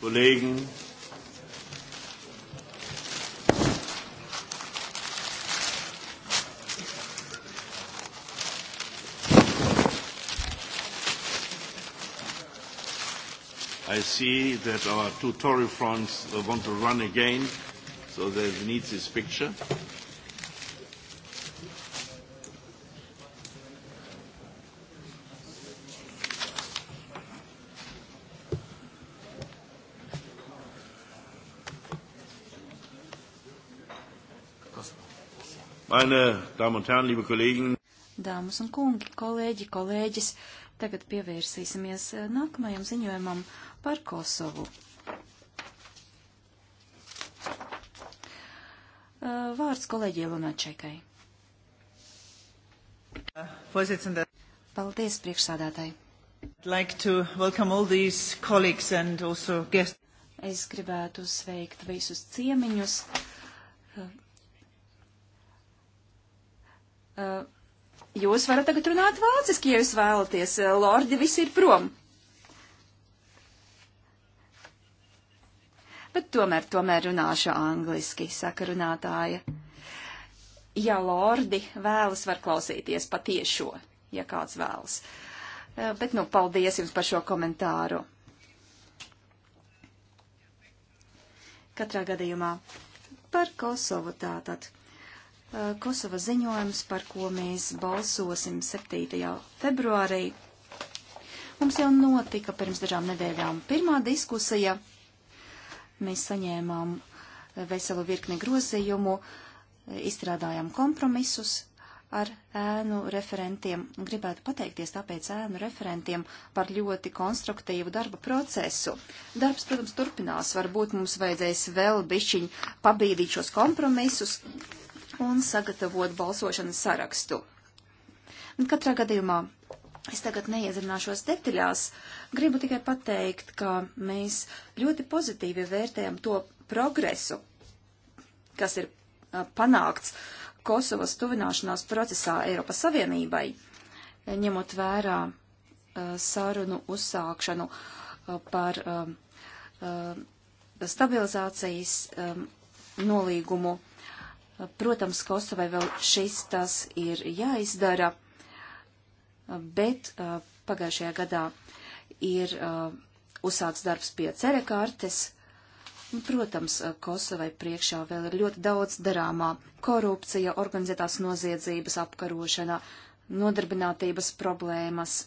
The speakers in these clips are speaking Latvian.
Kollegen. I see that our two Tory fronts want to run again, so they need this picture. Meine Damen und Herren, liebe Kollegen. Dāmas un kungi, kolēģi, kolēģis, tagad pievērsīsimies eh, nākamajam ziņojumam par Kosovu. Eh, vārds kolēģi Lunačekai. Paldies, priekšsādātāji. Like to welcome all these colleagues and also guests. Es gribētu sveikt visus ciemiņus, Jūs varat tagad runāt vāciski, ja jūs vēlaties. Lordi, visi ir prom. Bet tomēr, tomēr runāšu angliski, saka runātāja. Ja lordi vēlas, var klausīties patiešo, ja kāds vēlas. Bet, nu, paldies jums par šo komentāru. Katrā gadījumā par Kosovu tātad. Eh, Kosova ziņojums, par ko mēs balsosim 7. februārī. Mums jau notika pirms dažām nedēļām pirmā diskusija. Mēs saņēmām veselu virkni grozījumu, izstrādājām kompromisus ar ēnu referentiem. Gribētu pateikties tāpēc ēnu referentiem par ļoti konstruktīvu darba procesu. Darbs, protams, turpinās. Varbūt mums vajadzēs vēl bišķiņ pabīdīt šos kompromisus, un sagatavot balsošanas sarakstu. Nu, katrā gadījumā es tagad neiedzināšos detaļās, gribu tikai pateikt, ka mēs ļoti pozitīvi vērtējam to progresu, kas ir panākts Kosovas tuvināšanās procesā Eiropas Savienībai, ņemot vērā sarunu uzsākšanu par stabilizācijas nolīgumu Protams, Kosovai vēl šis tas ir jāizdara, bet pagājušajā gadā ir uzsāks darbs pie cerekārtes. Protams, Kosovai priekšā vēl ir ļoti daudz darāmā - korupcija, organizētās noziedzības apkarošana, nodarbinātības problēmas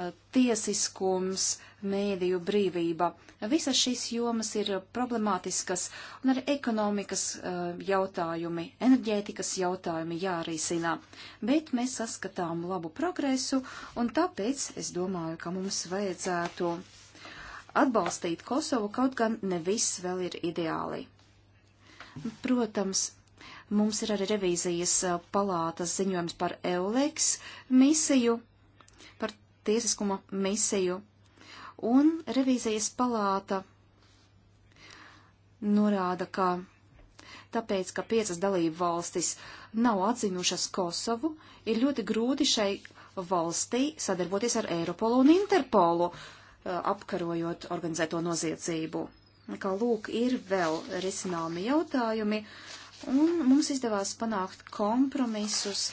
Eh, tiesiskums, mēdīju brīvība. Visas šīs jomas ir problemātiskas un arī ekonomikas eh, jautājumi, enerģētikas jautājumi jārīsina. Bet mēs saskatām labu progresu un tāpēc es domāju, ka mums vajadzētu atbalstīt Kosovu, kaut gan ne viss vēl ir ideāli. Protams, mums ir arī revīzijas eh, palātas ziņojums par EULEX misiju tiesiskuma misiju. Un revīzijas palāta norāda, ka tāpēc, ka piecas dalību valstis nav atzinušas Kosovu, ir ļoti grūti šai valstī sadarboties ar Eiropolu un Interpolu, eh, apkarojot organizēto noziedzību. Kā lūk, ir vēl risināmi jautājumi, un mums izdevās panākt kompromisus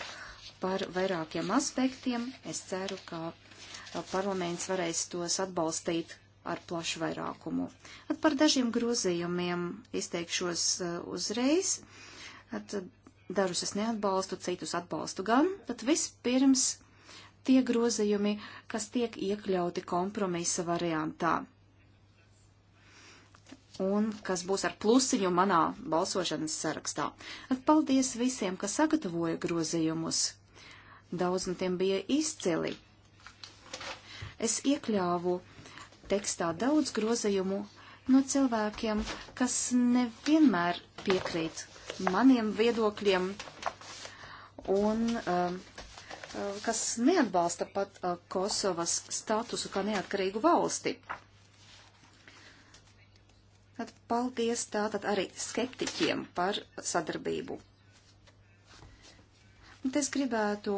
par vairākiem aspektiem. Es ceru, ka parlaments varēs tos atbalstīt ar plašu vairākumu. At par dažiem grozījumiem izteikšos uh, uzreiz. At dažus es neatbalstu, citus atbalstu gan. Tad vispirms tie grozījumi, kas tiek iekļauti kompromisa variantā un kas būs ar plusiņu manā balsošanas sarakstā. At paldies visiem, kas sagatavoja grozījumus. Daudz no tiem bija izcili es iekļāvu tekstā daudz grozījumu no cilvēkiem, kas nevienmēr piekrīt maniem viedokļiem un um, uh, kas neatbalsta pat uh, Kosovas statusu kā neatkarīgu valsti. Tad paldies tātad arī skeptiķiem par sadarbību. Un es gribētu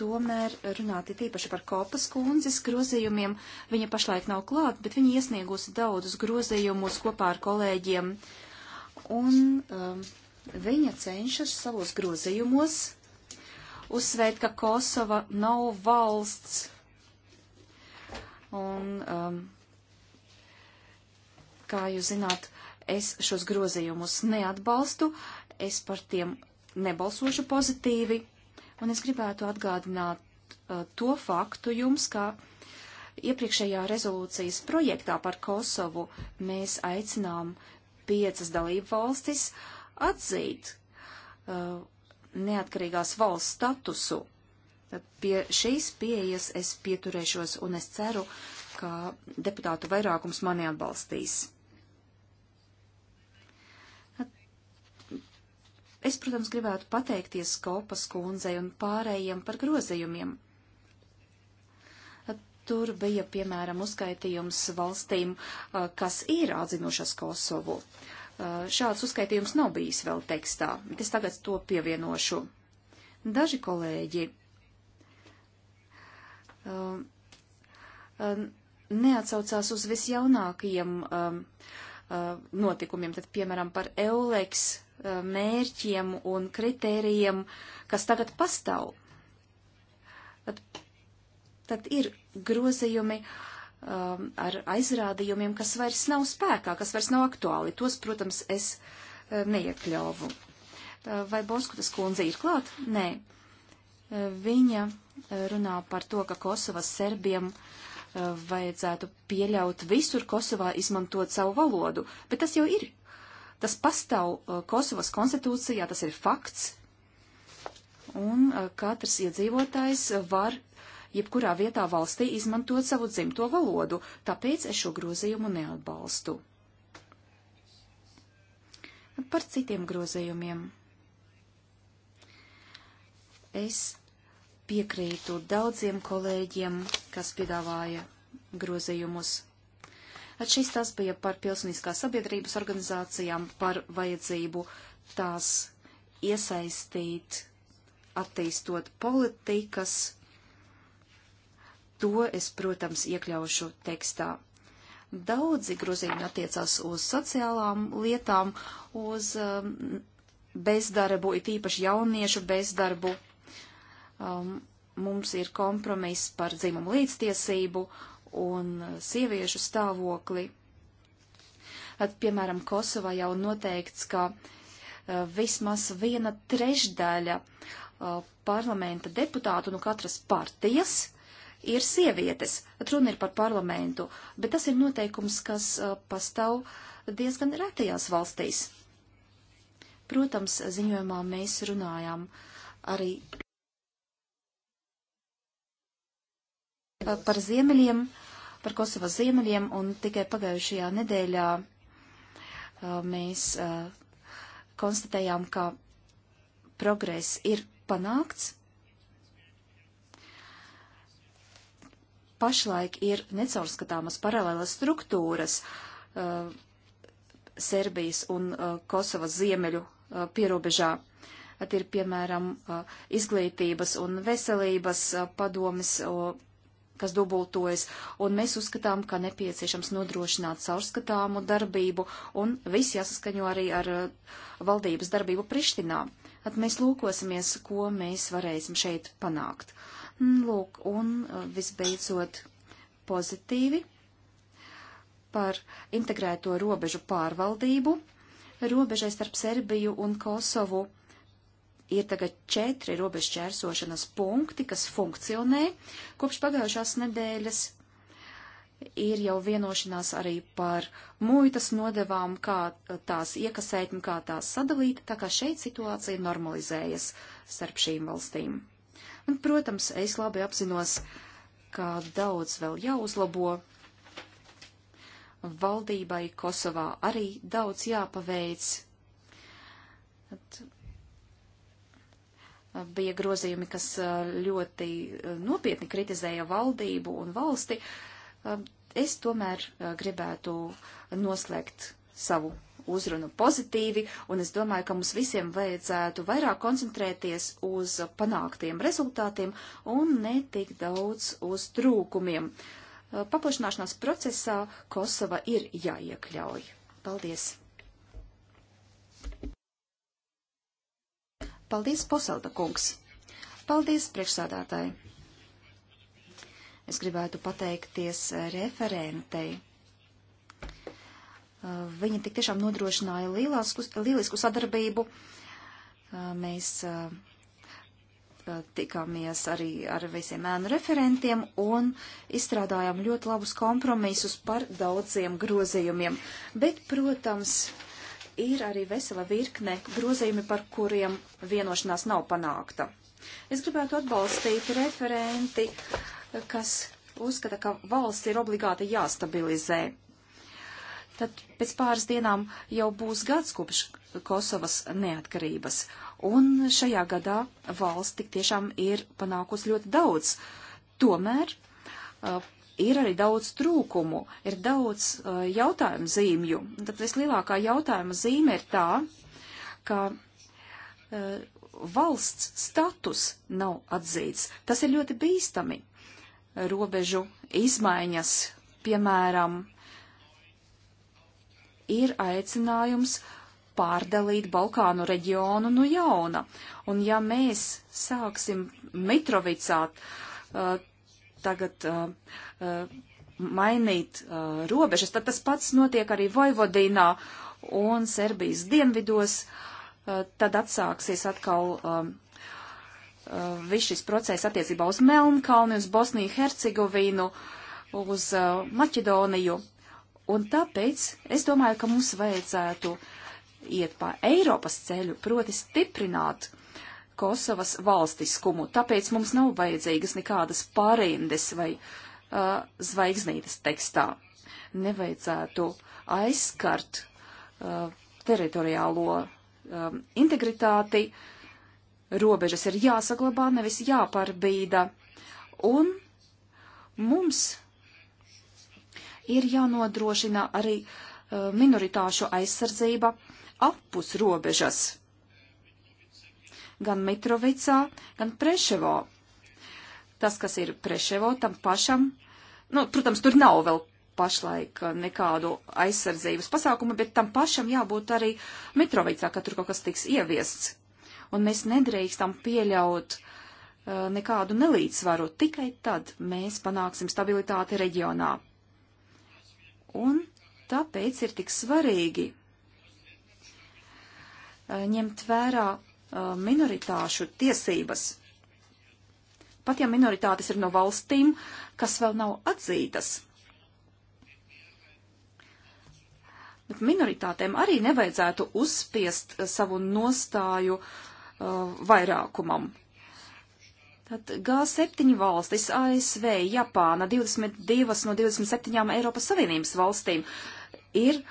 tomēr runāt ir tīpaši par kopas kundzes grozījumiem. Viņa pašlaik nav klāt, bet viņa iesniegusi daudzus grozījumus kopā ar kolēģiem. Un um, viņa cenšas savos grozījumos uzsvērt, ka Kosova nav valsts. Un, um, kā jūs zināt, es šos grozījumus neatbalstu, es par tiem nebalsošu pozitīvi, Un es gribētu atgādināt uh, to faktu jums, ka iepriekšējā rezolūcijas projektā par Kosovu mēs aicinām piecas dalību valstis atzīt uh, neatkarīgās valsts statusu. Tad pie šīs pieejas es pieturēšos un es ceru, ka deputātu vairākums mani atbalstīs. Es, protams, gribētu pateikties Kopas kundzei un pārējiem par grozījumiem. Tur bija, piemēram, uzskaitījums valstīm, kas ir atzinušas Kosovu. Šāds uzskaitījums nav bijis vēl tekstā, bet es tagad to pievienošu. Daži kolēģi neatsaucās uz visjaunākajiem Uh, notikumiem, tad piemēram par Euleks uh, mērķiem un kritērijiem, kas tagad pastāv. Tad, tad ir grozījumi um, ar aizrādījumiem, kas vairs nav spēkā, kas vairs nav aktuāli. Tos, protams, es uh, neiekļauvu. Vai Boskutas kundze ir klāt? Nē. Viņa runā par to, ka Kosovas serbiem uh, Eh, vajadzētu pieļaut visur Kosovā izmantot savu valodu, bet tas jau ir. Tas pastāv eh, Kosovas konstitūcijā, tas ir fakts, un eh, katrs iedzīvotājs var jebkurā vietā valstī izmantot savu dzimto valodu, tāpēc es šo grozījumu neatbalstu. Par citiem grozījumiem. Es piekrītu daudziem kolēģiem, kas piedāvāja grozījumus. Šis tas bija par pilsoniskās sabiedrības organizācijām, par vajadzību tās iesaistīt, attīstot politikas. To es, protams, iekļaušu tekstā. Daudzi grozījumi attiecās uz sociālām lietām, uz um, bezdarbu, it īpaši jauniešu bezdarbu, um, mums ir kompromiss par dzimumu līdztiesību un sieviešu stāvokli. At, piemēram, Kosovā jau noteikts, ka uh, vismaz viena trešdaļa uh, parlamenta deputātu no katras partijas ir sievietes. At, runa ir par parlamentu, bet tas ir noteikums, kas uh, pastāv diezgan retajās valstīs. Protams, ziņojumā mēs runājām arī par ziemeļiem, par Kosovas ziemeļiem, un tikai pagājušajā nedēļā uh, mēs uh, konstatējām, ka progress ir panākts. Pašlaik ir necaurskatāmas paralēlas struktūras uh, Serbijas un uh, Kosovas ziemeļu uh, pierobežā. At ir, piemēram, uh, izglītības un veselības uh, padomis uh, kas dubultojas, un mēs uzskatām, ka nepieciešams nodrošināt caurskatāmu darbību, un viss jāsaskaņo arī ar uh, valdības darbību Prištinā. Tad mēs lūkosimies, ko mēs varēsim šeit panākt. Mm, lūk, un uh, visbeidzot pozitīvi par integrēto robežu pārvaldību. Robežai starp Serbiju un Kosovu ir tagad četri robežķērsošanas punkti, kas funkcionē. Kopš pagājušās nedēļas ir jau vienošanās arī par muitas nodevām, kā tās iekasēt un kā tās sadalīt, tā kā šeit situācija normalizējas starp šīm valstīm. Un, protams, es labi apzinos, ka daudz vēl jāuzlabo. Valdībai Kosovā arī daudz jāpaveic. At bija grozījumi, kas eh, ļoti eh, nopietni kritizēja valdību un valsti. Ehm, es tomēr eh, gribētu noslēgt savu uzrunu pozitīvi, un es domāju, ka mums visiem vajadzētu vairāk koncentrēties uz panāktiem rezultātiem un ne tik daudz uz trūkumiem. Paplašanāšanās procesā Kosova ir jāiekļauj. Paldies! Paldies, Poselta kungs! Paldies, priekšsādātāji! Es gribētu pateikties referentei. Viņa tik tiešām nodrošināja lielisku, lielisku sadarbību. Mēs uh, tikāmies arī ar visiem ēnu referentiem un izstrādājām ļoti labus kompromisus par daudziem grozījumiem. Bet, protams, ir arī vesela virkne grozījumi, par kuriem vienošanās nav panākta. Es gribētu atbalstīt referenti, kas uzskata, ka valsts ir obligāti jāstabilizē. Tad pēc pāris dienām jau būs gads kopš Kosovas neatkarības, un šajā gadā valsts tik tiešām ir panākusi ļoti daudz. Tomēr ir arī daudz trūkumu, ir daudz uh, jautājumu zīmju. Tad vislielākā jautājuma zīme ir tā, ka uh, valsts status nav atzīts. Tas ir ļoti bīstami. Robežu izmaiņas, piemēram, ir aicinājums pārdalīt Balkānu reģionu no jauna. Un ja mēs sāksim mitrovicāt uh, tagad uh, uh, mainīt uh, robežas, tad tas pats notiek arī Vojvodīnā un Serbijas dienvidos, tad atsāksies atkal um, viss šis process attiecībā uz Melnkalni, uz Bosniju, Hercegovīnu, uz Maķedoniju. Un tāpēc es domāju, ka mums vajadzētu iet pa Eiropas ceļu, proti stiprināt Kosovas valstiskumu, tāpēc mums nav vajadzīgas nekādas pārēndes vai uh, zvaigznītes tekstā. Nevajadzētu aizskart uh, teritoriālo um, uh, integritāti, robežas ir jāsaglabā, nevis jāparbīda, un mums ir jānodrošina arī uh, minoritāšu aizsardzība apus robežas gan Mitrovicā, gan Preševo. Tas, kas ir Preševo, tam pašam, nu, protams, tur nav vēl pašlaik uh, nekādu aizsardzības pasākumu, bet tam pašam jābūt arī Mitrovicā, ka tur kaut kas tiks ieviests. Un mēs nedrīkstam pieļaut uh, nekādu nelīdzsvaru, tikai tad mēs panāksim stabilitāti reģionā. Un tāpēc ir tik svarīgi uh, ņemt vērā Uh, minoritāšu tiesības. Pat ja minoritātes ir no valstīm, kas vēl nav atzītas. Bet minoritātēm arī nevajadzētu uzspiest savu nostāju uh, vairākumam. Tad G7 valstis, ASV, Japāna, 22 no 27 Eiropas Savienības valstīm ir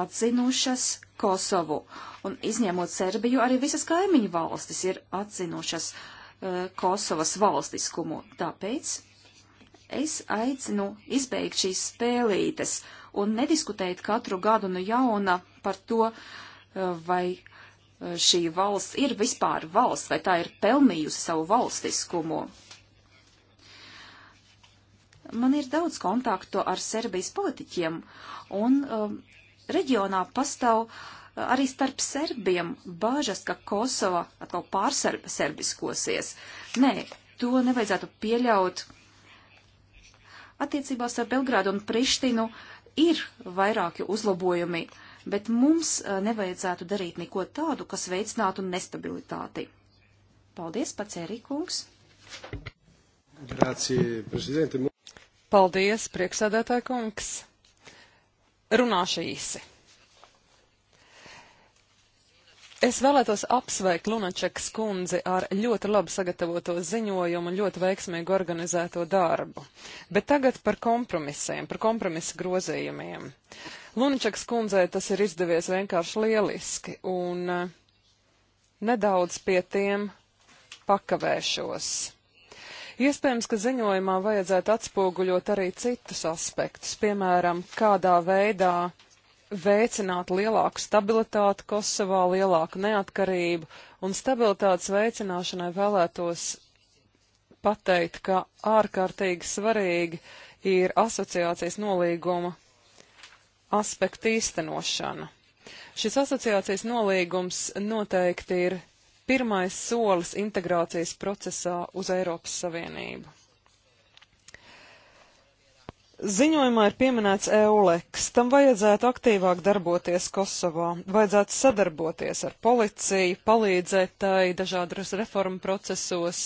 atzinušas Kosovu. Un izņemot Serbiju, arī visas kaimiņu valstis ir atzinušas uh, Kosovas valstiskumu. Tāpēc es aicinu izbeigt šīs spēlītes un nediskutēt katru gadu no jauna par to, uh, vai eh, šī valsts ir vispār valsts, vai tā ir pelnījusi savu valstiskumu. Man ir daudz kontaktu ar Serbijas politiķiem, un um, Reģionā pastāv eh, arī starp serbiem bāžas, ka Kosova atkal pārserbiskosies. Nē, to nevajadzētu pieļaut. Attiecībās ar Belgrādu un Prištinu ir vairāki uzlabojumi, bet mums eh, nevajadzētu darīt neko tādu, kas veicinātu nestabilitāti. Paldies, Pacērīkungs! Grācija, prezidente! Paldies, prieksēdētāja kungs! runāšu īsi. Es vēlētos apsveikt Lunačekas kundzi ar ļoti labi sagatavoto ziņojumu un ļoti veiksmīgi organizēto darbu. Bet tagad par kompromisiem, par kompromisa grozījumiem. Lunačekas kundzei tas ir izdevies vienkārši lieliski un eh, nedaudz pie tiem pakavēšos. Iespējams, ka ziņojumā vajadzētu atspoguļot arī citus aspektus, piemēram, kādā veidā veicināt lielāku stabilitāti Kosovā, lielāku neatkarību, un stabilitātes veicināšanai vēlētos pateikt, ka ārkārtīgi svarīgi ir asociācijas nolīguma aspekta īstenošana. Šis asociācijas nolīgums noteikti ir pirmais solis integrācijas procesā uz Eiropas Savienību. Ziņojumā ir pieminēts EULEX. Tam vajadzētu aktīvāk darboties Kosovā, vajadzētu sadarboties ar policiju, palīdzēt tai dažādos reformu procesos,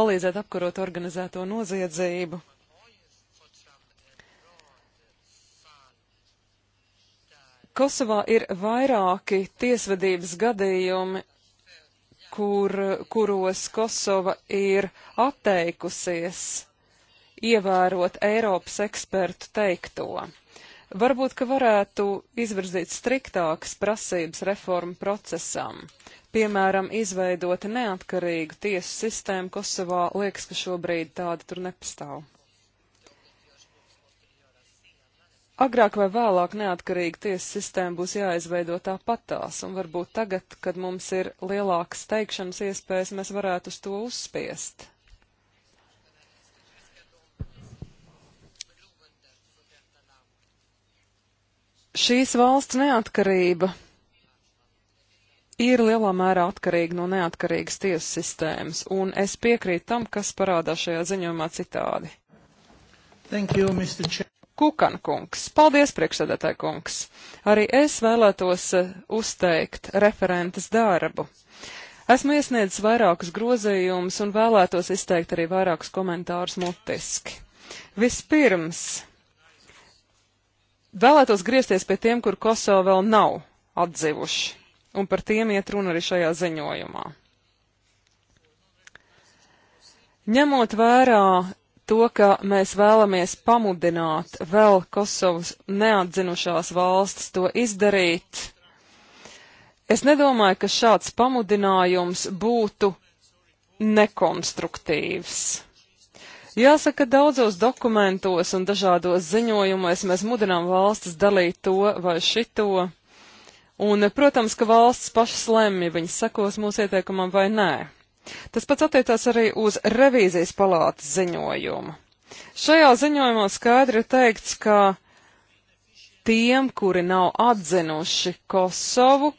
palīdzēt apkarot organizēto noziedzību. Kosovā ir vairāki tiesvedības gadījumi, kur, kuros Kosova ir atteikusies ievērot Eiropas ekspertu teikto. Varbūt, ka varētu izvirzīt striktākas prasības reformu procesam. Piemēram, izveidot neatkarīgu tiesu sistēmu Kosovā, liekas, ka šobrīd tāda tur nepastāv. Agrāk vai vēlāk neatkarīga tiesas sistēma būs jāizveido tāpatās, un varbūt tagad, kad mums ir lielākas teikšanas iespējas, mēs varētu uz to uzspiest. Šīs valsts neatkarība ir lielā mērā atkarīga no neatkarīgas tiesas sistēmas, un es piekrītu tam, kas parādās šajā ziņojumā citādi. Thank you, Mr. Chair. Kukankungs. Paldies, priekšsēdētāji kungs! Arī es vēlētos eh, uzteikt referentes darbu. Esmu iesniedzis vairākus grozījumus un vēlētos izteikt arī vairākus komentārus mutiski. Vispirms, vēlētos griezties pie tiem, kur Kosovo vēl nav atdzivuši, un par tiem iet runa arī šajā ziņojumā. Ņemot vērā to, ka mēs vēlamies pamudināt vēl Kosovas neatzinušās valstis to izdarīt. Es nedomāju, ka šāds pamudinājums būtu nekonstruktīvs. Jāsaka, daudzos dokumentos un dažādos ziņojumos mēs mudinām valstis dalīt to vai šito, un, protams, ka valsts pašas lemj, viņas sekos mūsu ieteikumam vai nē. Tas pats attiecās arī uz revīzijas palātas ziņojumu. Šajā ziņojumā skaidri ir teikts, ka tiem, kuri nav atzinuši Kosovu,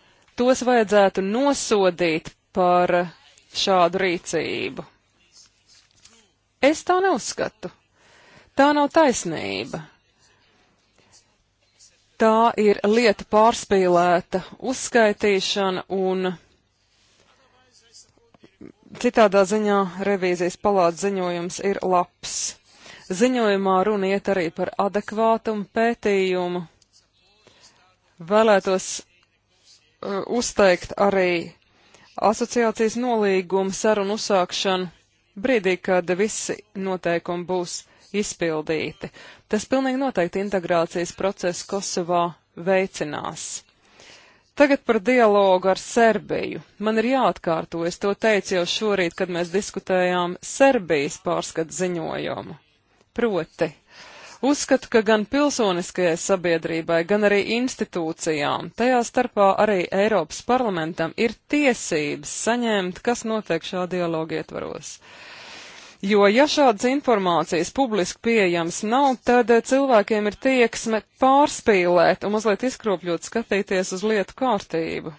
tos vajadzētu nosodīt par šādu rīcību. Es tā neuzskatu. Tā nav taisnība. Tā ir lieta pārspīlēta uzskaitīšana un citādā ziņā revīzijas palāca ziņojums ir labs. Ziņojumā runa iet arī par adekvātumu pētījumu. Vēlētos uh, uzteikt arī asociācijas nolīgumu sarunu uzsākšanu brīdī, kad visi noteikumi būs izpildīti. Tas pilnīgi noteikti integrācijas procesu Kosovā veicinās. Tagad par dialogu ar Serbiju. Man ir jāatkārto, es to teicu jau šorīt, kad mēs diskutējām Serbijas pārskatu ziņojumu. Proti, Uzskatu, ka gan pilsoniskajai sabiedrībai, gan arī institūcijām, tajā starpā arī Eiropas parlamentam, ir tiesības saņemt, kas notiek šā dialoga ietvaros. Jo, ja šādas informācijas publiski pieejams nav, tad eh, cilvēkiem ir tieksme pārspīlēt un mazliet izkropļot skatīties uz lietu kārtību.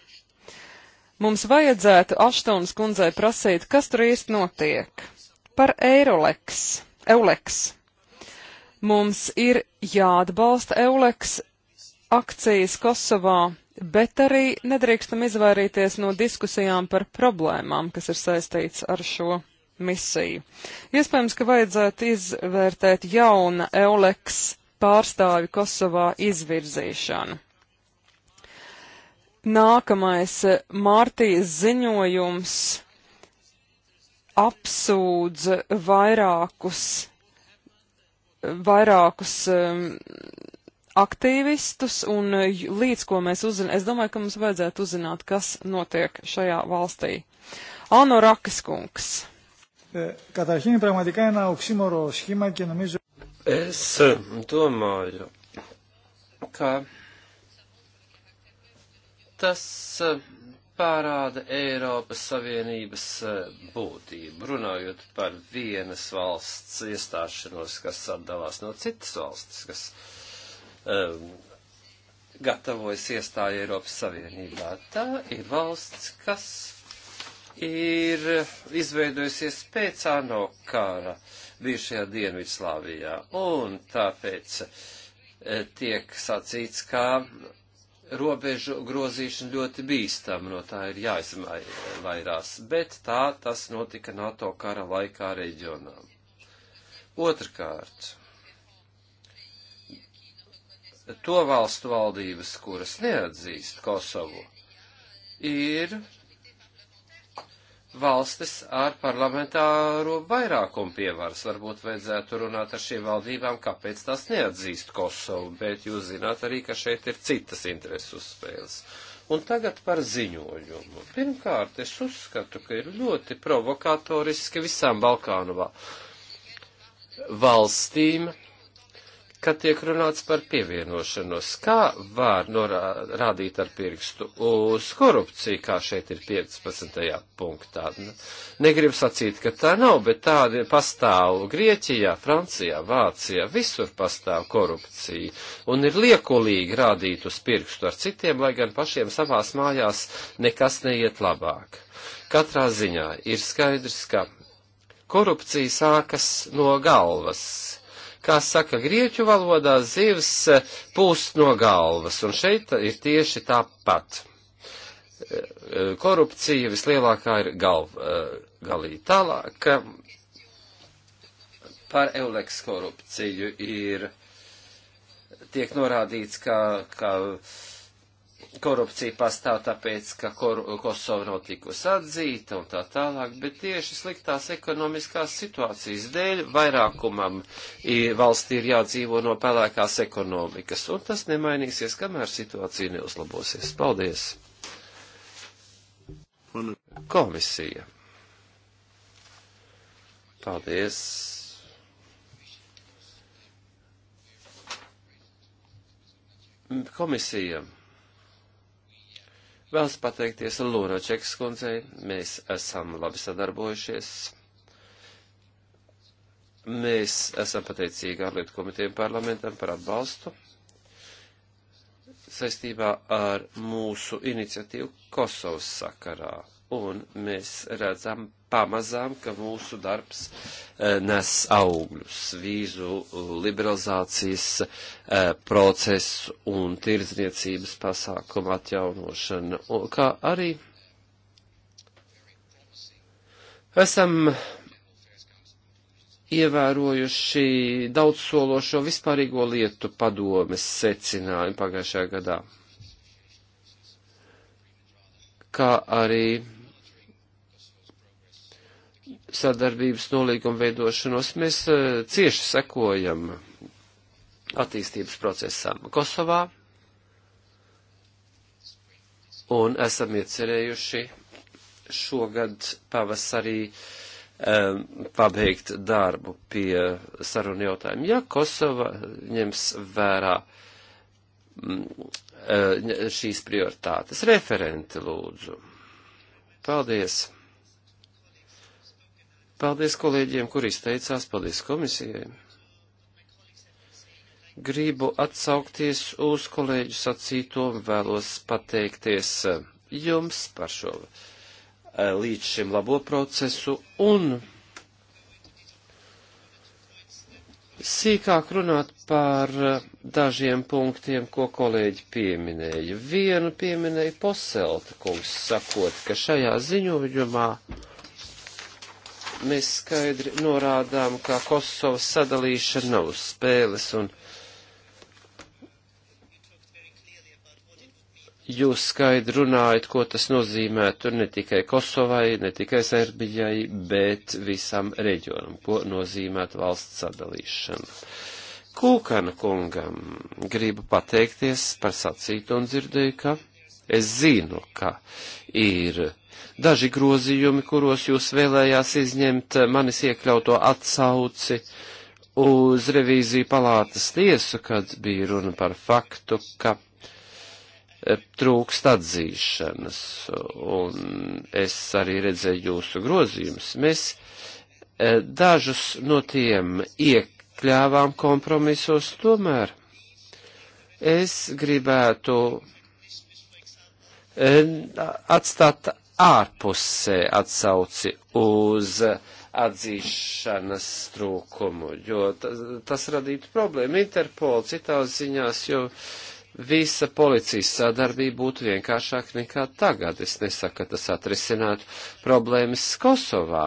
Mums vajadzētu Aštons kundzei prasīt, kas tur īsti notiek. Par Eirolex, Euleks. Mums ir jāatbalsta Euleks akcijas Kosovā, bet arī nedrīkstam izvairīties no diskusijām par problēmām, kas ir saistīts ar šo misiju. Iespējams, ka vajadzētu izvērtēt jauna Euleks pārstāvi Kosovā izvirzīšanu. Nākamais eh, Mārtijas ziņojums apsūdz vairākus, vairākus um, aktīvistus, un eh, līdz ko mēs uzzinām, es domāju, ka mums vajadzētu uzzināt, kas notiek šajā valstī. Ano Rakiskungs. Ε, καταρχήν είναι πραγματικά ένα οξύμορο σχήμα και νομίζω... Es domāju, ka tas pārāda Eiropas Savienības būtību, runājot par vienas valsts iestāšanos, kas atdalās no citas valsts, kas um, gatavojas iestāja Eiropas Savienībā. Tā ir valsts, kas ir izveidojusies pēc ANO kara bijušajā Dienvidslāvijā. Un tāpēc e, tiek sacīts, ka robežu grozīšana ļoti bīstama, no tā ir jāizvairās, bet tā tas notika NATO kara laikā reģionā. Otrkārt, to valstu valdības, kuras neatzīst Kosovu, ir valstis ar parlamentāro vairākumu pievaras. Varbūt vajadzētu runāt ar šīm valdībām, kāpēc tās neatzīst Kosovu, bet jūs zināt arī, ka šeit ir citas interesu spēles. Un tagad par ziņojumu. Pirmkārt, es uzskatu, ka ir ļoti provokatoriski visām Balkānu valstīm kad tiek runāts par pievienošanos, kā var norādīt ar pirkstu uz korupciju, kā šeit ir 15. punktā. Negribu sacīt, ka tā nav, bet tāda pastāv Grieķijā, Francijā, Vācijā, visur pastāv korupcija, un ir liekulīgi rādīt uz pirkstu ar citiem, lai gan pašiem savās mājās nekas neiet labāk. Katrā ziņā ir skaidrs, ka korupcija sākas no galvas kā saka grieķu valodā, zivs e, pūst no galvas, un šeit ir tieši tāpat. E, e, korupcija vislielākā ir galv, galī. Tālāk par Euleks korupciju ir tiek norādīts, ka, ka korupcija pastāv tāpēc, ka kor Kosova notikusi atzīta un tā tālāk, bet tieši sliktās ekonomiskās situācijas dēļ vairākumam valstī ir jādzīvo no pelēkās ekonomikas, un tas nemainīsies, kamēr situācija neuzlabosies. Paldies! Komisija. Paldies! Komisija Vēlas pateikties Lūro Čekas kundzei. Mēs esam labi sadarbojušies. Mēs esam pateicīgi ārlietu komitejiem parlamentam par atbalstu saistībā ar mūsu iniciatīvu Kosovas sakarā un mēs redzam pamazām, ka mūsu darbs e, nes augļus vīzu e, liberalizācijas e, procesu un tirdzniecības pasākumu atjaunošanu, kā arī esam ievērojuši daudzsološo vispārīgo lietu padomes secinājumu pagājušajā gadā, kā arī sadarbības nolīguma veidošanos, mēs eh, cieši sekojam attīstības procesam Kosovā un esam iecerējuši šogad pavasarī um, pabeigt darbu pie sarunu jautājumu. Ja Kosova ņems vērā um, šīs prioritātes, referenti lūdzu. Paldies! Paldies kolēģiem, kur izteicās, paldies komisijai. Gribu atsaukties uz kolēģu sacīto un vēlos pateikties eh, jums par šo eh, līdz šim labo procesu un sīkāk runāt par eh, dažiem punktiem, ko kolēģi pieminēja. Vienu pieminēja Poselta kungs, sakot, ka šajā ziņojumā Mēs skaidri norādām, ka Kosovas sadalīšana nav uz spēles un jūs skaidri runājat, ko tas nozīmētu ne tikai Kosovai, ne tikai Serbijai, bet visam reģionam, ko nozīmētu valsts sadalīšana. Kūkana kungam gribu pateikties par sacītu un dzirdēju, ka es zinu, ka ir daži grozījumi, kuros jūs vēlējās izņemt manis iekļauto atsauci uz revīziju palātas tiesu, kad bija runa par faktu, ka e, trūkst atzīšanas, un es arī redzēju jūsu grozījumus. Mēs e, dažus no tiem iekļāvām kompromisos, tomēr es gribētu e, atstāt ārpusē atsauci uz atzīšanas trūkumu, jo tas, tas radītu problēmu Interpol citās ziņās, jo visa policijas sadarbība būtu vienkāršāk nekā tagad. Es nesaku, ka tas atrisinātu problēmas Kosovā,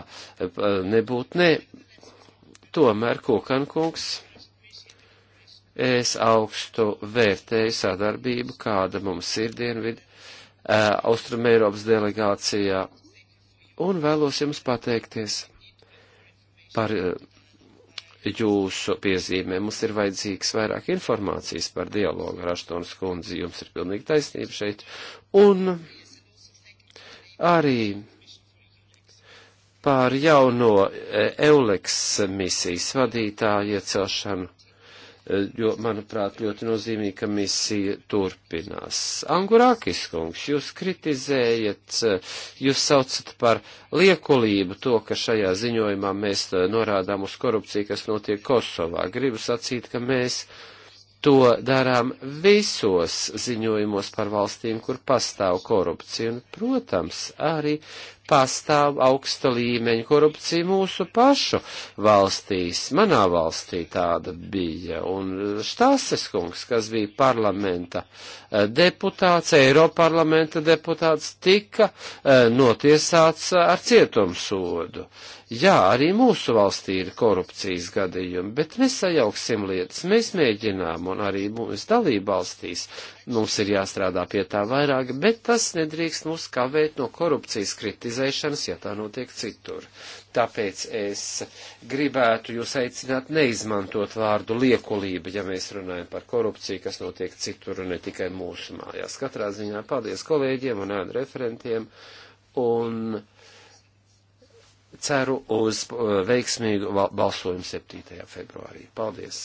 nebūt ne. Tomēr Kukankungs. Es augstu vērtēju sadarbību, kāda mums ir dienvidu Uh, Austrum Eiropas delegācijā. Un vēlos jums pateikties par uh, jūsu piezīmēm. Mums ir vajadzīgs vairāk informācijas par dialogu ar Aštonas kundzi. Jums ir pilnīgi taisnība šeit. Un arī par jauno uh, Euleks misijas vadītāju iecelšanu jo, manuprāt, ļoti nozīmīgi, ka misija turpinās. Angurākis kungs, jūs kritizējat, jūs saucat par liekulību to, ka šajā ziņojumā mēs norādām uz korupciju, kas notiek Kosovā. Gribu sacīt, ka mēs to darām visos ziņojumos par valstīm, kur pastāv korupcija, un, protams, arī pastāv augsta līmeņa korupcija mūsu pašu valstīs. Manā valstī tāda bija. Un Štāses kungs, kas bija parlamenta eh, deputāts, Eiroparlamenta deputāts, tika eh, notiesāts ar cietumsodu. Jā, arī mūsu valstī ir korupcijas gadījumi, bet nesajauksim lietas. Mēs mēģinām, un arī mūsu dalībvalstīs Mums ir jāstrādā pie tā vairāk, bet tas nedrīkst mūs kavēt no korupcijas kritizēšanas, ja tā notiek citur. Tāpēc es gribētu jūs aicināt neizmantot vārdu liekulība, ja mēs runājam par korupciju, kas notiek citur un ne tikai mūsu mājās. Katrā ziņā paldies kolēģiem un ēnu referentiem un ceru uz uh, veiksmīgu balsojumu 7. februārī. Paldies!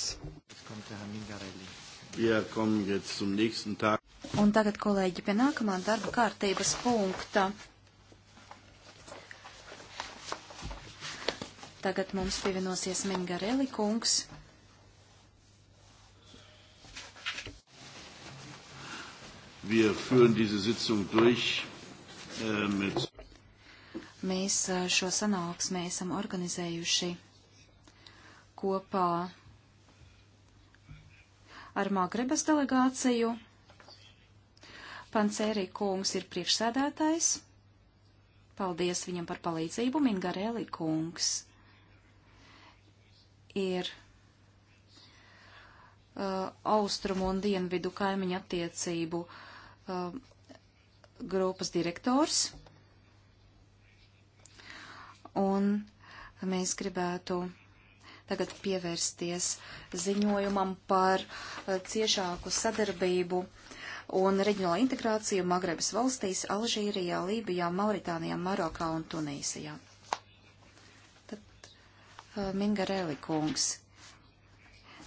Un tagad, kolēģi, pie nākamā darba kārtības punkta. Tagad mums pievienosies Mingareli kungs. Wir führen diese Sitzung durch äh, mit. Mēs äh, šo sanāksmi esam organizējuši kopā ar Magrebas delegāciju. Pancēri kungs ir priekšsēdētājs. Paldies viņam par palīdzību. Mingarēli kungs ir uh, austrumu un dienvidu kaimiņu attiecību uh, grupas direktors. Un mēs gribētu tagad pievērsties ziņojumam par eh, ciešāku sadarbību un reģionālo integrāciju Magrebas valstīs - Alžīrijā, Lībijā, Mauritānijā, Marokā un Tunīsijā. Tad uh, eh, Mingareli kungs.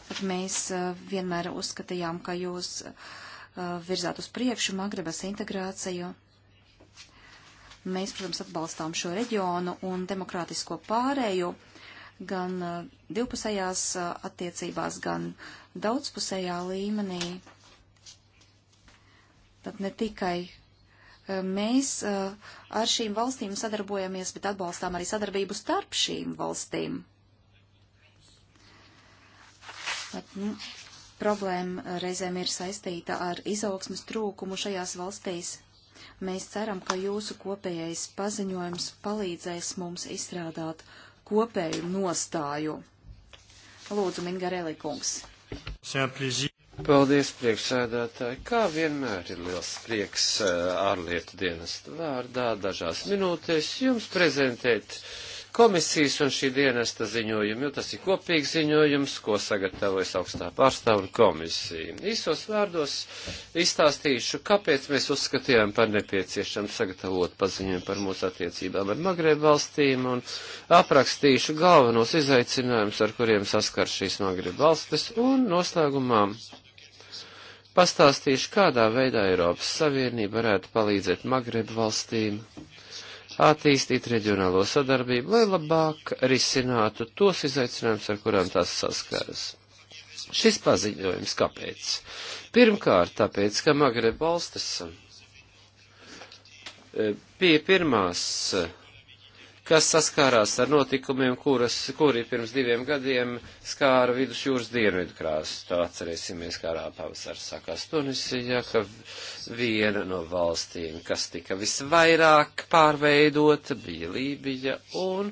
Tad mēs uh, vienmēr uzskatījām, ka jūs uh, virzāt uz priekšu Magrebas integrāciju. Mēs, protams, atbalstām šo reģionu un demokrātisko pārēju. Uh, gan uh, divpusējās uh, attiecībās, gan daudzpusējā līmenī. Tad ne tikai uh, mēs ar šīm valstīm sadarbojamies, bet atbalstām arī sadarbību starp šīm valstīm. Tad, nu, problēma reizēm ir saistīta ar izaugsmas trūkumu šajās valstīs. Mēs ceram, ka jūsu kopējais paziņojums palīdzēs mums izstrādāt kopēju nostāju. Lūdzu, Mingareli kungs. Paldies, priekšsēdētāji. Kā vienmēr ir liels prieks eh, ārlietu dienestu vārdā dažās minūtēs jums prezentēt uh, komisijas un šī dienesta ziņojumu, jo tas ir kopīgs ziņojums, ko sagatavojas augstā pārstāvja komisija. Īsos vārdos izstāstīšu, kāpēc mēs uzskatījām par nepieciešamu sagatavot paziņojumu par mūsu attiecībām ar Magrēbu valstīm un aprakstīšu galvenos izaicinājumus, ar kuriem saskar šīs Magrēbu valstis un noslēgumā pastāstīšu, kādā veidā Eiropas Savienība varētu palīdzēt Magrēbu valstīm attīstīt reģionālo sadarbību, lai labāk risinātu tos izaicinājumus, ar kurām tās saskaras. Šis paziņojums kāpēc? Pirmkārt, tāpēc, ka Magreb valstis eh, pie pirmās kas saskārās ar notikumiem, kuras, kuri pirms diviem gadiem skāra vidusjūras dienvidu krāstu. Atcerēsimies, kā arā pavasars sākās Tunisijā, ka viena no valstīm, kas tika visvairāk pārveidota, bija Lībija, un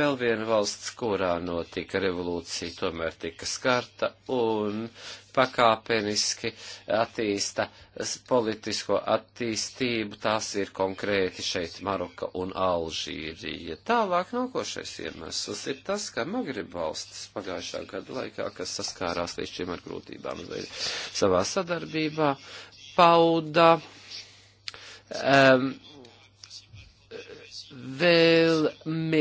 vēl viena valsts, kurā notika revolūcija, tomēr tika skarta, un pakāpeniski attīsta politisko attīstību, tās ir konkrēti šeit Maroka un Alžīrija. Tālāk nākošais iemesls ir tas, ka Magrib valstis pagājušā gada laikā, kas saskārās līdz šim ar grūtībām savā sadarbībā, pauda um, vēlmi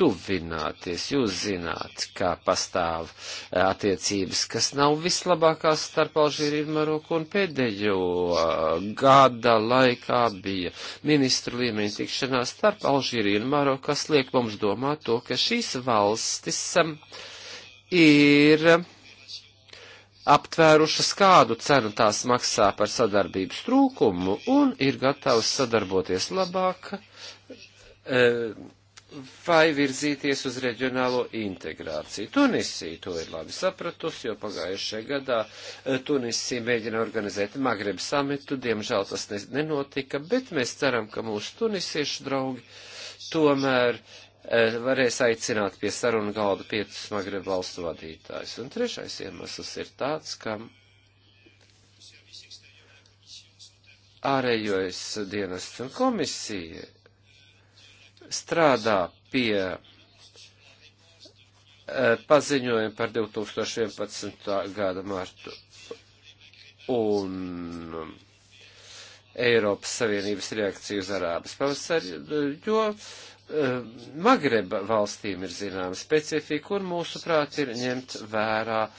tuvināties. Jūs zināt, kā pastāv eh, attiecības, kas nav vislabākās starp Alžīriju un Maroku, un pēdējo eh, gada laikā bija ministru līmeņa tikšanās starp Alžīriju un Maroku, kas liek mums domāt to, ka šīs valstis ir aptvērušas, kādu cenu tās maksā par sadarbības trūkumu un ir gatavas sadarboties labāk Eh, vai virzīties uz reģionālo integrāciju. Tunisija to ir labi sapratusi, jo pagājušajā gadā eh, Tunisija mēģina organizēt Magreb samitu, diemžēl tas nenotika, bet mēs ceram, ka mūsu tunisiešu draugi tomēr eh, varēs aicināt pie sarunu galda piecus Magreb valstu vadītājus. Un trešais iemesls ir tāds, ka ārējais dienests un komisija strādā pie eh, paziņojumu par 2011. gada martu un Eiropas Savienības reakciju uz Arābas pavasari, jo eh, Magreba valstīm ir zināma specifika, un mūsuprāt ir ņemt vērā eh,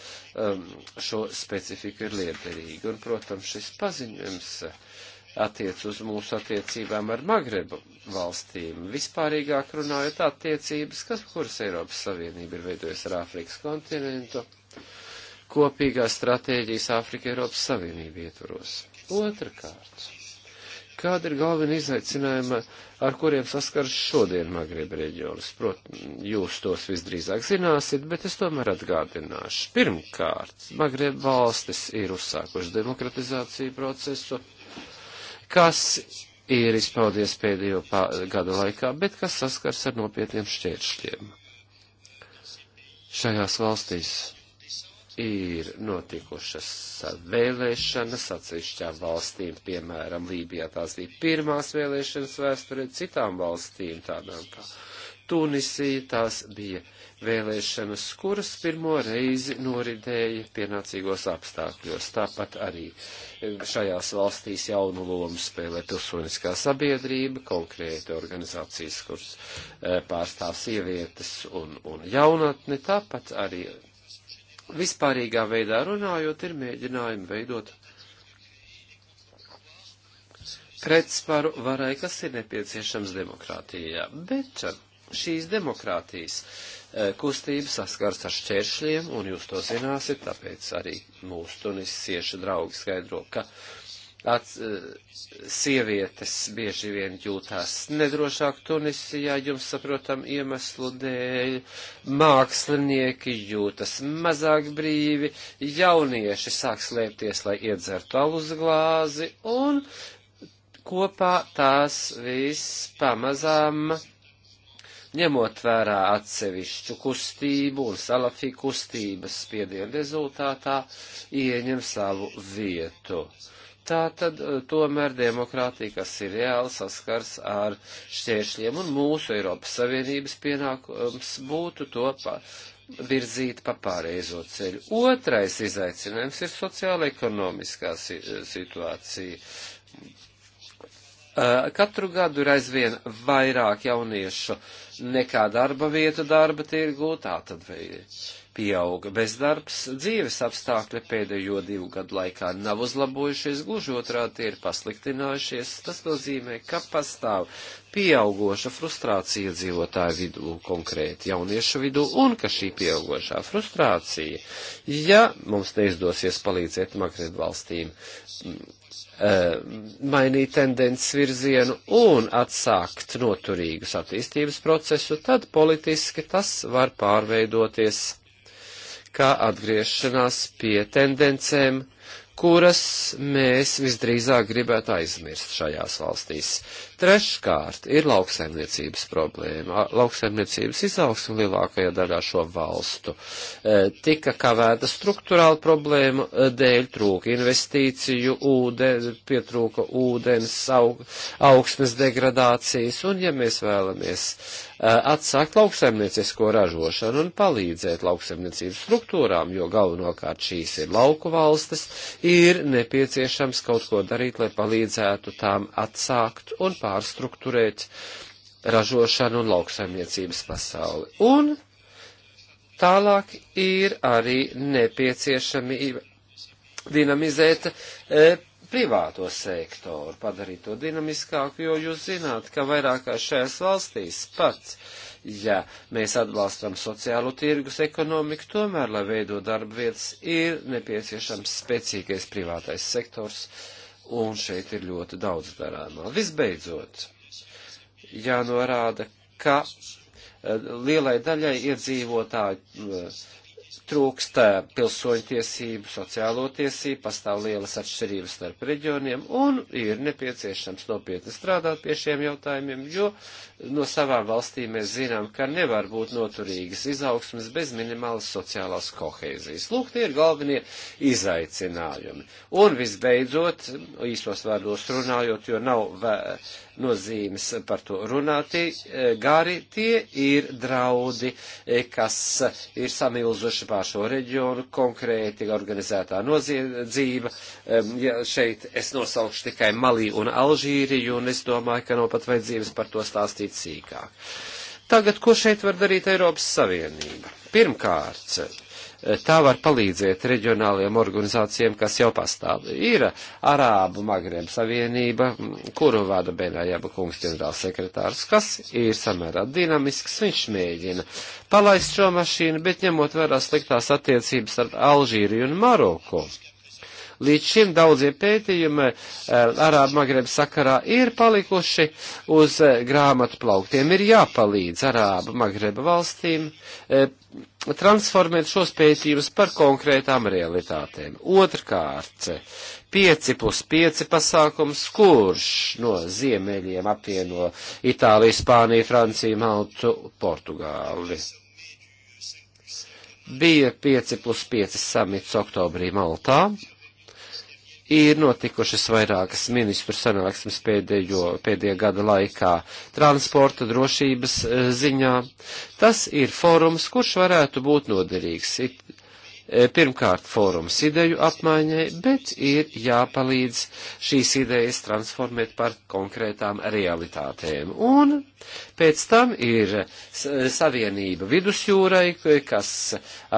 šo specifiku ir liederīgi. Un, protams, šis paziņojums attiec uz mūsu attiecībām ar Magrebu valstīm. Vispārīgāk runājot attiecības, kas, kuras Eiropas Savienība ir veidojusi ar Āfrikas kontinentu, kopīgās stratēģijas Āfrika Eiropas Savienība ietvaros. Otrakārt, kāda ir galvena izaicinājuma, ar kuriem saskars šodien Magreba reģionas? Protams, jūs tos visdrīzāk zināsiet, bet es tomēr atgādināšu. Pirmkārt, Magreba valstis ir uzsākuši demokratizāciju procesu kas ir izpaudies pēdējo gadu laikā, bet kas saskars ar nopietniem šķēršļiem. Šajās valstīs ir notikušas vēlēšanas atsevišķām valstīm, piemēram, Lībijā tās bija pirmās vēlēšanas vēsturē citām valstīm, tādām kā. Ka... Tunisija tās bija vēlēšanas, kuras pirmo reizi noridēja pienācīgos apstākļos. Tāpat arī eh, šajās valstīs jaunu lomu spēlē pilsoniskā sabiedrība, konkrēti organizācijas, kuras eh, pārstāv sievietes un, un jaunatni. Tāpat arī vispārīgā veidā runājot, ir mēģinājumi veidot pretsvaru varai, kas ir nepieciešams demokrātijā. Bet šīs demokrātijas e, kustība saskars ar šķēršļiem, un jūs to zināsiet, tāpēc arī mūsu tunisiešu draugi skaidro, ka ats, e, sievietes bieži vien jūtās nedrošāk Tunisijā, jums saprotam iemeslu dēļ, mākslinieki jūtas mazāk brīvi, jaunieši sāk slēpties, lai iedzertu alus glāzi, un kopā tās viss pamazām ņemot vērā atsevišķu kustību un salafī kustības spiedienu rezultātā, ieņem savu vietu. Tā tad eh, tomēr demokrātija, kas ir reāli saskars ar šķēršļiem, un mūsu Eiropas Savienības pienākums būtu to pa, virzīt pa pārējo ceļu. Otrais izaicinājums ir sociāla ekonomiskā situācija. Eh, katru gadu ir aizvien vairāk jauniešu nekā darba vietu darba tirgū, tā tad pieauga bezdarbs, dzīves apstākļi pēdējo divu gadu laikā nav uzlabojušies, gluži otrādi tie ir pasliktinājušies. Tas nozīmē, ka pastāv pieaugoša frustrācija dzīvotāju vidū, konkrēti jauniešu vidū, un ka šī pieaugošā frustrācija, ja mums neizdosies palīdzēt Magreb valstīm Eh, mainīt tendences virzienu un atsākt noturīgus attīstības procesu, tad politiski tas var pārveidoties kā atgriešanās pie tendencēm, kuras mēs visdrīzāk gribētu aizmirst šajās valstīs. Treškārt ir lauksaimniecības problēma. Lauksaimniecības izaugsme lielākajā daļā šo valstu e, tika kavēta struktūrāla problēma e, dēļ trūka investīciju, ūde, pietrūka ūdens, aug, augsnes degradācijas, un ja mēs vēlamies e, atsākt lauksaimniecisko ražošanu un palīdzēt lauksaimniecības struktūrām, jo galvenokārt šīs ir lauku valstis, ir nepieciešams kaut ko darīt, lai palīdzētu tām atsākt un palīdzēt pārstruktūrēt ražošanu un lauksaimniecības pasauli. Un tālāk ir arī nepieciešami dinamizēt e, privāto sektoru, padarīt to dinamiskāku, jo jūs zināt, ka vairākās šajās valstīs pats, ja mēs atbalstam sociālo tirgus ekonomiku, tomēr, lai veido darba vietas, ir nepieciešams spēcīgais privātais sektors, uh, un šeit ir ļoti daudz darāmā. Visbeidzot, jānorāda, ka eh, lielai daļai iedzīvotāju eh, trūkst pilsoņu tiesību, sociālo tiesību, pastāv lielas atšķirības starp reģioniem un ir nepieciešams nopietni strādāt pie šiem jautājumiem, jo no savām valstīm mēs zinām, ka nevar būt noturīgas izaugsmas bez minimālas sociālās kohēzijas. Lūk, tie ir galvenie izaicinājumi. Un visbeidzot, īsos vārdos runājot, jo nav nozīmes par to runāt. E, gari tie ir draudi, e, kas ir samilzuši pār šo reģionu, konkrēti organizētā noziedzība. E, ja šeit es nosaukšu tikai Malī un Alžīriju, un es domāju, ka nav pat vajadzības par to stāstīt sīkāk. Tagad, ko šeit var darīt Eiropas Savienība? Pirmkārt, tā var palīdzēt reģionālajiem organizācijām, kas jau pastāv. Ir Arābu Magrēba Savienība, kuru vada Benājaba kungs ģenerālsekretārs, kas ir samērā dinamisks, viņš mēģina palaist šo mašīnu, bet ņemot vērā sliktās attiecības ar Alžīriju un Maroku. Līdz šim daudzie pētījumi eh, Arābu Magreba sakarā ir palikuši uz eh, grāmatu plauktiem. Ir jāpalīdz Arābu Magreba valstīm eh, transformēt šos pētījumus par konkrētām realitātēm. Otrkārt, 5 plus 5 pasākums, kurš no ziemeļiem apvieno Itāliju, Spāniju, Franciju, Maltu, Portugāli. Bija 5 plus 5 samits oktobrī Maltā. Ir notikušas vairākas ministru sanāksmes pēdējo, pēdējā gada laikā transporta drošības eh, ziņā. Tas ir forums, kurš varētu būt noderīgs it, E, pirmkārt fórums ideju apmaiņai, bet ir jāpalīdz šīs idejas transformēt par konkrētām realitātēm. Un pēc tam ir savienība vidusjūrai, kas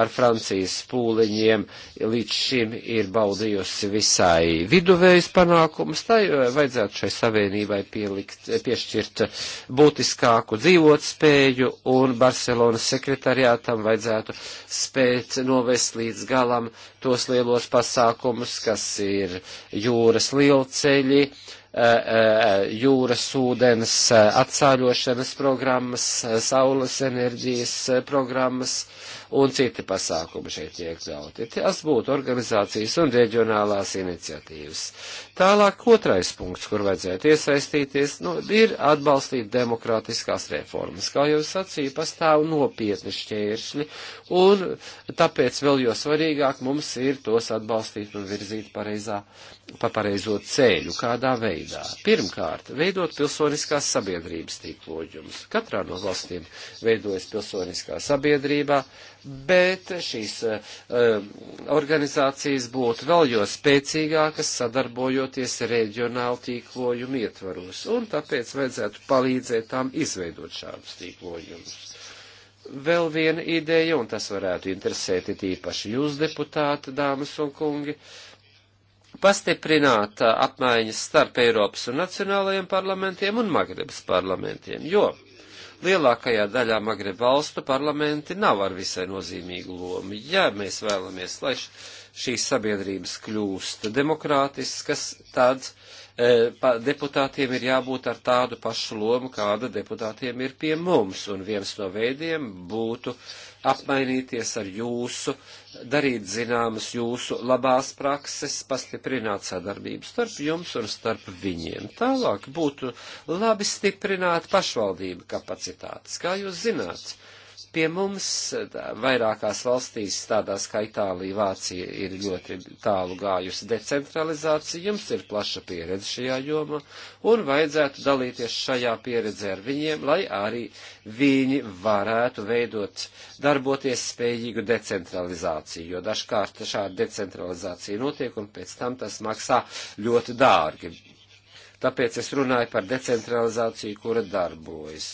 ar Francijas pūliņiem līdz šim ir baudījusi visai viduvējas panākums. Tai e, vajadzētu šai savienībai pielikt, e, piešķirt būtiskāku dzīvotspēju un Barcelonas sekretariātam vajadzētu spēt novest līdz galam tos lielos pasākumus, kas ir jūras lielceļi, uh, Eh, eh, jūras ūdens eh, atsāļošanas programmas, saules enerģijas programmas un citi pasākumi šeit tiek iekļauti. Tas būtu organizācijas un reģionālās iniciatīvas. Tālāk otrais punkts, kur vajadzētu iesaistīties, nu, ir atbalstīt demokrātiskās reformas. Kā jau sacīju, pastāv nopietni šķēršļi un tāpēc vēl jo svarīgāk mums ir tos atbalstīt un virzīt pareizā pa pareizo ceļu, kādā veidā. Pirmkārt, veidot pilsoniskās sabiedrības tīkloģumus. Katrā no valstīm veidojas pilsoniskā sabiedrībā, bet šīs uh, organizācijas būtu vēl jo spēcīgākas sadarbojoties reģionālu tīklojumu ietvaros, un tāpēc vajadzētu palīdzēt tām izveidot šādus tīklojumus. Vēl viena ideja, un tas varētu interesēt it īpaši jūs deputāti, dāmas un kungi, uh, pastiprināt apmaiņas starp Eiropas un nacionālajiem parlamentiem un Magrebas parlamentiem, jo lielākajā daļā Magreba valstu parlamenti nav ar visai nozīmīgu lomu. Ja mēs vēlamies, lai šīs sabiedrības kļūst demokrātiskas, tad e, pa, deputātiem ir jābūt ar tādu pašu lomu, kāda deputātiem ir pie mums, un viens no veidiem būtu apmainīties ar jūsu uh, darīt zināmas jūsu labās prakses, pastiprināt sadarbību starp jums un starp viņiem. Tālāk būtu labi stiprināt pašvaldību kapacitātes. Kā jūs zināt, uh, pie mums vairākās valstīs, tādās kā Itālija, Vācija, ir ļoti tālu gājusi decentralizācija, jums ir plaša pieredze šajā jomā, un vajadzētu dalīties šajā pieredzē ar viņiem, lai arī viņi varētu veidot, darboties spējīgu decentralizāciju, jo dažkārt šāda decentralizācija notiek, un pēc tam tas maksā ļoti dārgi. Tāpēc es runāju par decentralizāciju, kura darbojas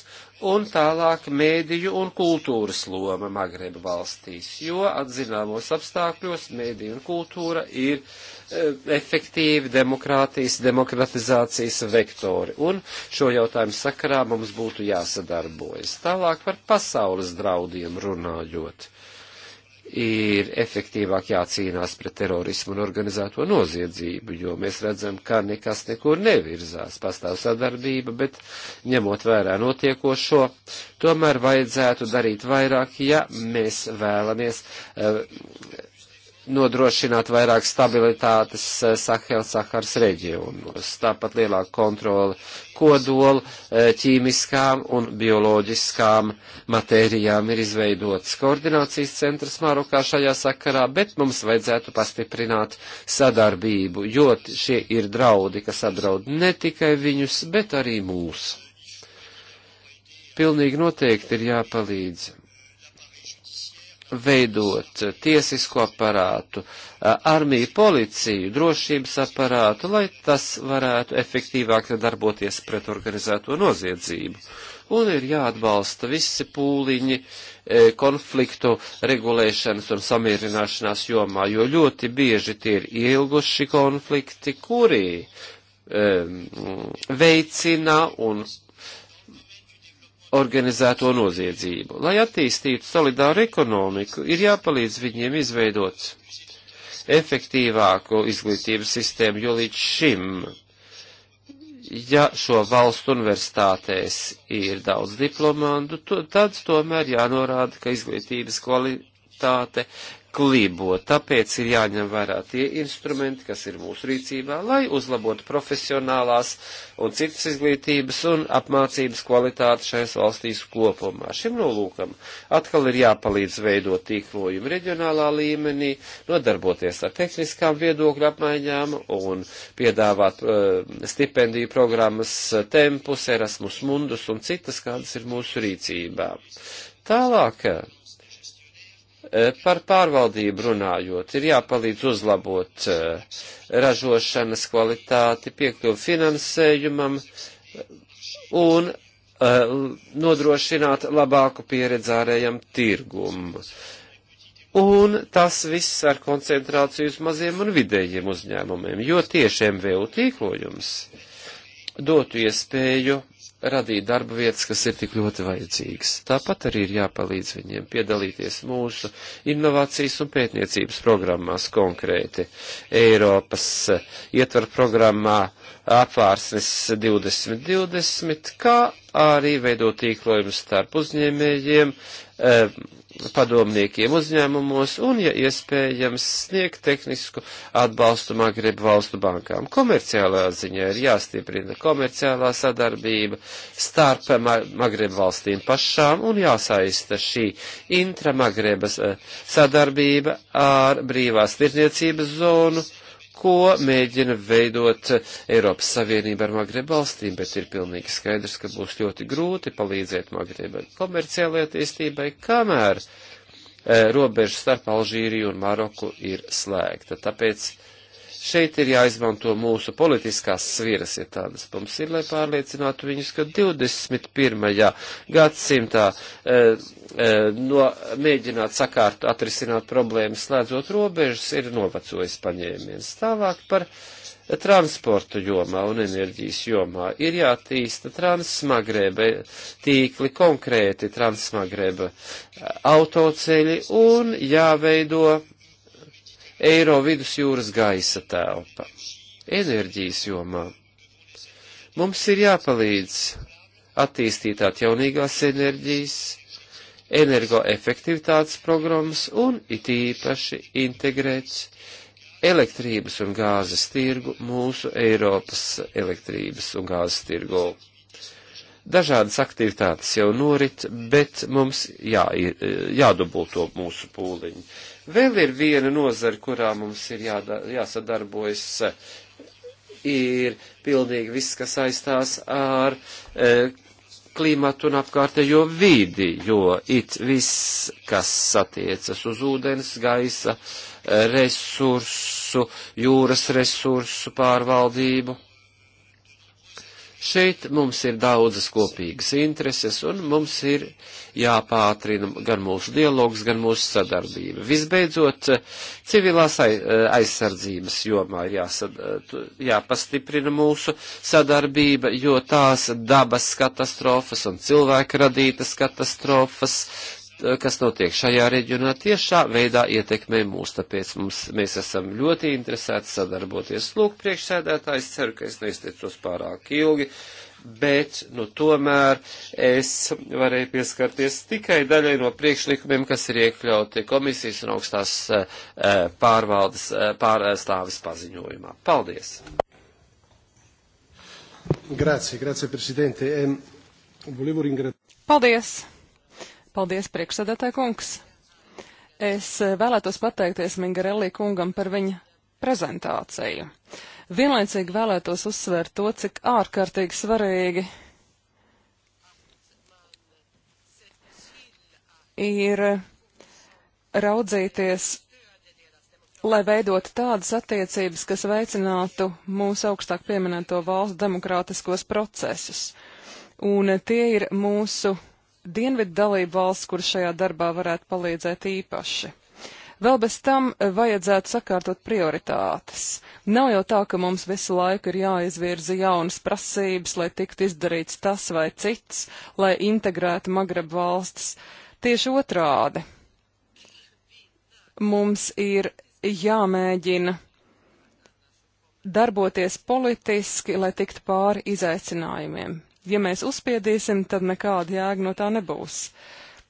un tālāk mēdīju un kultūras loma Magreba valstīs, jo atzināmos apstākļos mēdīja un kultūra ir e, efektīvi demokrātijas, demokratizācijas vektori, un šo jautājumu sakarā mums būtu jāsadarbojas. Tālāk par pasaules draudiem runājot ir efektīvāk jācīnās pret terorismu un organizēto noziedzību, jo mēs redzam, ka nekas nekur nevirzās, pastāv sadarbība, bet ņemot vērā notiekošo, tomēr vajadzētu darīt vairāk, ja mēs vēlamies uh, nodrošināt vairāk stabilitātes eh, Sahel-Saharas reģionos, tāpat lielāku kontroli kodolu eh, ķīmiskām un bioloģiskām matērijām ir izveidots koordinācijas centrs Marokā šajā sakarā, bet mums vajadzētu pastiprināt sadarbību, jo šie ir draudi, kas apdraud ne tikai viņus, bet arī mūs. Pilnīgi noteikti ir jāpalīdz veidot tiesisko aparātu, armiju, policiju, drošības aparātu, lai tas varētu efektīvāk darboties pret organizēto noziedzību. Un ir jāatbalsta visi pūliņi e, konfliktu regulēšanas un samierināšanās jomā, jo ļoti bieži tie ir ilguši konflikti, kuri um, veicina un organizēto noziedzību. Lai attīstītu solidāru ekonomiku, ir jāpalīdz viņiem izveidot efektīvāku izglītības sistēmu, jo līdz šim, ja šo valstu universitātēs ir daudz diplomantu, tad tomēr jānorāda, ka izglītības kvalitāte klibo, tāpēc ir jāņem vērā tie instrumenti, kas ir mūsu rīcībā, lai uzlabotu profesionālās un citas izglītības un apmācības kvalitāti šajās valstīs kopumā. Šim nolūkam atkal ir jāpalīdz veidot tīklojumu reģionālā līmenī, nodarboties ar tehniskām viedokļu apmaiņām un piedāvāt uh, stipendiju programmas eh, Tempus, Erasmus Mundus un citas, kādas ir mūsu rīcībā. Tālāk eh, Eh, par pārvaldību runājot, ir jāpalīdz uzlabot eh, ražošanas kvalitāti, piekļuvu finansējumam eh, un nodrošināt labāku pieredzi ārējam tirgumu. Un tas viss ar koncentrāciju uz maziem un vidējiem uzņēmumiem, jo tieši MVU tīklojums dotu iespēju radīt darba vietas, kas ir tik ļoti vajadzīgas. Tāpat arī ir jāpalīdz viņiem piedalīties mūsu inovācijas un pētniecības programmās konkrēti Eiropas eh, ietvaru programmā apvārsnes 2020, kā arī veidot tīklojumu starp uzņēmējiem, eh, padomniekiem uzņēmumos un, ja iespējams, sniegt tehnisku atbalstu Magreb valstu bankām. Komerciālā ziņā ir jāstiprina komerciālā sadarbība starp Magreb valstīm pašām un jāsaista šī intra Magrebas eh, sadarbība ar brīvās tirniecības zonu ko mēģina veidot Eiropas Savienība ar Magreba valstīm, bet ir pilnīgi skaidrs, ka būs ļoti grūti palīdzēt Magreba komerciālajai attīstībai, kamēr e, eh, robeža starp Alžīriju un Maroku ir slēgta. Tāpēc Šeit ir jāizmanto mūsu politiskās sviras, ja tādas mums ir, lai pārliecinātu viņus, ka 21. gadsimtā e, e, no, mēģināt sakārt atrisināt problēmas, slēdzot robežas, ir novecojis paņēmiens. Tālāk par transportu jomā un enerģijas jomā ir jātīsta transmagrēba tīkli, konkrēti transmagrēba autoceļi un jāveido eiro vidusjūras gaisa telpa. Enerģijas jomā mums ir jāpalīdz attīstīt atjaunīgās enerģijas, energoefektivitātes programmas un it īpaši integrēt elektrības un gāzes tirgu mūsu Eiropas elektrības un gāzes tirgu. Dažādas aktivitātes jau norit, bet mums jā, jādubulto mūsu pūliņi. Vēl ir viena nozara, kurā mums ir jāda, jāsadarbojas ir pilnīgi viss, kas saistās ar e, klimatu un apkārtējo vidi, jo it viss, kas attiecas uz ūdens, gaisa, e, resursu, jūras resursu pārvaldību. Šeit mums ir daudzas kopīgas intereses, un mums ir jāpātrina gan mūsu dialogs, gan mūsu sadarbība. Visbeidzot, civilās aizsardzības jomā ir jāsad, jāpastiprina mūsu sadarbība, jo tās dabas katastrofas un cilvēka radītas katastrofas Eh, kas notiek šajā reģionā, tiešā veidā ietekmē mūs, tāpēc mums, mēs esam ļoti interesēti sadarboties. Lūk, priekšsēdētājs, ceru, ka es neizteicos pārāk ilgi, bet, nu, tomēr es varēju pieskarties tikai daļai no priekšlikumiem, kas ir iekļauti komisijas un augstās eh, pārvaldes eh, pārstāvis paziņojumā. Paldies! Grazie, grazie, prezidente. Ehm, Paldies! Paldies, priekšsēdētāji kungs! Es eh, vēlētos pateikties Mingarelli kungam par viņa prezentāciju. Vienlaicīgi vēlētos uzsvērt to, cik ārkārtīgi svarīgi ir raudzīties, lai veidotu tādas attiecības, kas veicinātu mūsu augstāk pieminēto valstu demokrātiskos procesus. Un tie ir mūsu dienvidu dalību valsts, kur šajā darbā varētu palīdzēt īpaši. Vēl bez tam eh, vajadzētu sakārtot prioritātes. Nav jau tā, ka mums visu laiku ir jāizvirza jaunas prasības, lai tiktu izdarīts tas vai cits, lai integrētu Magreb valstis. Tieši otrādi. Mums ir jāmēģina darboties politiski, lai tiktu pāri izaicinājumiem ja mēs uzspiedīsim, tad nekāda jēga no tā nebūs.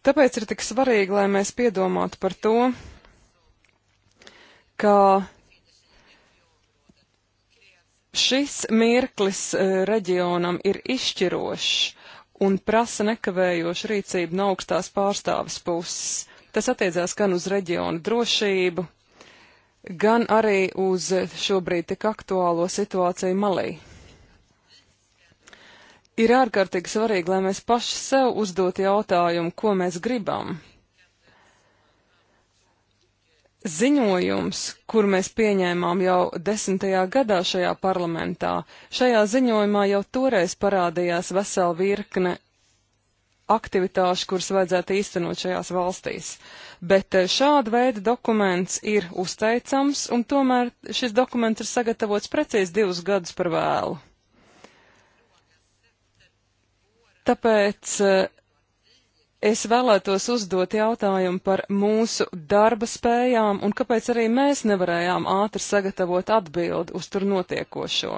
Tāpēc ir tik svarīgi, lai mēs piedomātu par to, ka šis mirklis e, reģionam ir izšķirošs un prasa nekavējošu rīcību no augstās pārstāvis puses. Tas attiecās gan uz reģionu drošību, gan arī uz šobrīd tik aktuālo situāciju Malī ir ārkārtīgi svarīgi, lai mēs paši sev uzdot jautājumu, ko mēs gribam. Ziņojums, kur mēs pieņēmām jau desmitajā gadā šajā parlamentā, šajā ziņojumā jau toreiz parādījās vesela virkne aktivitāšu, kuras vajadzētu īstenot šajās valstīs. Bet eh, šāda veida dokuments ir uzteicams, un tomēr šis dokuments ir sagatavots precīzi divus gadus par vēlu. Tāpēc eh, es vēlētos uzdot jautājumu par mūsu darba spējām un kāpēc arī mēs nevarējām ātri sagatavot atbildi uz tur notiekošo.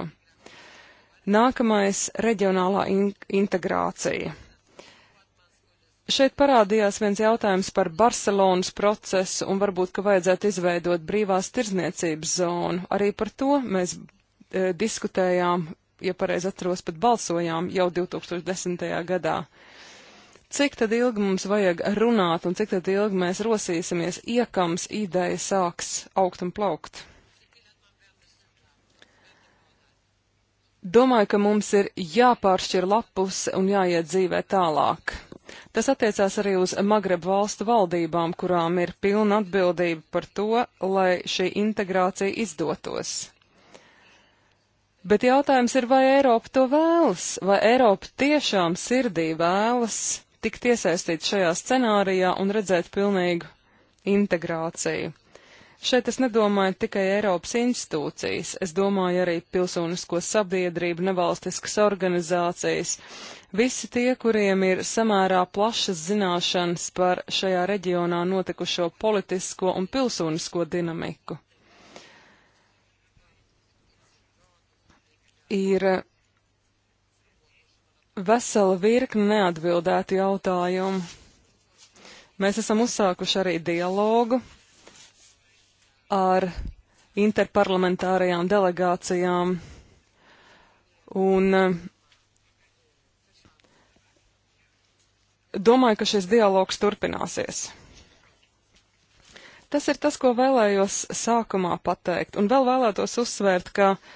Nākamais - reģionālā in integrācija. Šeit parādījās viens jautājums par Barcelonas procesu un varbūt, ka vajadzētu izveidot brīvās tirzniecības zonu. Arī par to mēs e, diskutējām ja pareizi atceros, pat balsojām jau 2010. gadā. Cik tad ilgi mums vajag runāt un cik tad ilgi mēs rosīsimies, iekams ideja sāks augt un plaukt? Domāju, ka mums ir jāpāršķir lapus un jāiet dzīvē tālāk. Tas attiecās arī uz Magreb valstu valdībām, kurām ir pilna atbildība par to, lai šī integrācija izdotos. Bet jautājums ir, vai Eiropa to vēlas, vai Eiropa tiešām sirdī vēlas tikt iesaistīt šajā scenārijā un redzēt pilnīgu integrāciju. Šeit es nedomāju tikai Eiropas institūcijas, es domāju arī pilsonisko sabiedrību, nevalstiskas organizācijas, visi tie, kuriem ir samērā plašas zināšanas par šajā reģionā notikušo politisko un pilsonisko dinamiku. ir vesela virkne neatbildētu jautājumu. Mēs esam uzsākuši arī dialogu ar interparlamentārajām delegācijām, un eh, domāju, ka šis dialogs turpināsies. Tas ir tas, ko vēlējos sākumā pateikt, un vēl vēlētos uzsvērt, ka uh,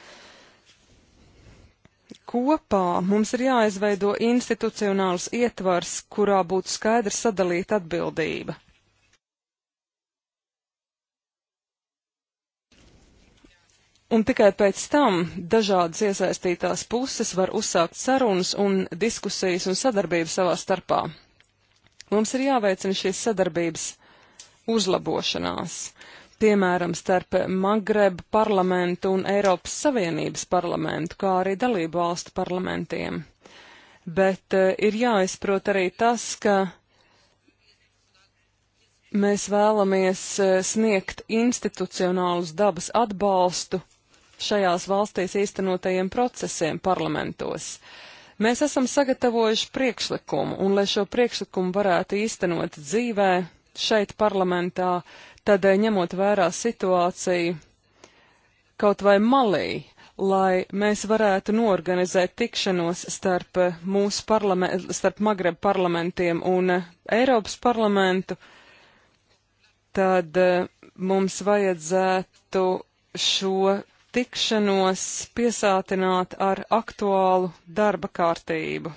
kopā, mums ir jāizveido institucionāls ietvars, kurā būtu skaidri sadalīta atbildība. Un tikai pēc tam dažādas iesaistītās puses var uzsākt sarunas un diskusijas un sadarbību savā starpā. Mums ir jāveicina šīs sadarbības uzlabošanās piemēram, starp Magreba parlamentu un Eiropas Savienības parlamentu, kā arī dalību valstu parlamentiem. Bet uh, ir jāizprot arī tas, ka mēs vēlamies uh, sniegt institucionālus dabas atbalstu šajās valstīs īstenotajiem procesiem parlamentos. Mēs esam sagatavojuši priekšlikumu, un lai šo priekšlikumu varētu īstenot dzīvē, šeit parlamentā, uh, Tādēļ eh, ņemot vērā situāciju kaut vai malī, lai mēs varētu norganizēt tikšanos starp eh, mūsu parlamentu, starp Magreb parlamentiem un eh, Eiropas parlamentu, tad mums vajadzētu šo tikšanos piesātināt ar aktuālu darba kārtību.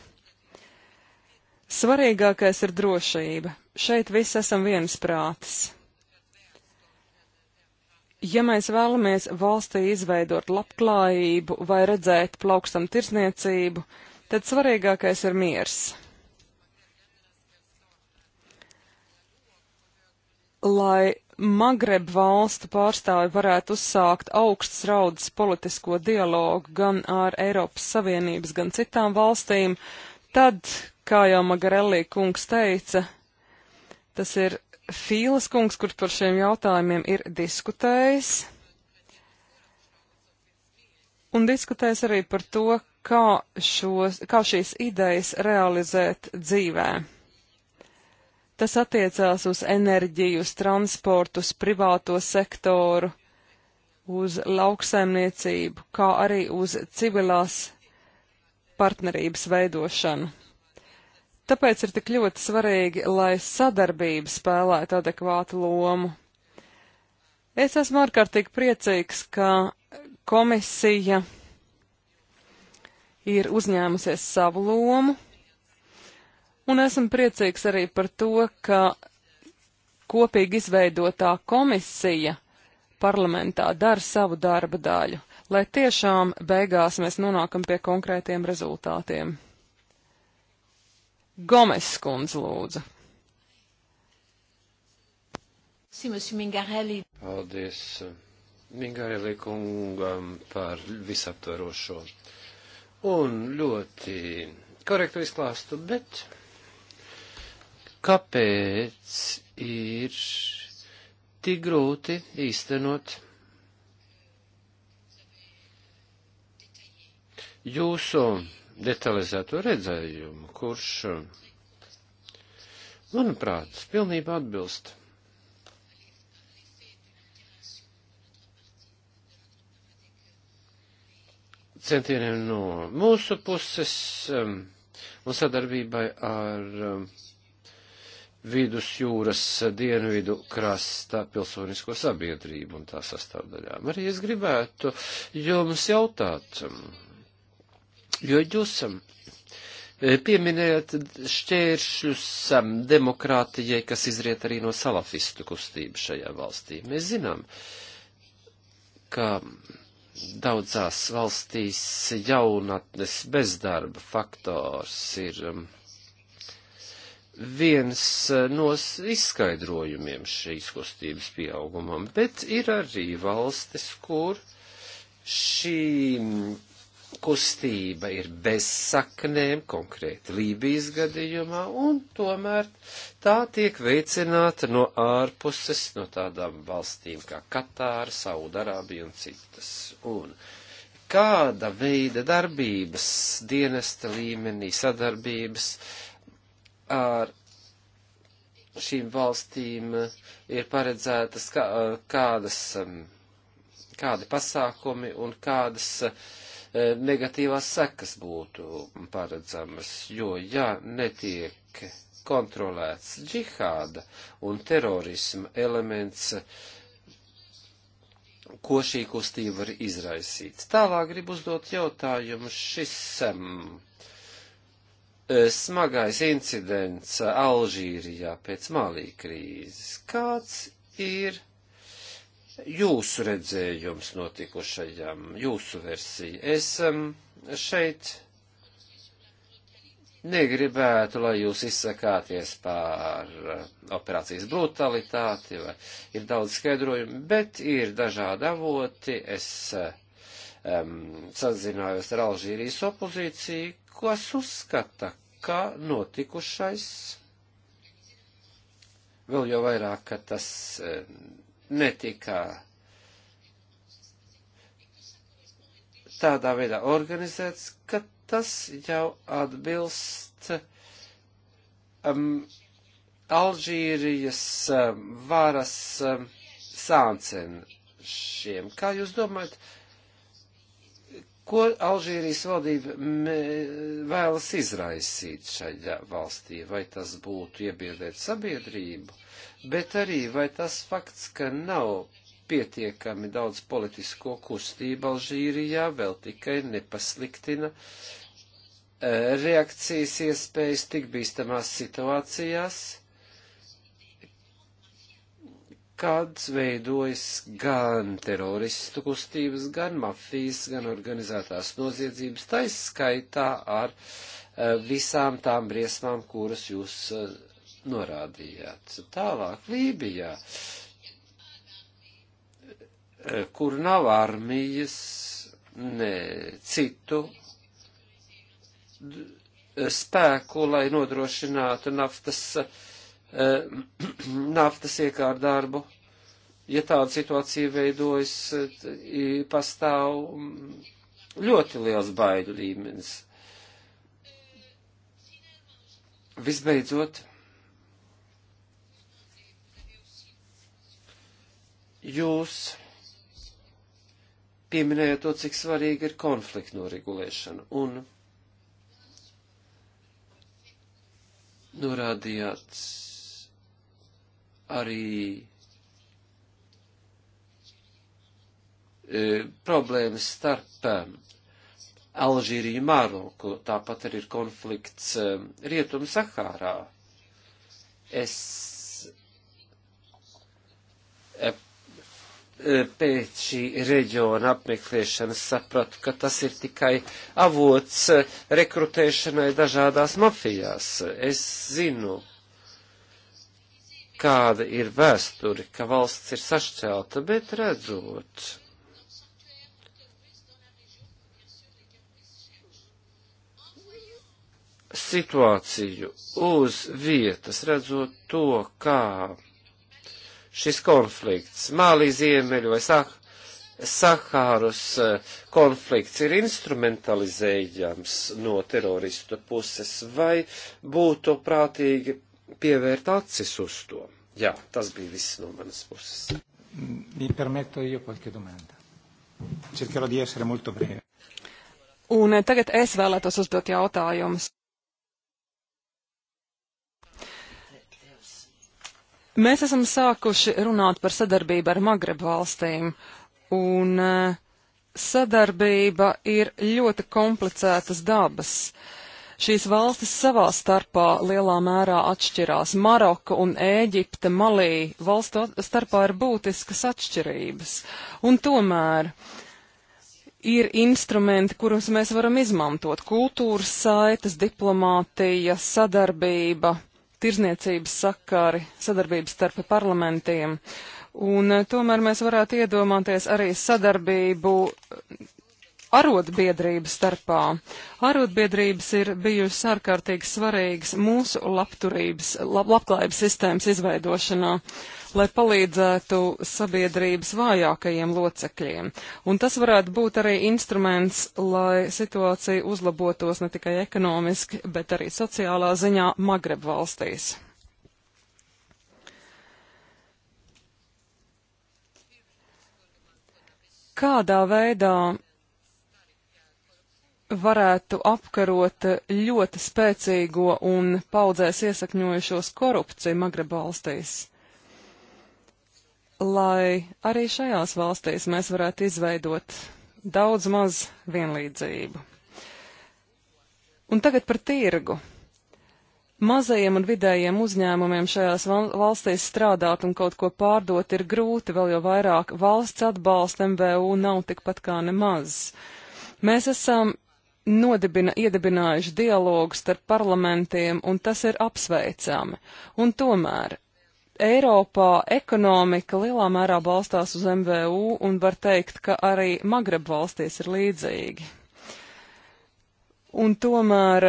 Svarīgākais ir drošība. Šeit visi esam viensprātis. Ja mēs vēlamies valstī izveidot labklājību vai redzēt plaukstam tirsniecību, tad svarīgākais ir miers. Lai Magreb valstu pārstāvi varētu uzsākt augsts raudas politisko dialogu gan ar Eiropas Savienības, gan citām valstīm, tad, kā jau Magarelli kungs teica, tas ir Fīles kungs, kurš par šiem jautājumiem ir diskutējis, un diskutējis arī par to, kā, šos, kā šīs idejas realizēt dzīvē. Tas attiecās uz enerģiju, uz transportu, uz privāto sektoru, uz lauksaimniecību, kā arī uz civilās partnerības veidošanu. Tāpēc ir tik ļoti svarīgi, lai sadarbība spēlētu adekvātu lomu. Es esmu ārkārtīgi priecīgs, ka komisija ir uzņēmusies savu lomu, un esmu priecīgs arī par to, ka kopīgi izveidotā komisija parlamentā dara savu darba daļu, lai tiešām beigās mēs nonākam pie konkrētiem rezultātiem. Gomes skundze lūdzu. Paldies Mingarelī kungam par visaptvarošo un ļoti korektu izklāstu, bet kāpēc ir tik grūti īstenot jūsu detalizēto redzējumu, kurš, manuprāt, pilnībā atbilst. Centieniem no mūsu puses um, un sadarbībai ar um, vidusjūras dienvidu krasta pilsonisko sabiedrību un tā sastāvdaļām. Arī es gribētu jums jautāt, um, Jo jūs e, pieminējat šķēršļus demokrātijai, kas izriet arī no salafistu kustības šajā valstī. Mēs zinām, ka daudzās valstīs jaunatnes bezdarba faktors ir viens e, no izskaidrojumiem šīs kustības pieaugumam, bet ir arī valstis, kur šī kustība ir bez saknēm, konkrēti Lībijas gadījumā, un tomēr tā tiek veicināta no ārpuses, no tādām valstīm kā Katāra, Saudarābija un citas. Un kāda veida darbības dienesta līmenī sadarbības ar šīm valstīm ir paredzētas kā, kādas, um, kādi pasākumi un kādas uh, E, negatīvās sekas būtu paredzamas, jo ja netiek kontrolēts džihāda un terorisma elements, ko šī kustība var izraisīt. Tālāk gribu uzdot jautājumu šis um, smagais incidents Alžīrijā pēc malī krīzes. Kāds ir jūsu redzējums notikušajam, jūsu versija. Es um, šeit negribētu, lai jūs izsakāties par uh, operācijas brutalitāti, vai ir daudz skaidrojumu, bet ir dažādi avoti. Es uh, um, sazinājos ar Alžīrijas opozīciju, kas uzskata, ka notikušais vēl jau vairāk, ka tas. Um, netika tādā veidā organizēts, ka tas jau atbilst um, Alžīrijas um, varas um, sāncenšiem. Kā jūs domājat, ko Alžīrijas valdība vēlas izraisīt šajā valstī? Vai tas būtu iebiedēt sabiedrību? bet arī vai tas fakts, ka nav pietiekami daudz politisko kustību Alžīrijā, vēl tikai nepasliktina e, reakcijas iespējas tik bīstamās situācijās, kad veidojas gan teroristu kustības, gan mafijas, gan organizētās noziedzības, taisa skaitā ar e, visām tām briesmām, kuras jūs e, norādījāt. Tālāk Lībijā, eh, kur nav armijas, ne citu spēku, lai nodrošinātu naftas, eh, naftas iekārdarbu. Ja tāda situācija veidojas, pastāv ļoti liels baidu līmenis. Visbeidzot, jūs pieminējāt to, cik svarīga ir konflikta noregulēšana, un norādījāt arī e, problēmas starp e, Alžīriju Maroku, tāpat arī ir konflikts e, Rietumu Sahārā. Es e, pēc šī reģiona apmeklēšanas sapratu, ka tas ir tikai avots rekrutēšanai dažādās mafijās. Es zinu, kāda ir vēsturi, ka valsts ir sašķelta, bet redzot. situāciju uz vietas, redzot to, kā šis konflikts. Mālī ziemeļu vai sāk. Sahārus eh, konflikts ir instrumentalizējams no teroristu puses, vai būtu prātīgi pievērt acis uz to? Jā, tas bija viss no manas puses. Vi permetto io qualche domanda. Cercherò di essere molto breve. Un eh, tagad es vēlētos uzdot jautājumus. Mēs esam sākuši runāt par sadarbību ar Magreb valstīm, un e, sadarbība ir ļoti komplicētas dabas. Šīs valstis savā starpā lielā mērā atšķirās. Maroka un Ēģipte, Malī valstu starpā ir būtiskas atšķirības. Un tomēr ir instrumenti, kurus mēs varam izmantot - kultūras saites, diplomātija, sadarbība tirzniecības sakari, sadarbības starp parlamentiem. Un eh, tomēr mēs varētu iedomāties arī sadarbību eh, arotbiedrību starpā. Arotbiedrības ir bijusi ārkārtīgi svarīgas mūsu labturības, lab, labklājības sistēmas izveidošanā. Uh, lai palīdzētu sabiedrības vājākajiem locekļiem. Un tas varētu būt arī instruments, lai situācija uzlabotos ne tikai ekonomiski, bet arī sociālā ziņā Magreb valstīs. Kādā veidā varētu apkarot ļoti spēcīgo un paudzēs iesakņojušos korupciju Magreb valstīs? lai arī šajās valstīs mēs varētu izveidot daudz maz vienlīdzību. Un tagad par tirgu. Mazajiem un vidējiem uzņēmumiem šajās valstīs strādāt un kaut ko pārdot ir grūti, vēl jau vairāk valsts atbalsta MVU nav tikpat kā nemaz. Mēs esam nodibina, iedibinājuši dialogu starp parlamentiem, un tas ir apsveicami. Un tomēr Eiropā ekonomika lielā mērā balstās uz MVU un var teikt, ka arī Magreb valstīs ir līdzīgi. Un tomēr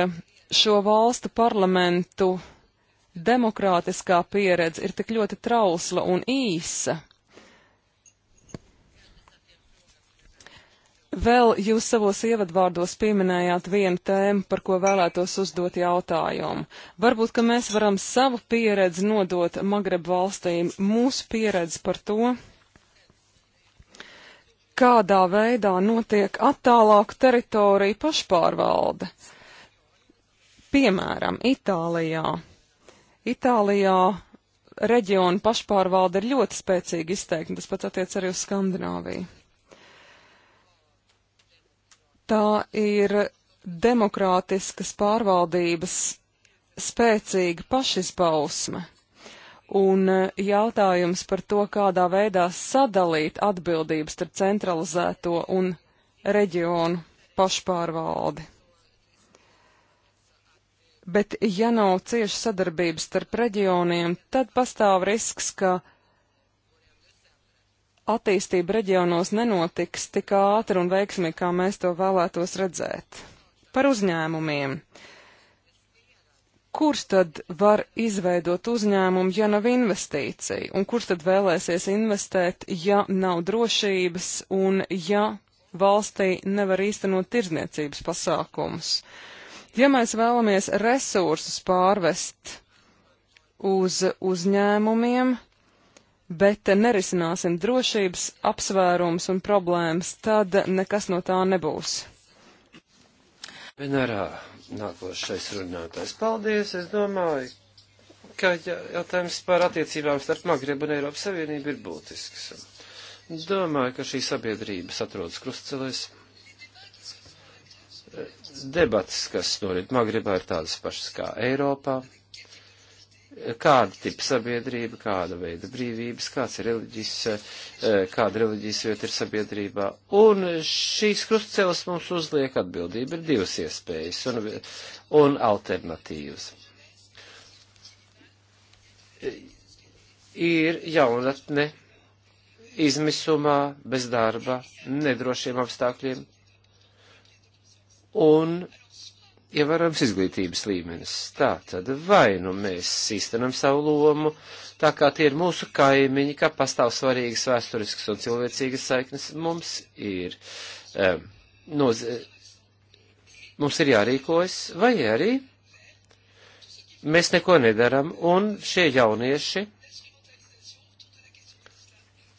šo valstu parlamentu demokrātiskā pieredze ir tik ļoti trausla un īsa, Vēl jūs savos ievadvārdos pieminējāt vienu tēmu, par ko vēlētos uzdot jautājumu. Varbūt, ka mēs varam savu pieredzi nodot Magreb valstīm, mūsu pieredzi par to, kādā veidā notiek attālāku teritoriju pašpārvalde. Piemēram, Itālijā. Itālijā reģionu pašpārvalde ir ļoti spēcīgi izteikti, tas pats attiec arī uz Skandināviju. Tā ir demokrātiskas pārvaldības spēcīga pašizpausme. Un e, jautājums par to, kādā veidā sadalīt atbildības starp centralizēto un reģionu pašpārvaldi. Bet ja nav cieša sadarbības starp reģioniem, tad pastāv risks, ka attīstība reģionos nenotiks tik ātri un veiksmīgi, kā mēs to vēlētos redzēt. Par uzņēmumiem. Kurš tad var izveidot uzņēmumu, ja nav investīciju? Un kurš tad vēlēsies investēt, ja nav drošības un ja valstī nevar īstenot tirzniecības pasākumus? Ja mēs vēlamies resursus pārvest uz uzņēmumiem, bet nerisināsim drošības apsvērums un problēmas, tad nekas no tā nebūs. Vienarā nākošais runātājs. Paldies, es domāju, ka jautājums par attiecībām starp Magrebu un Eiropas Savienību ir būtisks. Domāju, ka šī sabiedrības atrodas krustcelēs debatas, kas norit Magrebā, ir tādas pašas kā Eiropā kāda tipa sabiedrība, kāda veida brīvības, kāds ir reliģis, eh, kāda reliģijas vieta ir sabiedrībā. Un šīs krustceles mums uzliek atbildība ir divas iespējas un, un alternatīvas. Ir jaunatne izmisumā, bez darba, nedrošiem apstākļiem. Un ievērojams izglītības līmenis. Tā tad vai nu mēs īstenam savu lomu, tā kā tie ir mūsu kaimiņi, kā pastāv svarīgas vēsturiskas un cilvēcīgas saiknes, mums ir, um, noz, mums ir jārīkojas, vai arī mēs neko nedaram, un šie jaunieši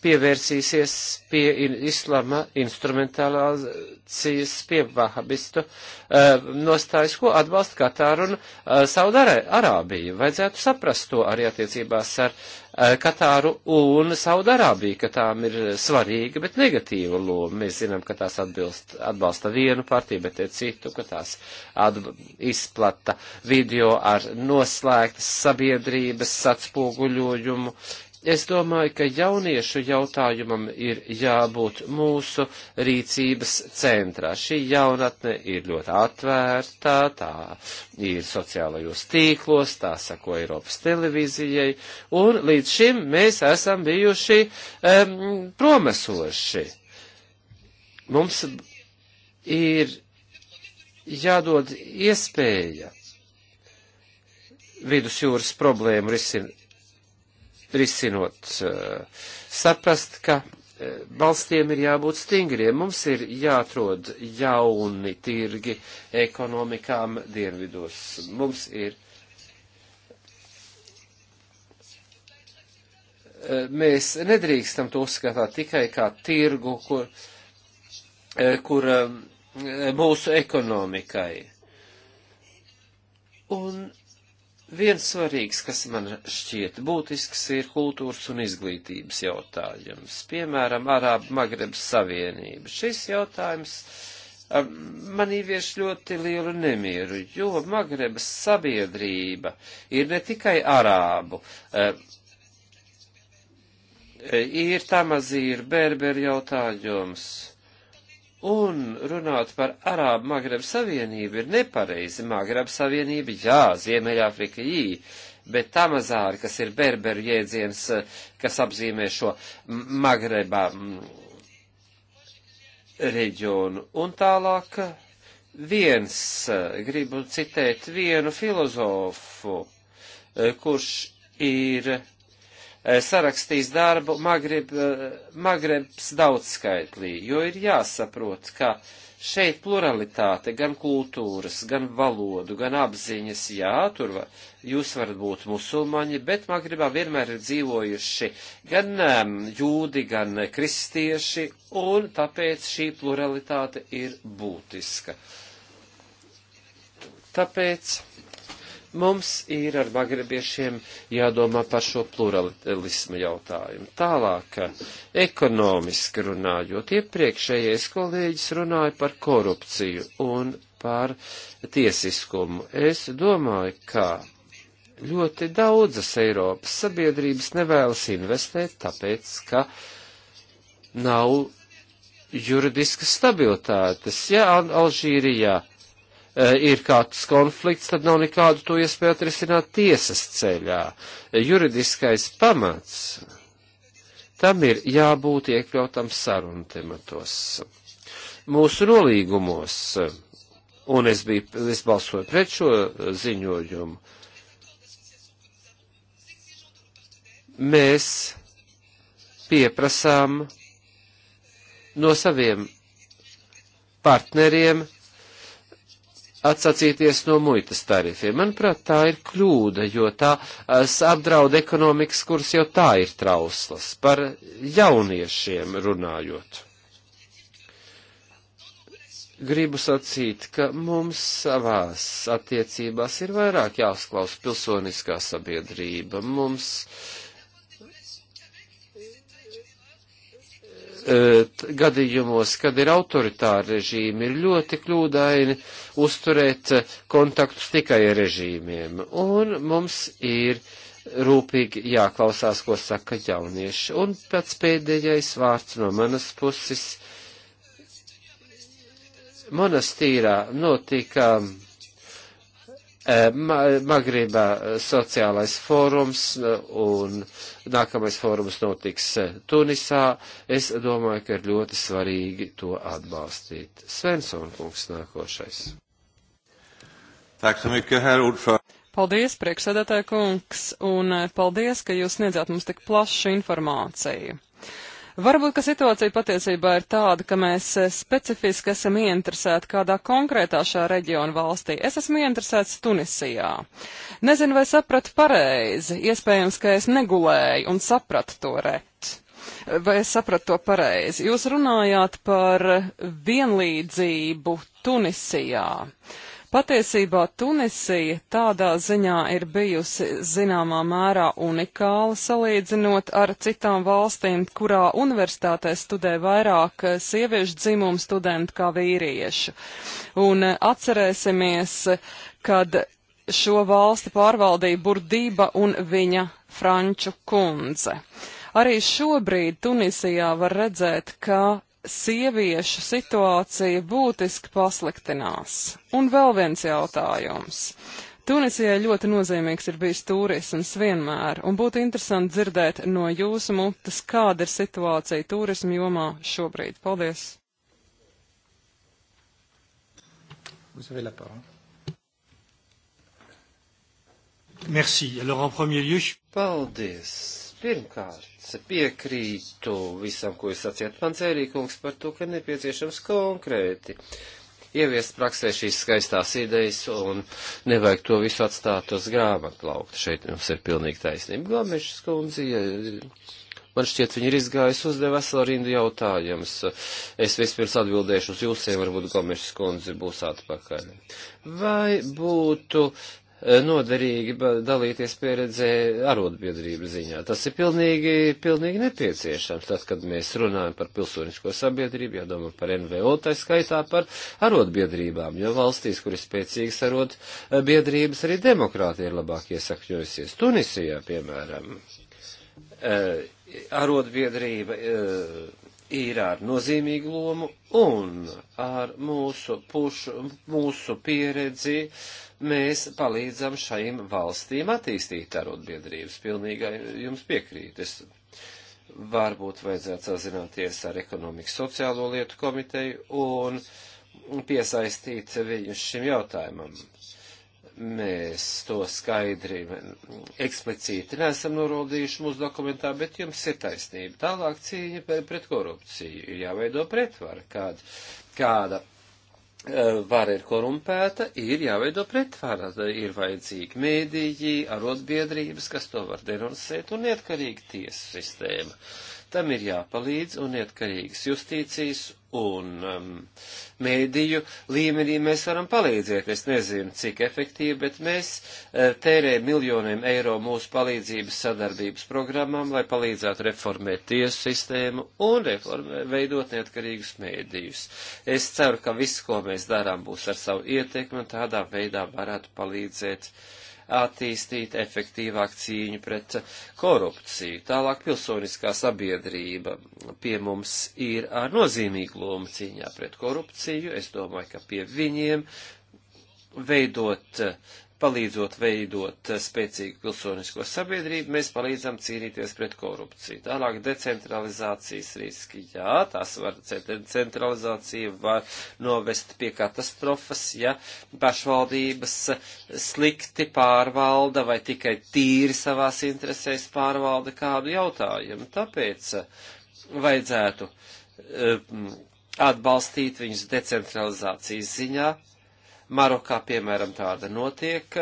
pievērsīsies pie islama instrumentālācijas, pie vahabistu eh, nostājas, ko atbalsta Katāra un eh, Saudarābija. Vajadzētu saprast to arī attiecībās ar eh, Katāru un Saudarābiju, ka tām ir svarīga, bet negatīva loma. Mēs zinām, ka tās atbilst, atbalsta vienu partiju, bet ir citu, ka tās atb, izplata video ar noslēgtas sabiedrības atspoguļojumu. Uh, Es domāju, ka jauniešu jautājumam ir jābūt mūsu rīcības centrā. Šī jaunatne ir ļoti atvērta, tā ir sociālajos tīklos, tā sako Eiropas televīzijai, un līdz šim mēs esam bijuši um, promesoši. Mums ir jādod iespēja vidusjūras problēmu risināt risinot, eh, saprast, ka eh, valstiem ir jābūt stingriem. Mums ir jāatrod jauni tirgi ekonomikām dienvidos. Mums ir. Eh, mēs nedrīkstam to uzskatāt tikai kā tirgu, kur, kur mūsu ekonomikai. Un Viens svarīgs, kas man šķiet būtisks, ir kultūras un izglītības jautājums. Piemēram, Arābu Magrebs Savienība. Šis jautājums um, man ievieš ļoti lielu nemieru, jo Magrebas sabiedrība ir ne tikai Arābu. Um, ir Tamazī, ir Berberu jautājums Un runāt par Arābu Magreb Savienību ir nepareizi. Magreb Savienība, jā, Ziemeļāfrika jī, bet tamazāri, kas ir berberu jēdziens, kas apzīmē šo Magrebā reģionu. Un tālāk viens, gribu citēt vienu filozofu, kurš ir Eh, sarakstīs darbu Magreb, eh, Magrebs daudzskaitlī, jo ir jāsaprot, ka šeit pluralitāte gan kultūras, gan valodu, gan apziņas, jā, tur va, jūs varat būt musulmaņi, bet Magrebā vienmēr ir dzīvojuši gan um, jūdi, gan kristieši, un tāpēc šī pluralitāte ir būtiska. Tāpēc Mums ir ar magrebiešiem jādomā par šo pluralismu jautājumu. Tālāk, ekonomiski runājot, iepriekšējais kolēģis runāja par korupciju un par tiesiskumu. Es domāju, ka ļoti daudzas Eiropas sabiedrības nevēlas investēt, tāpēc, ka nav juridiskas stabilitātes. Ja Alžīrijā. Al Eh, ir kāds konflikts, tad nav nekādu to iespēju atrisināt tiesas ceļā. Eh, juridiskais pamats tam ir jābūt iekļautam sarunu tematos. Mūsu nolīgumos, eh, un es, biju, es balsoju pret šo ziņojumu, mēs pieprasām no saviem partneriem atsacīties no muitas tarifiem. Manuprāt, tā ir kļūda, jo tā apdraud ekonomikas, kuras jau tā ir trauslas, par jauniešiem runājot. Gribu sacīt, ka mums savās attiecībās ir vairāk jāuzklaus pilsoniskā sabiedrība. Mums uh, gadījumos, kad ir autoritāri režīmi, ir ļoti kļūdaini uzturēt kontaktus tikai ar režīmiem. Un mums ir rūpīgi jāklausās, ko saka jaunieši. Un pēc pēdējais vārds no manas puses. Monastīrā notika Eh, Magribā eh, sociālais fórums eh, un nākamais fórums notiks Tunisā. Es domāju, ka ir ļoti svarīgi to atbalstīt. Svensson kungs nākošais. Paldies, priekšsēdētāja kungs, un paldies, ka jūs sniedzāt mums tik plašu informāciju. Varbūt, ka situācija patiesībā ir tāda, ka mēs eh, specifiski esam ieinteresēti kādā konkrētā šā reģiona valstī. Es esmu ieinteresēts Tunisijā. Nezinu, vai sapratu pareizi. Iespējams, ka es negulēju un sapratu to ret. Vai es sapratu to pareizi? Jūs runājāt par vienlīdzību Tunisijā. Uh, Patiesībā Tunisija tādā ziņā ir bijusi zināmā mērā unikāla salīdzinot ar citām valstīm, kurā universitātē studē vairāk eh, sieviešu dzimumu studentu kā vīriešu. Un eh, atcerēsimies, kad šo valsti pārvaldīja Burdība un viņa Franču kundze. Arī šobrīd Tunisijā var redzēt, ka sieviešu situācija būtiski pasliktinās. Un vēl viens jautājums. Tunisijai ļoti nozīmīgs ir bijis turisms vienmēr, un būtu interesanti dzirdēt no jūsu mutes, kāda ir situācija turismu jomā šobrīd. Paldies! Merci. Alors, en premier lieu, je... Paldies. Pirmkārt, piekrītu visam, ko jūs sacījāt, Pancērīkungs, par to, ka nepieciešams konkrēti ieviest praksē šīs skaistās idejas un nevajag to visu atstāt uz grāmatplaukta. Šeit jums ir pilnīgi taisnība. Glamešas kundze, man šķiet, viņa ir izgājusi uzdev veselu rindu jautājumus. Es vispirms atbildēšu uz jūsiem, varbūt Glamešas kundze būs atpakaļ. Vai būtu Eh, noderīgi dalīties pieredzē arotbiedrību ziņā. Tas ir pilnīgi, pilnīgi nepieciešams. Tad, kad mēs runājam par pilsonisko sabiedrību, jādomā par NVO, tā skaitā par arotbiedrībām, jo valstīs, kur ir spēcīgas arotbiedrības, eh, arī demokrātija ir labāk iesakņojusies. Tunisijā, piemēram, eh, arotbiedrība ir ar nozīmīgu lomu un ar mūsu, pušu, mūsu pieredzi mēs palīdzam šajām valstīm attīstīt arotbiedrības. Pilnīgi jums piekrīt. Es varbūt vajadzētu sazināties ar ekonomikas sociālo lietu komiteju un piesaistīt viņus šim jautājumam. Mēs to skaidri, eksplicīti nesam norodījuši mūsu dokumentā, bet jums ir taisnība. Tālāk cīņa pret korupciju ir jāveido pretvar, kāda, kāda Eh, vara ir korumpēta, ir jāveido pretvara, ir vajadzīgi mēdīji, arotbiedrības, kas to var denunsēt, un neatkarīga tiesu sistēma. Tam ir jāpalīdz un neatkarīgas justīcijas un um, mēdīju līmenī mēs varam palīdzēt. Es nezinu, cik efektīvi, bet mēs uh, tērējam miljoniem eiro mūsu palīdzības sadarbības programmām, lai palīdzētu reformēt tiesu sistēmu un reformē, veidot neatkarīgus mēdījus. Es ceru, ka viss, ko mēs darām, būs ar savu ietekmi un tādā veidā varētu palīdzēt uh, attīstīt efektīvāk cīņu pret korupciju. Tālāk pilsoniskā sabiedrība pie mums ir ar nozīmīgu lomu cīņā pret korupciju. Es domāju, ka pie viņiem veidot palīdzot veidot eh, spēcīgu pilsonisko sabiedrību, mēs palīdzam cīnīties pret korupciju. Tālāk decentralizācijas riski. Jā, tās var, centralizācija var novest pie katastrofas, ja pašvaldības eh, slikti pārvalda vai tikai tīri savās interesēs pārvalda kādu jautājumu. Tāpēc eh, vajadzētu um, atbalstīt viņus decentralizācijas ziņā Marokā, piemēram, tāda notiek,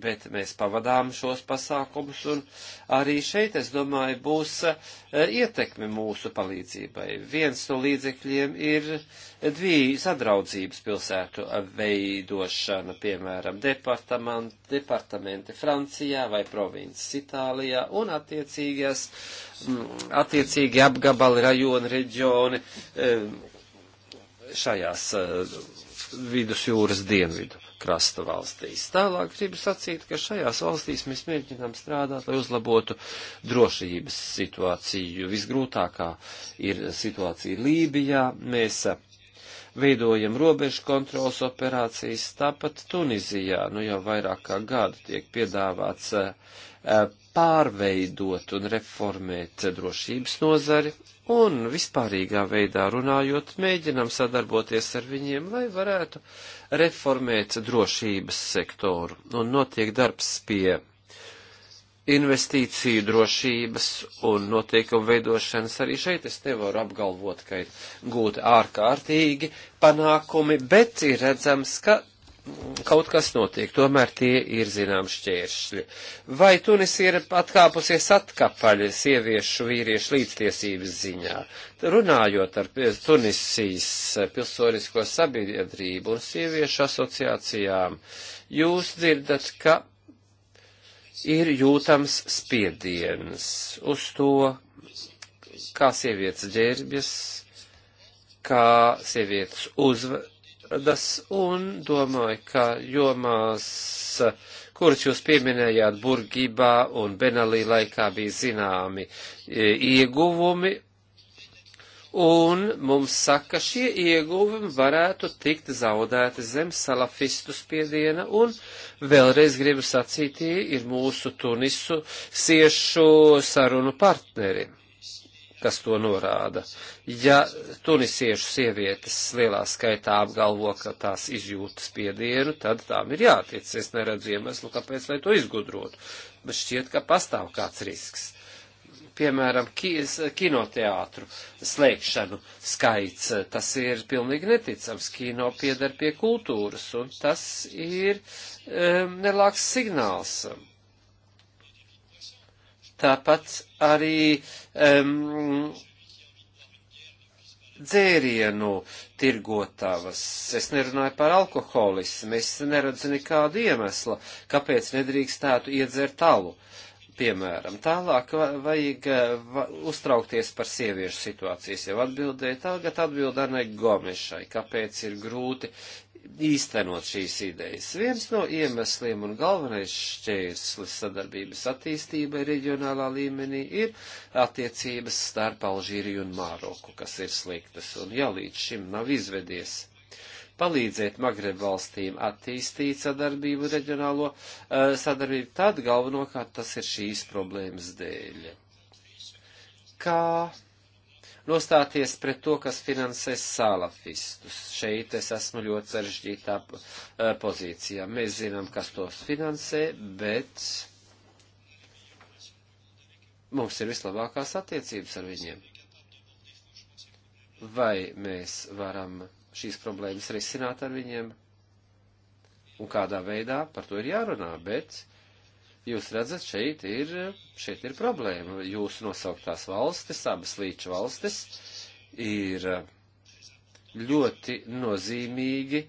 bet mēs pavadām šos pasākumus, un arī šeit, es domāju, būs e, ietekme mūsu palīdzībai. Viens no līdzekļiem ir divi sadraudzības pilsētu veidošana, piemēram, departamenti Francijā vai provinces Itālijā, un attiecīgās, attiecīgi apgabali, rajoni, reģioni e, šajās e, vidusjūras dienvidu krasta valstīs. Tālāk gribu sacīt, ka šajās valstīs mēs mēģinām strādāt, lai uzlabotu drošības situāciju. Visgrūtākā ir situācija Lībijā. Mēs eh, veidojam robežu kontrolas operācijas, tāpat Tunizijā, nu jau vairāk kā gadu tiek piedāvāts eh, pārveidot un reformēt drošības nozari, un vispārīgā veidā runājot, mēģinam sadarboties ar viņiem, lai varētu reformēt drošības sektoru. Un notiek darbs pie investīciju drošības un noteikumu veidošanas. Arī šeit es nevaru apgalvot, ka ir gūti ārkārtīgi panākumi, bet ir redzams, ka kaut kas notiek, tomēr tie ir zinām šķēršļi. Vai Tunis ir atkāpusies atkapaļ sieviešu vīriešu līdztiesības ziņā? Runājot ar Tunisijas pilsonisko sabiedrību un sieviešu asociācijām, jūs dzirdat, ka ir jūtams spiediens uz to, kā sievietes ģērbjas, kā sievietes uzvedas dažādas, un domāju, ka jomās, kuras jūs pieminējāt Burgībā un Benalī laikā bija zināmi e, ieguvumi, un mums saka, šie ieguvumi varētu tikt zaudēti zem salafistu spiediena, un vēlreiz gribu sacīt, tie ir mūsu Tunisu siešu sarunu partneri kas to norāda. Ja tunisiešu sievietes lielā skaitā apgalvo, ka tās izjūtas piedienu, tad tām ir jātiec. Es neredzu iemeslu, kāpēc, lai to izgudrotu. Bet šķiet, ka pastāv kāds risks. Piemēram, kinoteātru slēgšanu skaits, tas ir pilnīgi neticams. Kino piedar pie kultūras, un tas ir um, nelāks signāls. Um, Tāpat arī um, dzērienu tirgotavas. Es nerunāju par alkoholismu, es neredzu nekādu iemeslu, kāpēc nedrīkstētu iedzert alu. Uh, piemēram. Tālāk vajag eh, uztraukties par sieviešu situācijas jau atbildēju. Tagad atbild Arnai Gomešai, kāpēc ir grūti īstenot šīs idejas. Viens no iemesliem un galvenais šķērslis sadarbības attīstībai reģionālā līmenī ir attiecības starp Alžīriju un Māroku, kas ir sliktas un jau līdz šim nav izvedies palīdzēt Magreb valstīm attīstīt sadarbību, reģionālo uh, sadarbību, tad galvenokārt tas ir šīs problēmas dēļ. Kā nostāties pret to, kas finansē salafistus? Šeit es esmu ļoti sarežģītā uh, pozīcijā. Mēs zinām, kas tos finansē, bet mums ir vislabākās attiecības ar viņiem. Vai mēs varam šīs problēmas risināt ar viņiem un kādā veidā par to ir jārunā, bet jūs redzat, šeit ir, šeit ir problēma. Jūsu nosauktās valstis, abas līča valstis, ir ļoti nozīmīgi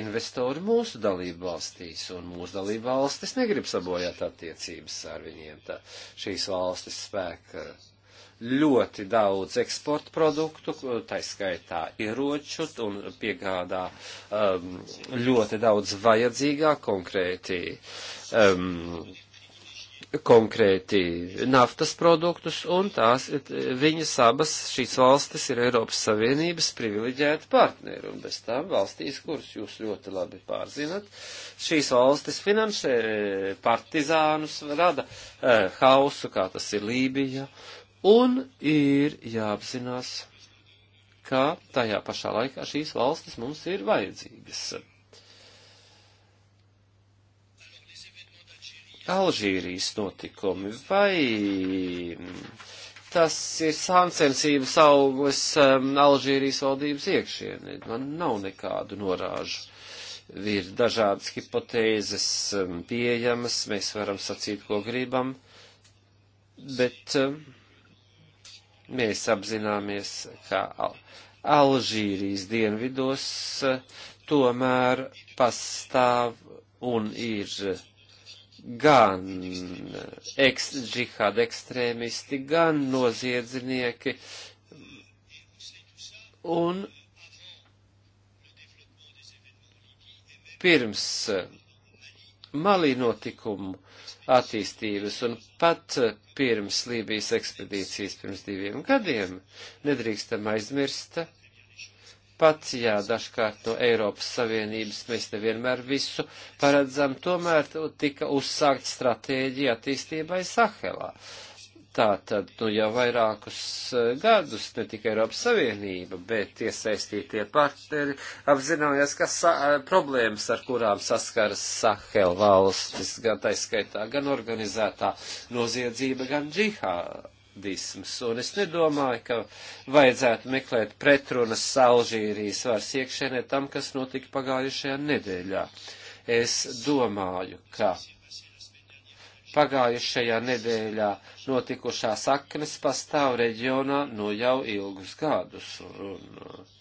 investori mūsu dalību valstīs, un mūsu dalību valstis negrib sabojāt attiecības ar viņiem. Tā, šīs valstis spēka ļoti daudz eksporta produktu, tā skaitā ieroču un piegādā um, ļoti daudz vajadzīgā konkrēti, um, konkrēti naftas produktus, un tās, viņas abas šīs valstis ir Eiropas Savienības privileģēta partneri, un bez tām valstīs, kuras jūs ļoti labi pārzinat, šīs valstis finansē eh, partizānus, rada uh, eh, hausu, kā tas ir Lībija. Uh, Un ir jāapzinās, ka tajā pašā laikā šīs valstis mums ir vajadzīgas. Alžīrijas notikumi vai tas ir sāncensības auglis um, Alžīrijas valdības iekšienē? Man nav nekādu norāžu. Ir dažādas hipotēzes um, pieejamas, mēs varam sacīt, ko gribam, bet. Um, Mēs apzināmies, ka Alžīrijas dienvidos eh, tomēr pastāv un ir gan eks, džihāda ekstrēmisti, gan noziedznieki. Un pirms malī notikumu attīstības, un pat pirms Lībijas ekspedīcijas pirms diviem gadiem nedrīkstam aizmirst, pat jā, dažkārt no Eiropas Savienības mēs nevienmēr visu paredzam, tomēr tika uzsākt stratēģija attīstībai Sahelā. Uh, Tā tad nu, jau vairākus eh, gadus ne tikai Eiropas Savienība, bet iesaistītie partneri apzinājās, ka sa eh, problēmas, ar kurām saskaras Sahel valstis, gan taiskaitā, gan organizētā noziedzība, gan džihādisms. Un es nedomāju, ka vajadzētu meklēt pretrunas Alžīrijas vairs iekšēnē tam, kas notika pagājušajā nedēļā. Es domāju, ka pagājušajā nedēļā notikušā saknes pastāv reģionā no nu jau ilgus gadus. Un, un, uh,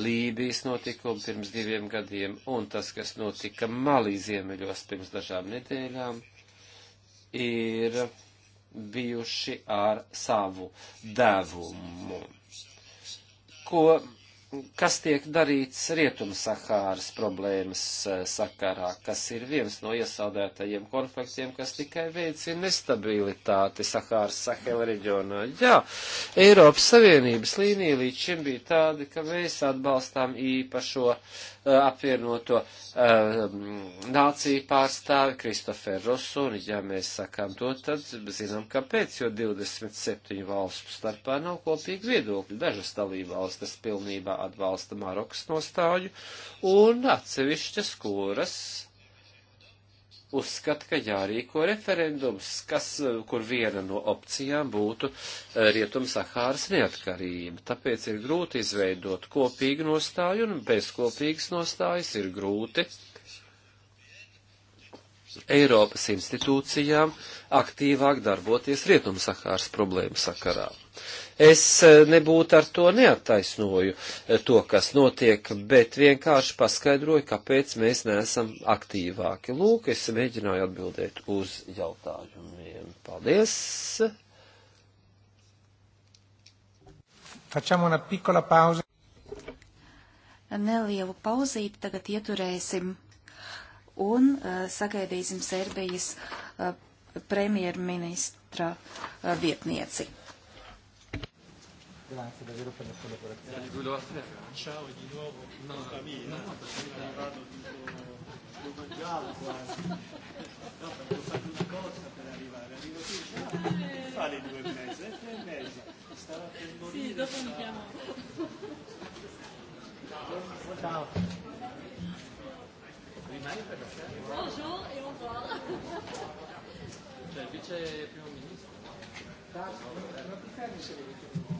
Lībijas notikumi pirms diviem gadiem un tas, kas notika Malī ziemeļos pirms dažām nedēļām, ir bijuši ar savu devumu, ko kas tiek darīts Rietumsahāras problēmas eh, sakarā, kas ir viens no iesaldētajiem konfliktiem, kas tikai veicina nestabilitāti Sahāras Sahela reģionā. Jā, Eiropas Savienības līnija līdz šim bija tāda, ka mēs atbalstām īpašo uh, Eh, apvienoto eh, nāciju pārstāvi Kristoferu Rosu, un ja mēs sakām to, tad zinām, kāpēc, jo 27 valstu starpā nav kopīgi viedokļi. Dažas dalībvalstis pilnībā atbalsta Marokas nostāju, un atsevišķas, kuras uzskata, ka jārīko referendums, kas, kur viena no opcijām būtu eh, Rietum Sahāras neatkarība. Tāpēc ir grūti izveidot kopīgu nostāju un bezkopīgas nostājas ir grūti Eiropas institūcijām aktīvāk darboties Rietum Sahāras problēmu sakarā. Es eh, nebūtu ar to neattaisnoju eh, to, kas notiek, bet vienkārši paskaidroju, kāpēc mēs neesam aktīvāki. Lūk, es mēģināju atbildēt uz jautājumiem. Paldies! Facciamo una piccola pausa. Nelielu pauzīti tagad ieturēsim un uh, sagaidīsim Serbijas uh, premjerministra uh, vietnieci. Grazie davvero per la collaborazione. Volevo fare ciao e di nuovo no, no, famiglia. No, perché mi arrivato tipo come giallo quasi. No, perché ho fatto una corsa per arrivare. Arrivo qui, ciao. Fa le due e mezza, e tre e mezza. Stava per morire. Sì, dopo mi chiamo. Ciao. ciao. Rimani per la sera? Bonjour e bonsoir. Cioè, il vice primo ministro. No? No, no, no.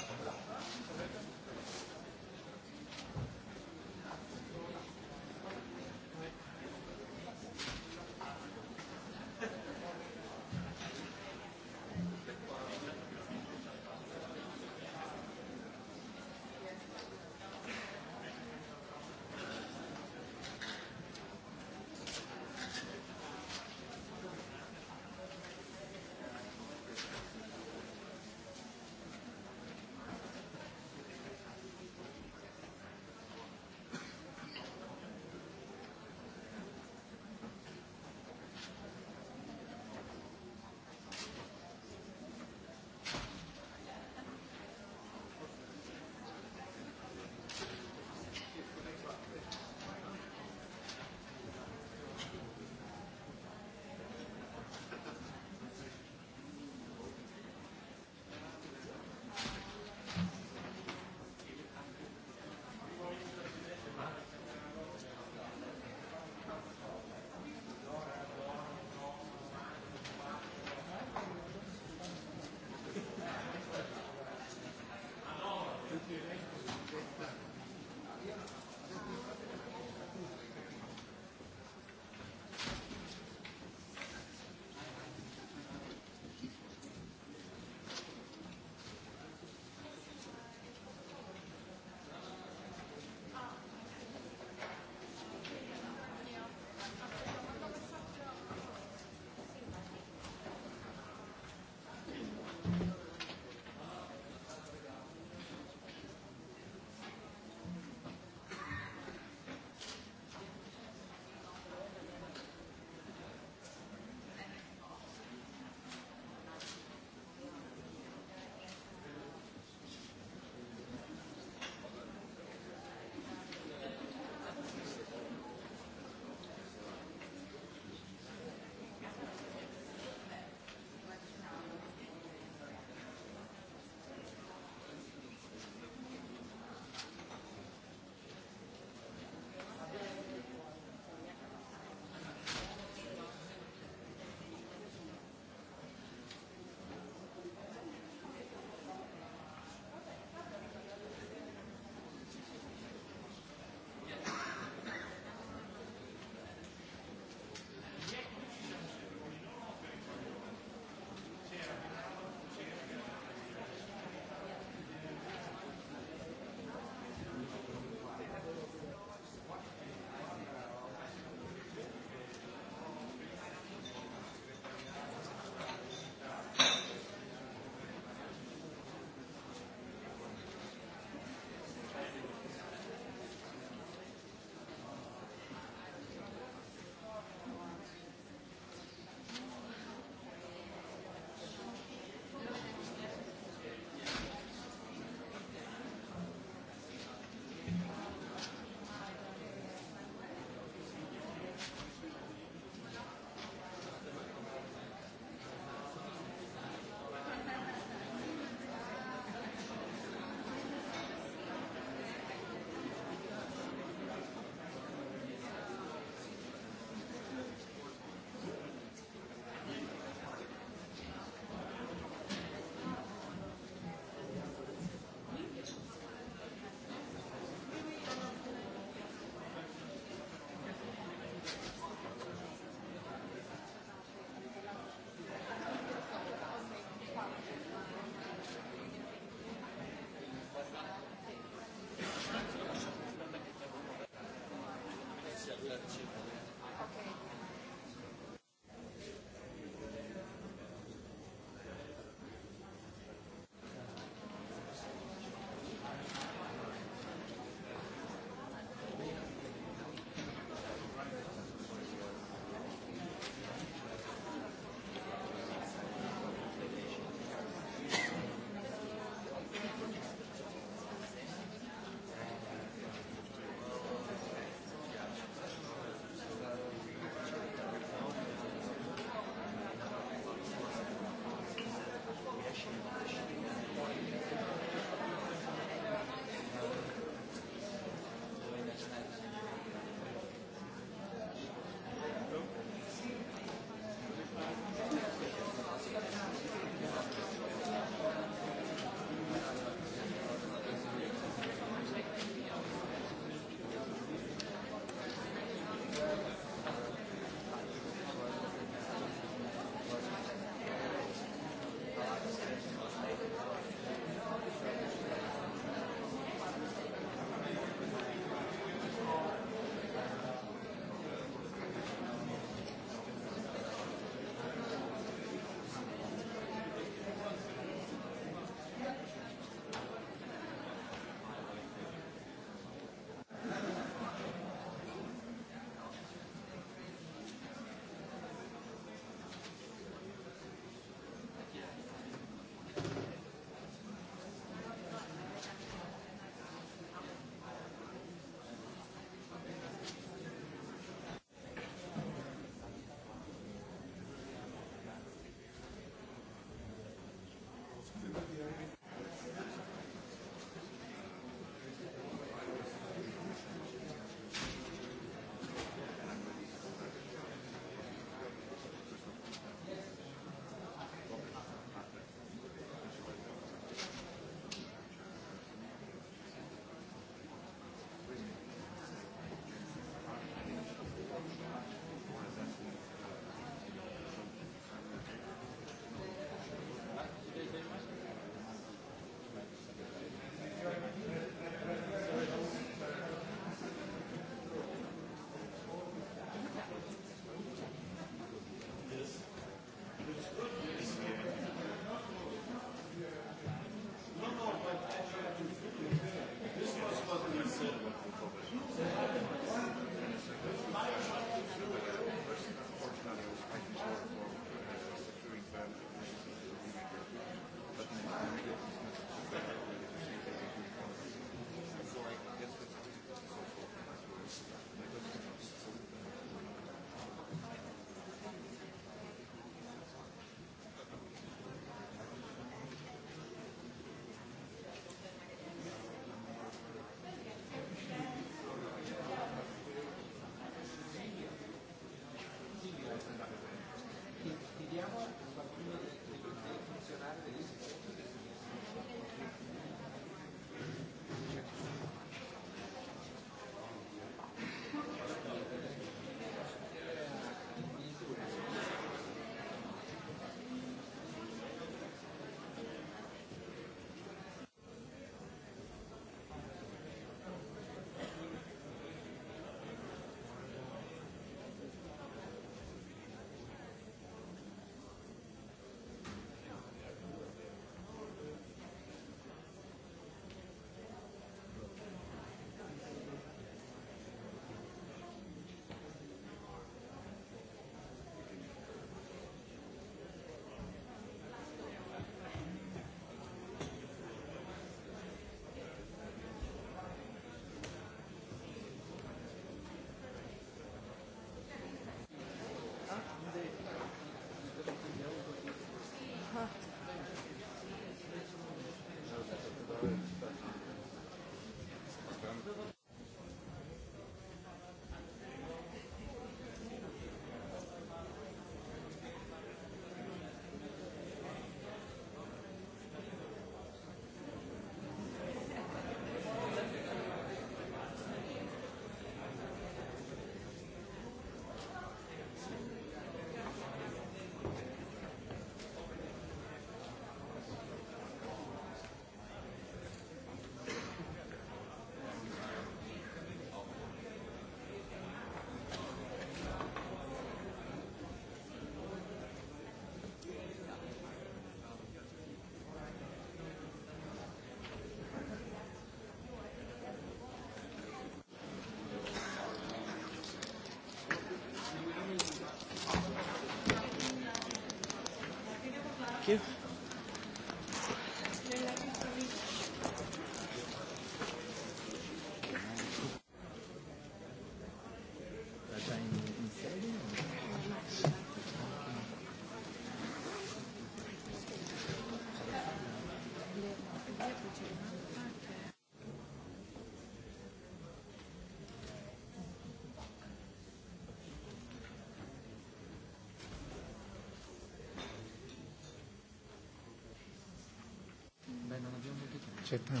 Vietnam.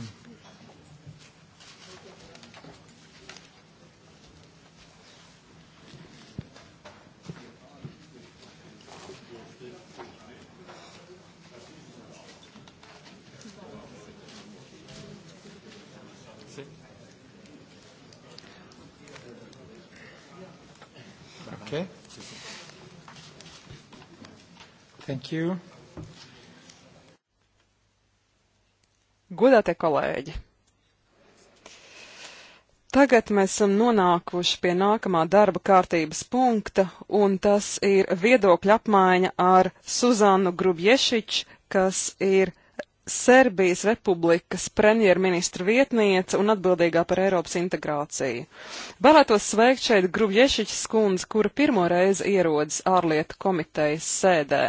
Thank you. Godātie kolēģi! Tagad mēs esam nonākuši pie nākamā darba kārtības punkta, un tas ir viedokļa apmaiņa ar Suzanu Grubješič, kas ir Serbijas Republikas premjerministra vietniece un atbildīgā par Eiropas integrāciju. Vēlētos sveikt šeit Grubješiķis kundzi, kura pirmo reizi ierodas ārlietu komitejas sēdē.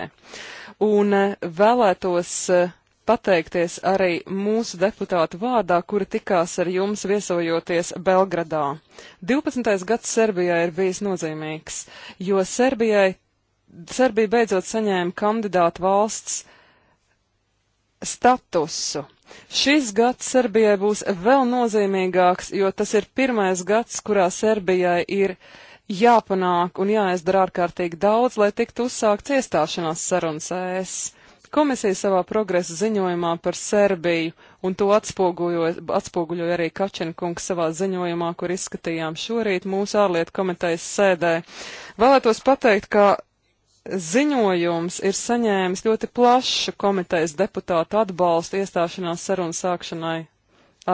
Un eh, vēlētos uh, pateikties arī mūsu deputātu vārdā, kuri tikās ar jums viesojoties Belgradā. 12. gads Serbijai ir bijis nozīmīgs, jo Serbijai, Serbija beidzot saņēma kandidātu valsts statusu. Šis gads Serbijai būs vēl nozīmīgāks, jo tas ir pirmais gads, kurā Serbijai ir jāpanāk un jāizdara ārkārtīgi daudz, lai tiktu uzsākts iestāšanās sarunas ES. Komisija savā progresa ziņojumā par Serbiju, un to atspoguļoja arī Kačenkungs savā ziņojumā, kur izskatījām šorīt mūsu ārlietu komitejas sēdē. Vēlētos pateikt, ka ziņojums ir saņēmis ļoti plašu komitejas deputātu atbalstu iestāšanās sarunu sākšanai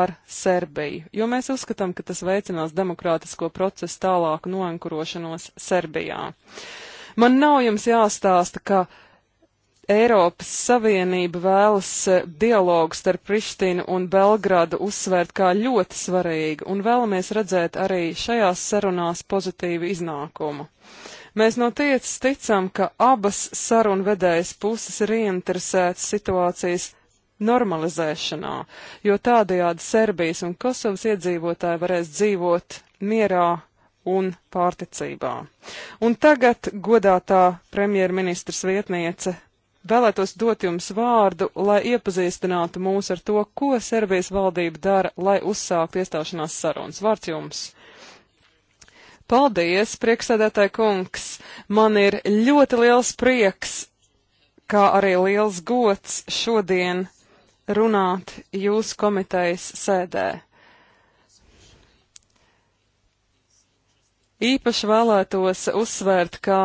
ar Serbiju, jo mēs uzskatām, ka tas veicinās demokrātisko procesu tālāku noankurošanos Serbijā. Man nav jums jāstāsta, ka Eiropas Savienība vēlas e, dialogu starp Prištinu un Belgradu uzsvērt kā ļoti svarīgu un vēlamies redzēt arī šajās sarunās pozitīvu iznākumu. Mēs no tiecas ticam, ka abas sarunvedējas puses ir ieinteresētas situācijas normalizēšanā, jo tādējādi Serbijas un Kosovas iedzīvotāji varēs dzīvot mierā un pārticībā. Un tagad godātā premjerministras vietniece vēlētos dot jums vārdu, lai iepazīstinātu mūs ar to, ko Serbijas valdība dara, lai uzsākt iestāšanās sarunas. Vārds jums! Paldies, priekšsēdētāji kungs! Man ir ļoti liels prieks, kā arī liels gods šodien runāt jūsu komitejas sēdē. Īpaši vēlētos uzsvērt, ka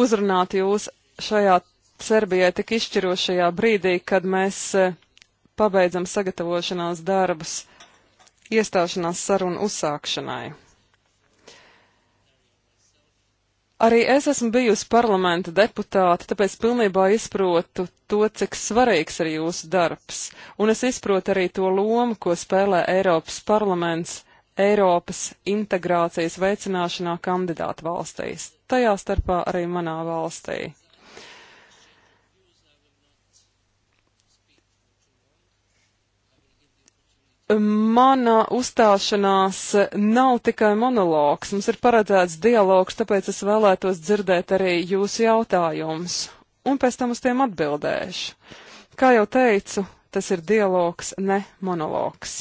uzrunāt jūs šajā Serbijai tik izšķirošajā brīdī, kad mēs e, pabeidzam sagatavošanās darbus iestāšanās sarunu uzsākšanai. Arī es esmu bijusi parlamenta deputāte, tāpēc pilnībā izprotu to, cik svarīgs ir jūsu darbs, un es izprotu arī to lomu, ko spēlē Eiropas parlaments Eiropas integrācijas veicināšanā kandidātu valstīs, tajā starpā arī manā valstī. Mana uzstāšanās nav tikai monologs, mums ir paredzēts dialogs, tāpēc es vēlētos dzirdēt arī jūsu jautājumus, un pēc tam uz tiem atbildēšu. Kā jau teicu, tas ir dialogs, ne monologs.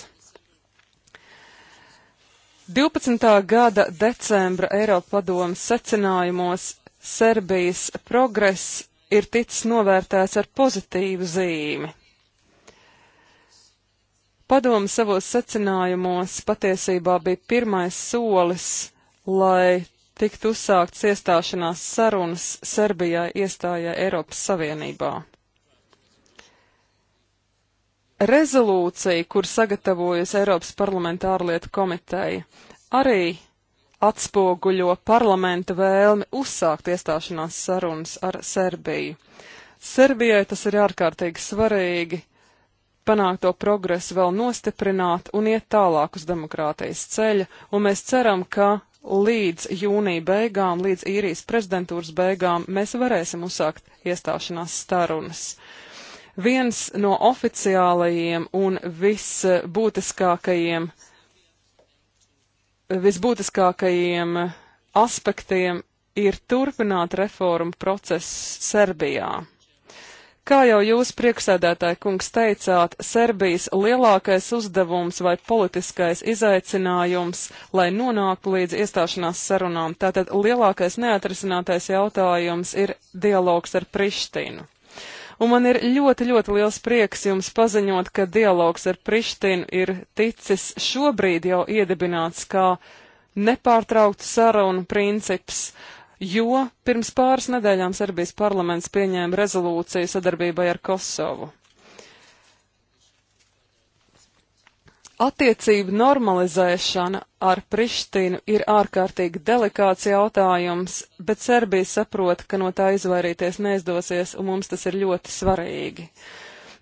12. gada decembra Eiropa padomas secinājumos Serbijas progress ir ticis novērtēts ar pozitīvu zīmi. Padomu savos secinājumos patiesībā bija pirmais solis, lai tiktu uzsākts iestāšanās sarunas Serbijai iestājai Eiropas Savienībā. Rezolūcija, kur sagatavojas Eiropas parlamenta ārlietu komiteja, arī atspoguļo parlamenta vēlmi uzsākt iestāšanās sarunas ar Serbiju. Serbijai tas ir ārkārtīgi svarīgi, panākto progresu vēl nostiprināt un iet tālāk uz demokrātijas ceļa, un mēs ceram, ka līdz jūnija beigām, līdz īrijas prezidentūras beigām mēs varēsim uzsākt iestāšanās starunas. Viens no oficiālajiem un visbūtiskākajiem, visbūtiskākajiem aspektiem ir turpināt reformu procesu Serbijā. Kā jau jūs, priekšsēdētāji kungs, teicāt, Serbijas lielākais uzdevums vai politiskais izaicinājums, lai nonāktu līdz iestāšanās sarunām, tātad lielākais neatrisinātais jautājums ir dialogs ar Prištinu. Un man ir ļoti, ļoti liels prieks jums paziņot, ka dialogs ar Prištinu ir ticis šobrīd jau iedibināts kā nepārtrauktu sarunu princips jo pirms pāris nedēļām Serbijas parlaments pieņēma rezolūciju sadarbībai ar Kosovu. Attiecību normalizēšana ar Prištinu ir ārkārtīgi delikāts jautājums, bet Serbija saprot, ka no tā izvairīties neizdosies, un mums tas ir ļoti svarīgi.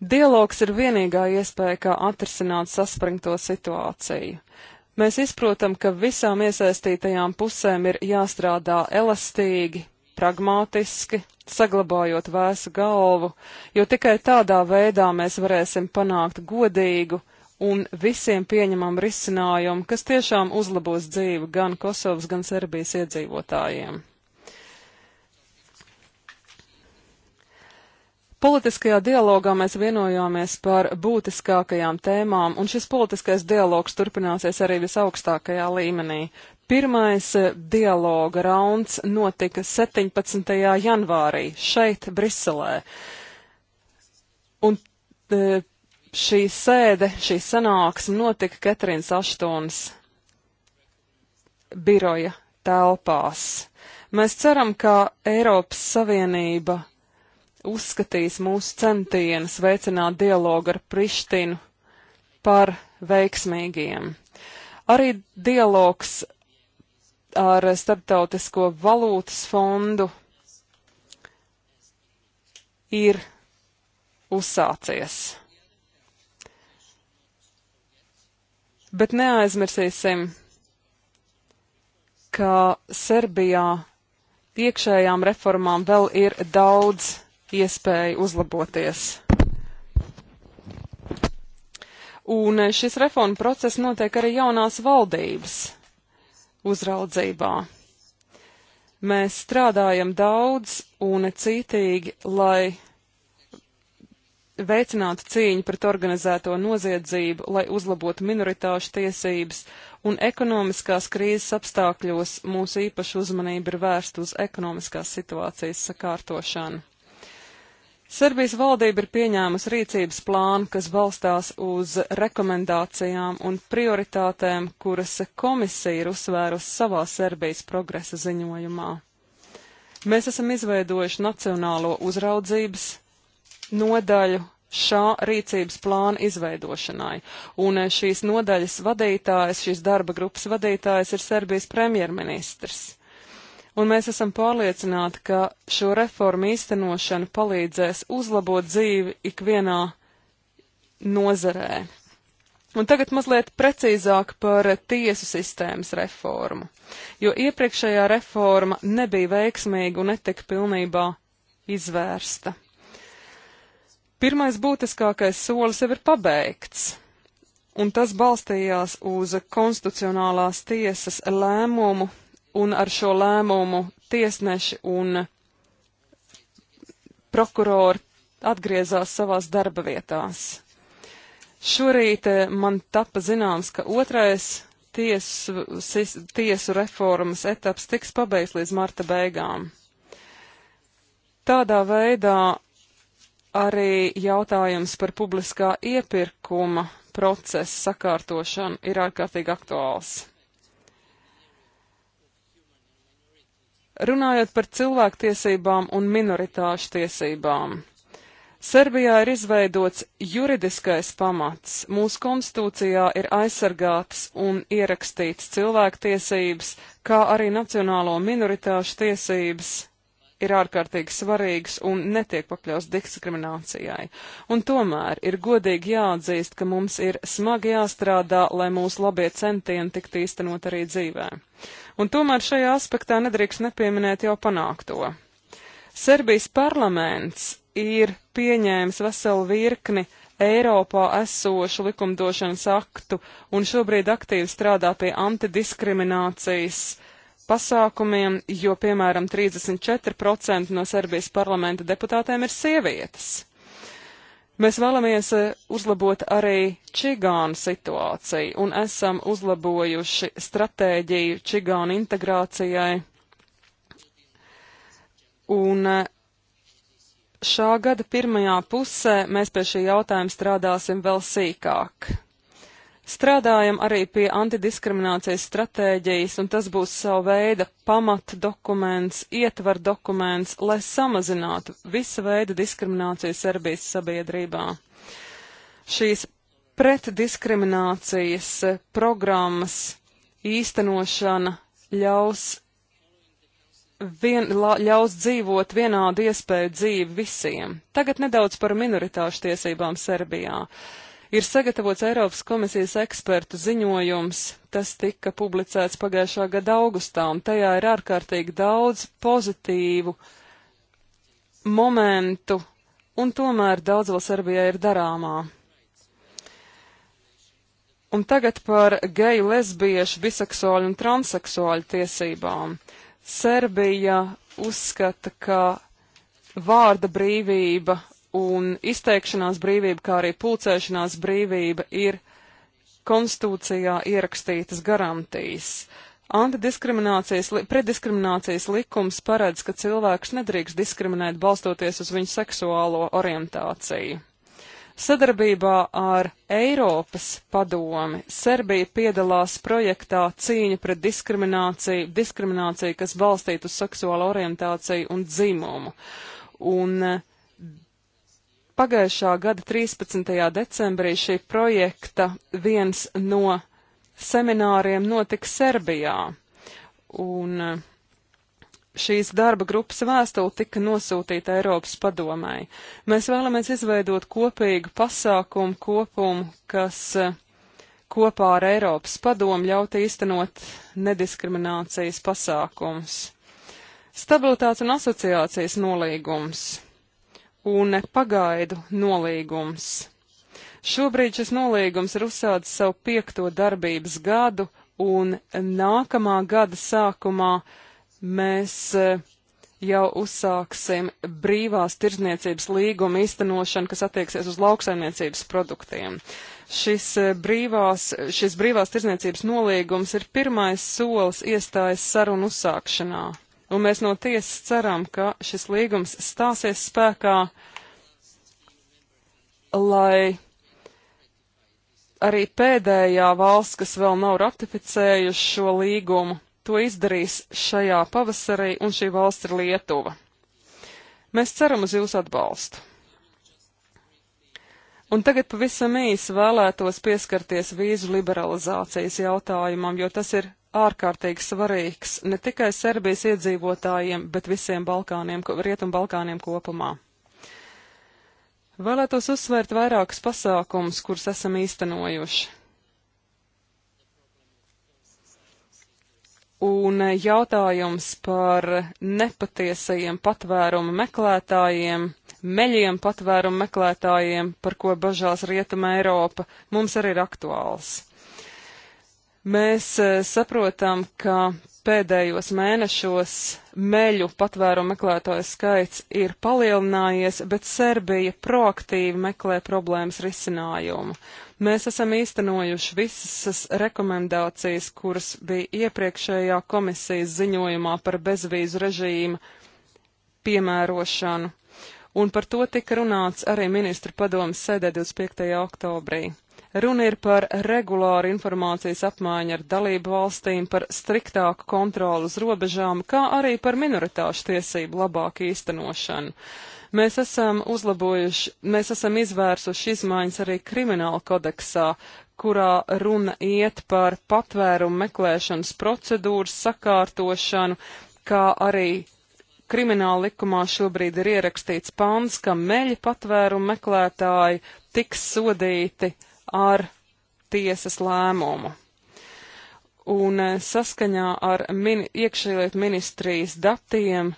Dialogs ir vienīgā iespēja, kā atrisināt saspringto situāciju. Mēs izprotam, ka visām iesaistītajām pusēm ir jāstrādā elastīgi, pragmātiski, saglabājot vēsu galvu, jo tikai tādā veidā mēs varēsim panākt godīgu un visiem pieņemam risinājumu, kas tiešām uzlabos dzīvi gan Kosovas, gan Serbijas iedzīvotājiem. Politiskajā dialogā mēs vienojāmies par būtiskākajām tēmām, un šis politiskais dialogs turpināsies arī visaugstākajā līmenī. Pirmais eh, dialoga rauns notika 17. janvārī šeit, Briselē. Un eh, šī sēde, šī sanāksme notika Ketrīnas Aštons biroja telpās. Mēs ceram, ka Eiropas Savienība uzskatīs mūsu centienus veicināt dialogu ar Prištinu par veiksmīgiem. Arī dialogs ar Startautisko valūtas fondu ir uzsācies. Bet neaizmirsīsim, ka Serbijā iekšējām reformām vēl ir daudz iespēju uzlaboties. Un šis reforma process notiek arī jaunās valdības uzraudzībā. Mēs strādājam daudz un cītīgi, lai veicinātu cīņu pret organizēto noziedzību, lai uzlabotu minoritāšu tiesības, un ekonomiskās krīzes apstākļos mūsu īpaša uzmanība ir vērsta uz ekonomiskās situācijas sakārtošanu. Serbijas valdība ir pieņēmusi rīcības plānu, kas balstās uz rekomendācijām un prioritātēm, kuras komisija ir uzsvērusi savā Serbijas progresa ziņojumā. Mēs esam izveidojuši Nacionālo uzraudzības nodaļu šā rīcības plāna izveidošanai, un šīs nodaļas vadītājs, šīs darba grupas vadītājs ir Serbijas premjerministrs un mēs esam pārliecināti, ka šo reformu īstenošana palīdzēs uzlabot dzīvi ikvienā nozarē. Un tagad mazliet precīzāk par tiesu sistēmas reformu, jo iepriekšējā reforma nebija veiksmīga un netika pilnībā izvērsta. Pirmais būtiskākais solis jau ir pabeigts, un tas balstījās uz konstitucionālās tiesas lēmumu un ar šo lēmumu tiesneši un prokurori atgriezās savās darba vietās. Šorīt eh, man tapa zināms, ka otrais tiesu, sis, tiesu reformas etaps tiks pabeigts līdz marta beigām. Tādā veidā arī jautājums par publiskā iepirkuma procesa sakārtošanu ir ārkārtīgi aktuāls. Runājot par cilvēktiesībām un minoritāšu tiesībām. Serbijā ir izveidots juridiskais pamats. Mūsu konstitūcijā ir aizsargātas un ierakstītas cilvēktiesības, kā arī nacionālo minoritāšu tiesības ir ārkārtīgi svarīgs un netiek pakļauts diskriminācijai. Un tomēr ir godīgi jāatzīst, ka mums ir smagi jāstrādā, lai mūsu labie centieni tiktu īstenot arī dzīvē. Un tomēr šajā aspektā nedrīkst nepieminēt jau panākto. Serbijas parlaments ir pieņēmis veselu virkni Eiropā esošu likumdošanas aktu un šobrīd aktīvi strādā pie antidiskriminācijas pasākumiem, jo, piemēram, 34% no Serbijas parlamenta deputātēm ir sievietes. Mēs vēlamies eh, uzlabot arī čigānu situāciju un esam uzlabojuši stratēģiju čigānu integrācijai. Un eh, šā gada pirmajā pusē mēs pie šī jautājuma strādāsim vēl sīkāk. Strādājam arī pie antidiskriminācijas stratēģijas, un tas būs savu veidu pamata dokuments, ietver dokuments, lai samazinātu visa veida diskrimināciju Serbijas sabiedrībā. Šīs pretdiskriminācijas programmas īstenošana ļaus, vien, la, ļaus dzīvot vienādu iespēju dzīvi visiem. Tagad nedaudz par minoritāšu tiesībām Serbijā. Uh, Ir sagatavots Eiropas komisijas ekspertu ziņojums, tas tika publicēts pagājušā gada augustā, un tajā ir ārkārtīgi daudz pozitīvu momentu, un tomēr daudz vēl Serbijai ir darāmā. Un tagad par geju, lesbiešu, biseksuāļu un transseksuāļu tiesībām. Serbija uzskata, ka vārda brīvība un izteikšanās brīvība, kā arī pulcēšanās brīvība ir konstitūcijā ierakstītas garantijas. Antidiskriminācijas, li, preddiskriminācijas likums paredz, ka cilvēks nedrīkst diskriminēt balstoties uz viņu seksuālo orientāciju. Sadarbībā ar Eiropas padomi Serbija piedalās projektā cīņa pret diskrimināciju, diskrimināciju, kas balstīta uz seksuālo orientāciju un dzimumu. Un uh, Pagājušā gada 13. decembrī šī projekta viens no semināriem notika Serbijā, un eh, šīs darba grupas vēstule tika nosūtīta Eiropas padomai. Mēs vēlamies izveidot kopīgu pasākumu kopumu, kas eh, kopā ar Eiropas padomu ļaut īstenot nediskriminācijas pasākums. Stabilitātes un asociācijas nolīgums un pagaidu nolīgums. Šobrīd šis nolīgums ir uzsācis savu piekto darbības gadu, un nākamā gada sākumā mēs eh, jau uzsāksim brīvās tirzniecības līguma īstenošanu, kas attieksies uz lauksaimniecības produktiem. Šis eh, brīvās, šis brīvās tirzniecības nolīgums ir pirmais solis iestājas sarunu uzsākšanā un mēs no tiesas ceram, ka šis līgums stāsies spēkā, lai arī pēdējā valsts, kas vēl nav ratificējuši šo līgumu, to izdarīs šajā pavasarī, un šī valsts ir Lietuva. Mēs ceram uz jūsu atbalstu. Un tagad pavisam īsi vēlētos pieskarties vīzu liberalizācijas jautājumam, jo tas ir ārkārtīgi svarīgs ne tikai Serbijas iedzīvotājiem, bet visiem Balkāniem, Rietumbalkāniem kopumā. Vēlētos uzsvērt vairākus pasākumus, kurus esam īstenojuši. Un eh, jautājums par nepatiesajiem patvērumu meklētājiem, meļiem patvērumu meklētājiem, par ko bažās Rietuma Eiropa, mums arī ir aktuāls. Mēs e, saprotam, ka pēdējos mēnešos meļu patvērumu meklētāju skaits ir palielinājies, bet Serbija proaktīvi meklē problēmas risinājumu. Mēs esam īstenojuši visas rekomendācijas, kuras bija iepriekšējā komisijas ziņojumā par bezvīzu režīmu piemērošanu, un par to tika runāts arī ministru padomas sēdē 25. oktobrī. Runa ir par regulāru informācijas apmaiņu ar dalību valstīm, par striktāku kontroli uz robežām, kā arī par minoritāšu tiesību labāku īstenošanu. Mēs esam uzlabojuši, mēs esam izvērsuši izmaiņas arī krimināla kodeksā, kurā runa iet par patvērumu meklēšanas procedūras sakārtošanu, kā arī krimināla likumā šobrīd ir ierakstīts pāns, ka meļa patvērumu meklētāji tiks sodīti ar tiesas lēmumu. Un eh, saskaņā ar mini, iekšējiet ministrijas datiem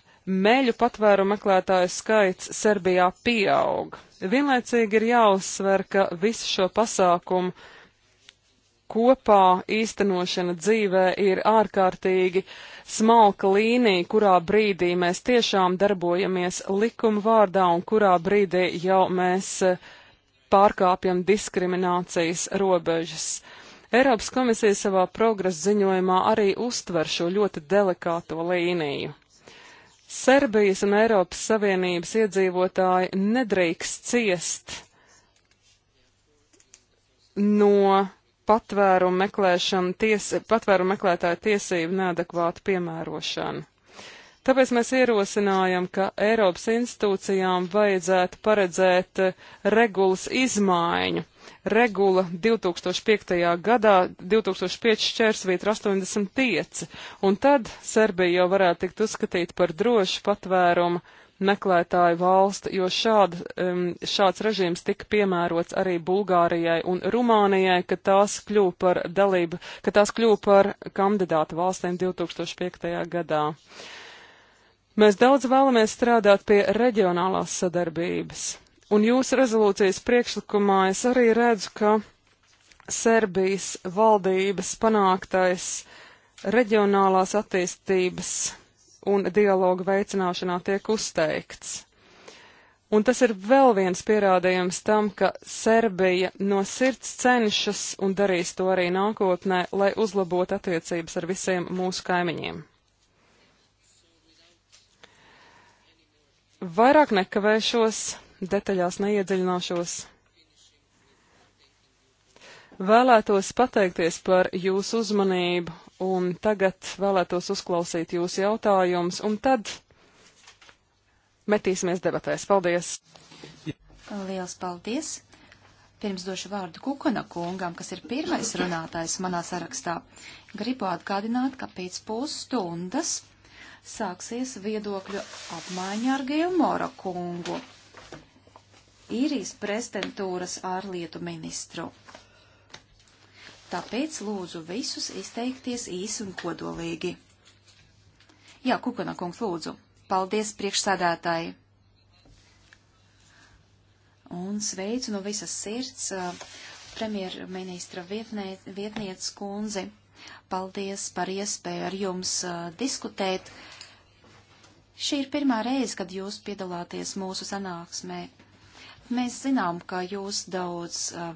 meļu patvēru meklētāju skaits Serbijā pieaug. Vienlaicīgi ir jāuzsver, ka visu šo pasākumu kopā īstenošana dzīvē ir ārkārtīgi smalka līnija, kurā brīdī mēs tiešām darbojamies likuma vārdā un kurā brīdī jau mēs uh, pārkāpjam diskriminācijas robežas. Eiropas komisija savā progresa ziņojumā arī uztver šo ļoti delikāto līniju. Serbijas un Eiropas Savienības iedzīvotāji nedrīkst ciest no patvērumu, ties, patvērumu meklētāju tiesību neadekvātu piemērošanu. Tāpēc mēs ierosinājam, ka Eiropas institūcijām vajadzētu paredzēt eh, regulas izmaiņu. Regula 2005. gadā 2005 šķērsvīt 85, un tad Serbija jau varētu tikt uzskatīt par drošu patvērumu meklētāju valsti, jo šād, šāds režīms tika piemērots arī Bulgārijai un Rumānijai, kad tās kļūpa par dalību, kad tās kļūpa par kandidātu valstīm 2005. gadā. Mēs daudz vēlamies strādāt pie reģionālās sadarbības. Un jūsu rezolūcijas priekšlikumā es arī redzu, ka Serbijas valdības panāktais reģionālās attīstības un dialogu veicināšanā tiek uzteikts. Un tas ir vēl viens pierādījums tam, ka Serbija no sirds cenšas un darīs to arī nākotnē, lai uzlabotu attiecības ar visiem mūsu kaimiņiem. Vairāk nekavēšos, detaļās neiedziļināšos. Vēlētos pateikties par jūsu uzmanību, un tagad vēlētos uzklausīt jūsu jautājumus, un tad metīsimies debatēs. Paldies! Liels paldies! Pirms došu vārdu Kukana kungam, kas ir pirmais runātājs manā sarakstā, gribu atgādināt, ka pēc pusstundas sāksies viedokļu apmaiņa ar Gilmora kungu, īrijas prezidentūras ārlietu ministru. Tāpēc lūdzu visus izteikties īsi un kodolīgi. Jā, Kukana kungs, lūdzu. Paldies, priekšsādātāji! Un sveicu no visas sirds uh, premjerministra vietniec kundzi. Paldies par iespēju ar jums uh, diskutēt Šī ir pirmā reize, kad jūs piedalāties mūsu sanāksmē. Mēs zinām, ka jūs daudz uh, uh,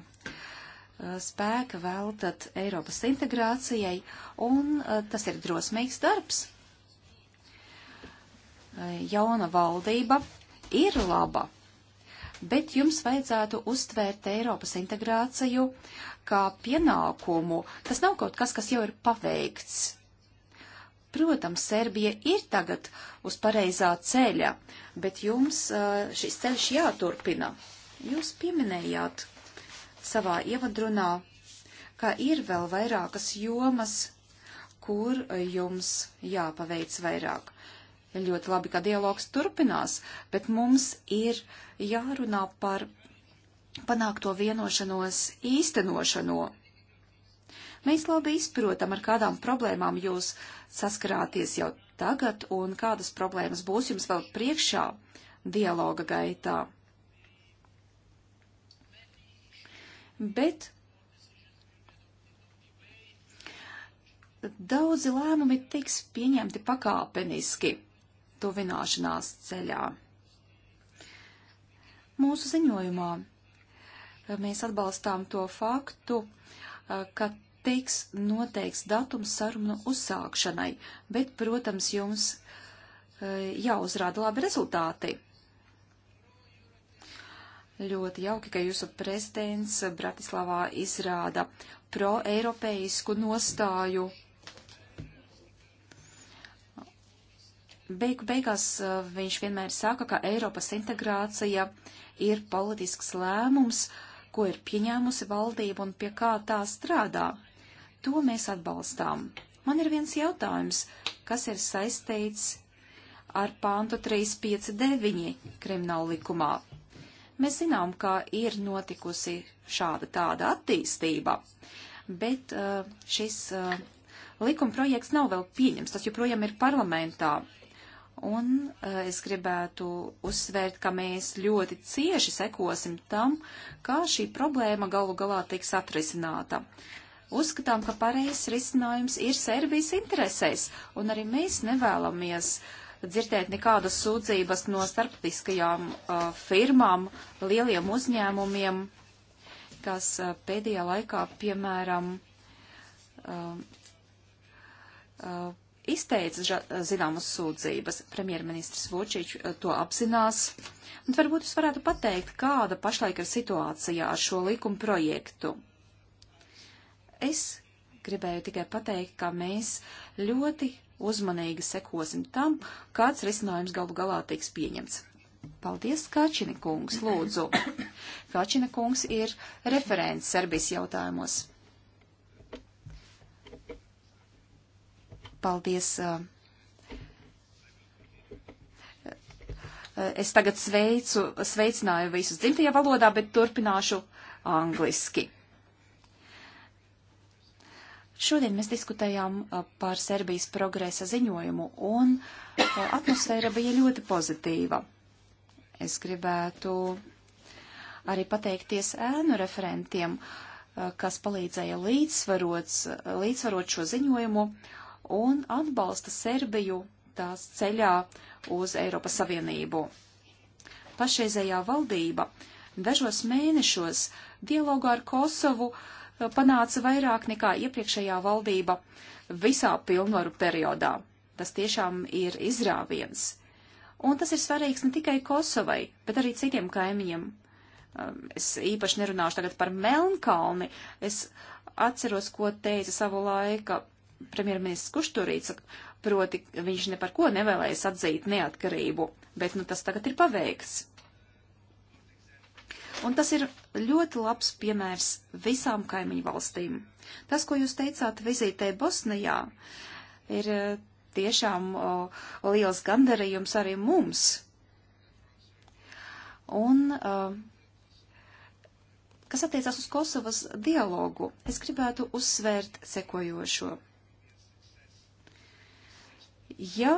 spēka veltat Eiropas integrācijai, un uh, tas ir drosmīgs darbs. Uh, jauna valdība ir laba, bet jums vajadzētu uztvērt Eiropas integrāciju kā pienākumu. Tas nav kaut kas, kas jau ir paveikts Protams, Serbija ir tagad uz pareizā ceļa, bet jums eh, šis ceļš jāturpina. Jūs pieminējāt savā ievadrunā, ka ir vēl vairākas jomas, kur jums jāpaveic vairāk. Ļoti labi, ka dialogs turpinās, bet mums ir jārunā par panākto vienošanos īstenošanu. Mēs labi izprotam, ar kādām problēmām jūs saskarāties jau tagad un kādas problēmas būs jums vēl priekšā dialoga gaitā. Bet daudzi lēmumi tiks pieņemti pakāpeniski tuvināšanās ceļā. Mūsu ziņojumā mēs atbalstām to faktu, ka tiks noteikts datums sarunu uzsākšanai, bet, protams, jums e, jāuzrāda labi rezultāti. Ļoti jauki, ka jūsu prezidents Bratislavā izrāda pro-eiropeisku nostāju. Beigu beigās e, viņš vienmēr saka, ka Eiropas integrācija ir politisks lēmums, ko ir pieņēmusi valdība un pie kā tā strādā. To mēs atbalstām. Man ir viens jautājums, kas ir saistīts ar pāntu 359 krimināla likumā. Mēs zinām, ka ir notikusi šāda tāda attīstība, bet uh, šis uh, likuma projekts nav vēl pieņems, tas joprojām ir parlamentā. Un uh, es gribētu uzsvērt, ka mēs ļoti cieši sekosim tam, kā šī problēma galu galā tiks atrisināta. Uzskatām, ka pareizs risinājums ir Serbijas interesēs, un arī mēs nevēlamies dzirdēt nekādas sūdzības no starptiskajām uh, firmām, lieliem uzņēmumiem, kas uh, pēdējā laikā, piemēram, uh, uh, izteica zināmas sūdzības. Premjerministrs Vučiņš uh, to apzinās. Un varbūt jūs varētu pateikt, kāda pašlaik ir situācija ar šo likumu projektu. Es gribēju tikai pateikt, ka mēs ļoti uzmanīgi sekosim tam, kāds risinājums galu galā tiks pieņemts. Paldies, Kačina kungs, lūdzu. Kačina kungs ir referents Serbijas jautājumos. Paldies. Eh, eh, es tagad sveicu, sveicināju visus dzimtajā valodā, bet turpināšu angliski. Šodien mēs diskutējām par Serbijas progresa ziņojumu, un atmosfēra bija ļoti pozitīva. Es gribētu arī pateikties ēnu referentiem, kas palīdzēja līdzsvarot šo ziņojumu un atbalsta Serbiju tās ceļā uz Eiropas Savienību. Pašreizējā valdība dažos mēnešos dialogā ar Kosovu uh, panāca vairāk nekā iepriekšējā valdība visā pilnvaru periodā. Tas tiešām ir izrāviens. Un tas ir svarīgs ne tikai Kosovai, bet arī citiem kaimiņiem. Um, es īpaši nerunāšu tagad par Melnkalni. Es atceros, ko teica savu laiku premjerministrs Kušturīca, proti viņš ne par ko nevēlējas atzīt neatkarību, bet nu tas tagad ir paveikts. Un tas ir ļoti labs piemērs visām kaimiņu valstīm. Tas, ko jūs teicāt vizītē Bosnijā, ir eh, tiešām o, liels gandarījums arī mums. Un o, kas attiecās uz Kosovas dialogu, es gribētu uzsvērt sekojošo. Ja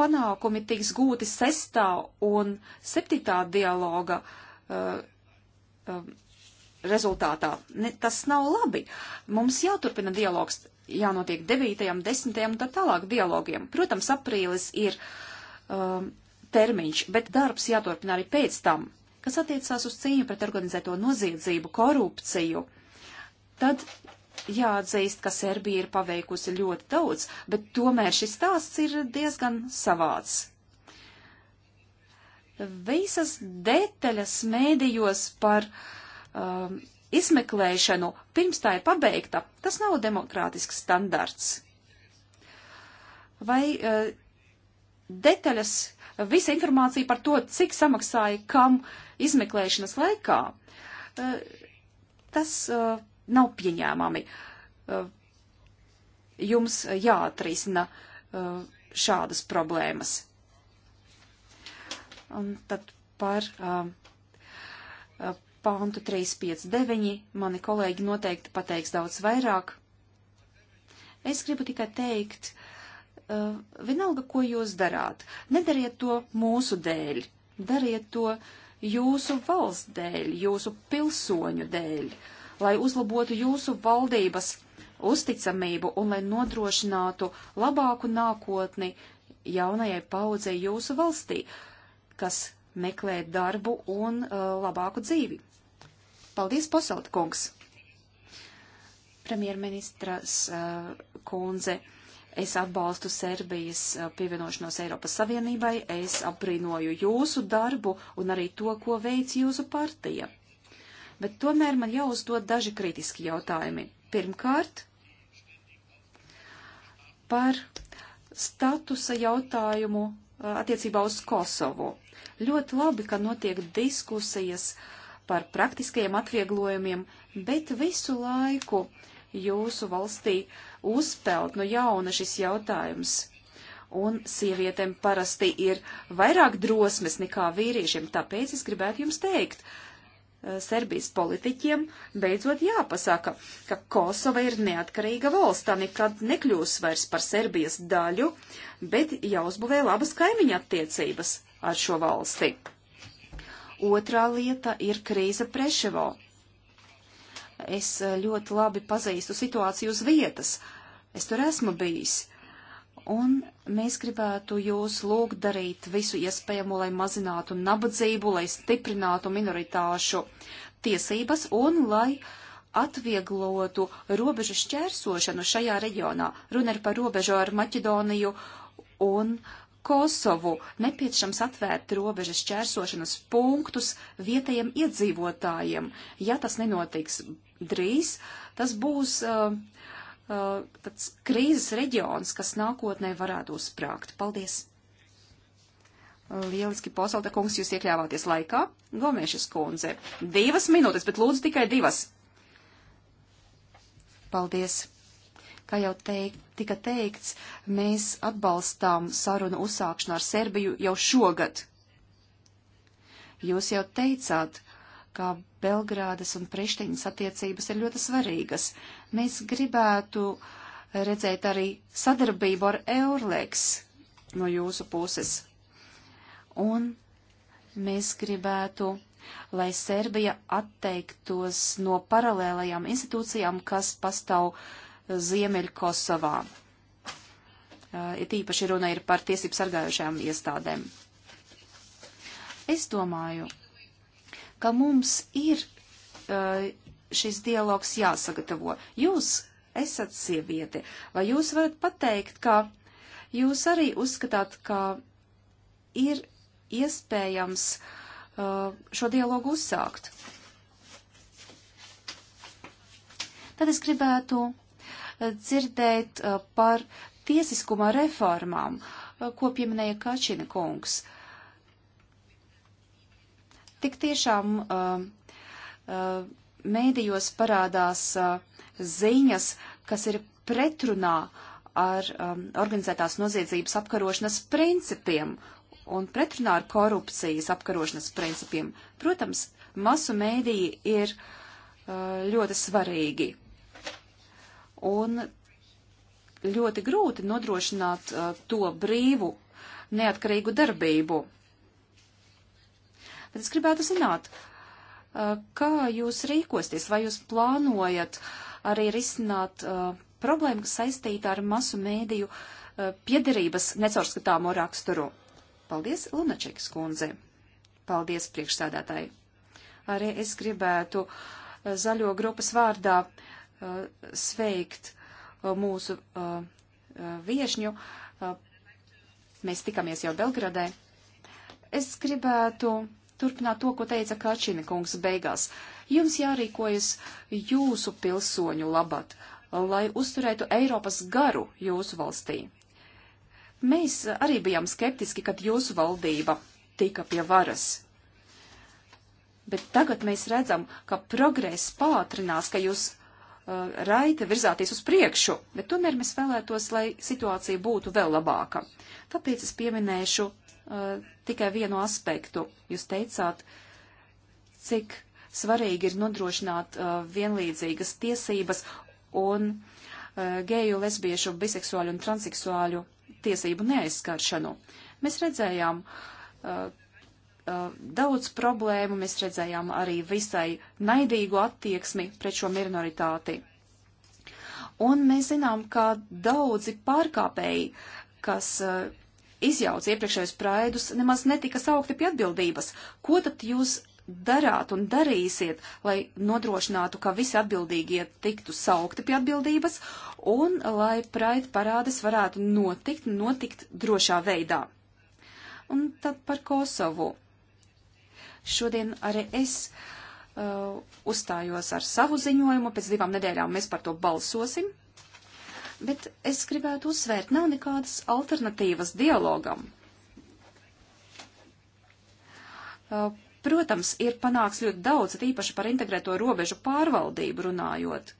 panākumi tiks gūti sestā un septītā dialoga uh, uh, rezultātā. Ne, tas nav labi. Mums jāturpina dialogs, jānotiek devītajam, desmitajam un tā tālāk dialogiem. Protams, aprīlis ir um, uh, termiņš, bet darbs jāturpina arī pēc tam, kas attiecās uz cīņu pret organizēto noziedzību, korupciju. Tad Jāatzīst, ka Serbija ir paveikusi ļoti daudz, bet tomēr šis stāsts ir diezgan savāds. Visas detaļas mēdījos par um, izmeklēšanu pirms tā ir pabeigta, tas nav demokrātisks standarts. Vai uh, detaļas, visa informācija par to, cik samaksāja kam izmeklēšanas laikā, uh, tas uh, nav pieņēmami. Eh, jums jāatrisina eh, šādas problēmas. Un tad par eh, pāntu 359 mani kolēģi noteikti pateiks daudz vairāk. Es gribu tikai teikt, uh, vienalga, ko jūs darāt, nedariet to mūsu dēļ, dariet to jūsu valsts dēļ, jūsu pilsoņu dēļ. Uh, lai uzlabotu jūsu valdības uzticamību un lai nodrošinātu labāku nākotni jaunajai paudzei jūsu valstī, kas meklē darbu un uh, labāku dzīvi. Paldies, Poselt kungs! Premjerministras uh, kundze, es atbalstu Serbijas uh, pievienošanos Eiropas Savienībai, es apbrīnoju jūsu darbu un arī to, ko veic jūsu partija bet tomēr man jāuzdod daži kritiski jautājumi. Pirmkārt, par statusa jautājumu attiecībā uz Kosovu. Ļoti labi, ka notiek diskusijas par praktiskajiem atvieglojumiem, bet visu laiku jūsu valstī uzpelt no nu, jauna šis jautājums. Un sievietēm parasti ir vairāk drosmes nekā vīriešiem, tāpēc es gribētu jums teikt, Eh, Serbijas politiķiem beidzot jāpasaka, ka Kosova ir neatkarīga valsts, tā nekad nekļūs vairs par Serbijas daļu, bet jāuzbūvē labas kaimiņa attiecības ar šo valsti. Otrā lieta ir krīze Preševo. Es eh, ļoti labi pazīstu situāciju uz vietas. Es tur esmu bijis un mēs gribētu jūs lūgt darīt visu iespējamo, lai mazinātu nabadzību, lai stiprinātu minoritāšu tiesības un lai atvieglotu robežu šķērsošanu šajā reģionā. Runa ir par robežu ar Maķedoniju un Kosovu. Nepieciešams atvērt robežas šķērsošanas punktus vietējiem iedzīvotājiem. Ja tas nenotiks drīz, tas būs uh, Uh, tāds krīzes reģions, kas nākotnē varētu uzsprāgt. Paldies! Lieliski, Posalta kungs, jūs iekļāvāties laikā. Gomešas kundze, divas minūtes, bet lūdzu tikai divas. Paldies! Kā jau teik, tika teikts, mēs atbalstām sarunu uzsākšanu ar Serbiju jau šogad. Jūs jau teicāt, ka Belgrādas un Prištiņas attiecības ir ļoti svarīgas. Mēs gribētu redzēt arī sadarbību ar Eurleks no jūsu puses. Un mēs gribētu, lai Serbija atteiktos no paralēlajām institūcijām, kas pastāv Ziemeļu Kosovā. Eh, ir tīpaši runa ir par tiesību sargājušajām iestādēm. Es domāju, ka mums ir eh, šis dialogs jāsagatavo. Jūs esat sieviete, vai jūs varat pateikt, ka jūs arī uzskatāt, ka ir iespējams eh, šo dialogu uzsākt? Tad es gribētu eh, dzirdēt par tiesiskuma reformām, ko pieminēja Kačina kungs. Tik tiešām uh, uh, mēdījos parādās uh, ziņas, kas ir pretrunā ar um, organizētās noziedzības apkarošanas principiem un pretrunā ar korupcijas apkarošanas principiem. Protams, masu mēdīji ir uh, ļoti svarīgi. Un ļoti grūti nodrošināt uh, to brīvu, neatkarīgu darbību bet es gribētu zināt, kā jūs rīkosties, vai jūs plānojat arī risināt problēmu, kas saistīta ar masu mēdīju piederības necaurskatāmo raksturu. Paldies, Lunačiks kundze. Paldies, priekšsādātāji. Arī es gribētu zaļo grupas vārdā sveikt mūsu viešņu. Mēs tikamies jau Belgradē. Es gribētu turpināt to, ko teica Kačina kungs beigās. Jums jārīkojas jūsu pilsoņu labad, lai uzturētu Eiropas garu jūsu valstī. Mēs arī bijām skeptiski, kad jūsu valdība tika pie varas. Bet tagad mēs redzam, ka progress pātrinās, ka jūs uh, raita virzāties uz priekšu, bet tomēr mēs vēlētos, lai situācija būtu vēl labāka. Tāpēc es pieminēšu uh, tikai vienu aspektu. Jūs teicāt, cik svarīgi ir nodrošināt uh, vienlīdzīgas tiesības un uh, eh, geju, lesbiešu, biseksuāļu un transseksuāļu tiesību neaizskaršanu. Mēs redzējām uh, uh, daudz problēmu, mēs redzējām arī visai naidīgu attieksmi pret šo minoritāti. Un mēs zinām, ka daudzi pārkāpēji, kas uh, izjauca iepriekšējos praidus, nemaz netika saukti pie atbildības. Ko tad jūs darāt un darīsiet, lai nodrošinātu, ka visi atbildīgie tiktu saukti pie atbildības un lai praid parādes varētu notikt, notikt drošā veidā? Un tad par Kosovu. Šodien arī es uh, uzstājos ar savu ziņojumu, pēc divām nedēļām mēs par to balsosim. Bet es gribētu uzsvērt, nav nekādas alternatīvas dialogam. Uh, protams, ir panāks ļoti daudz, tīpaši par integrēto robežu pārvaldību runājot.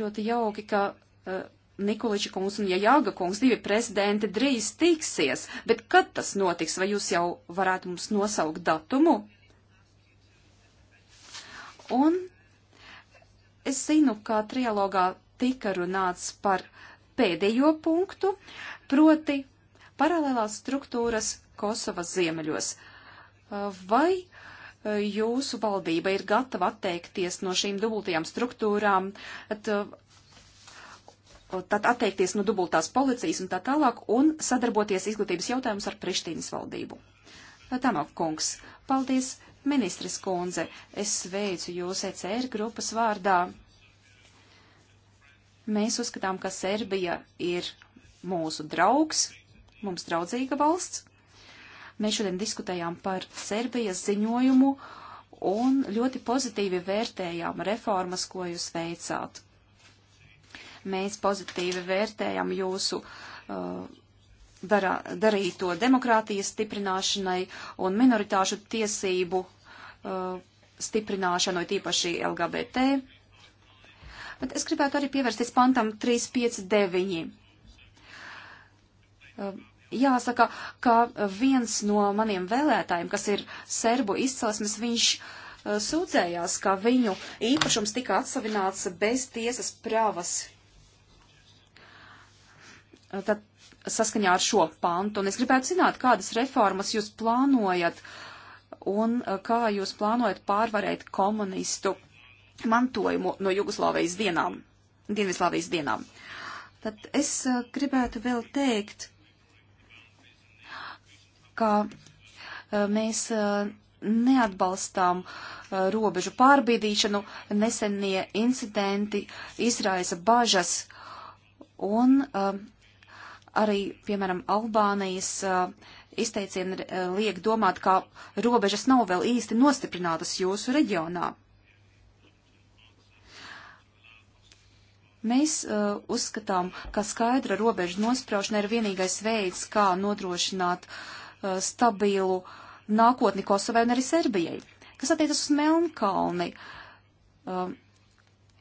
Ļoti jauki, ka uh, Nikoliča kungs un Jāga kungs, divi prezidenti, drīz tiksies, bet kad tas notiks, vai jūs jau varētu mums nosaukt datumu? Un es zinu, ka trialogā tika runāts par pēdējo punktu, proti paralēlās struktūras Kosovas ziemeļos. Vai e, jūsu valdība ir gatava atteikties no šīm dubultajām struktūrām, tad, e, tad atteikties no dubultās policijas un tā tālāk un sadarboties izglītības jautājumus ar Prištīnas valdību? E, Tanok kungs, paldies, ministres kundze, es sveicu jūs ECR grupas vārdā. Mēs uzskatām, ka Serbija ir mūsu draugs, mums draudzīga valsts. Mēs šodien diskutējām par Serbijas ziņojumu un ļoti pozitīvi vērtējām reformas, ko jūs veicāt. Mēs pozitīvi vērtējam jūsu uh, darā, darīto demokrātijas stiprināšanai un minoritāšu tiesību uh, stiprināšanu, tīpaši LGBT Bet es gribētu arī pievērsties pantam 359. Ehm, jāsaka, ka viens no maniem vēlētājiem, kas ir serbu izcelsmes, viņš eh, sūdzējās, ka viņu īpašums tika atsavināts bez tiesas pravas. Eh, tad saskaņā ar šo pantu, un es gribētu zināt, kādas reformas jūs plānojat un eh, kā jūs plānojat pārvarēt komunistu mantojumu no Jugoslavijas dienām, Dienvidslāvijas dienām. Tad es eh, gribētu vēl teikt, ka eh, mēs eh, neatbalstām robežu pārbīdīšanu, nesenie incidenti izraisa bažas un arī, piemēram, Albānijas izteicieni liek domāt, ka robežas nav vēl īsti nostiprinātas jūsu reģionā. Mēs uh, uzskatām, ka skaidra robeža nospraušana ir vienīgais veids, kā nodrošināt uh, stabilu nākotni Kosovai un arī Serbijai. Kas attiecas uz Melnkalni, uh,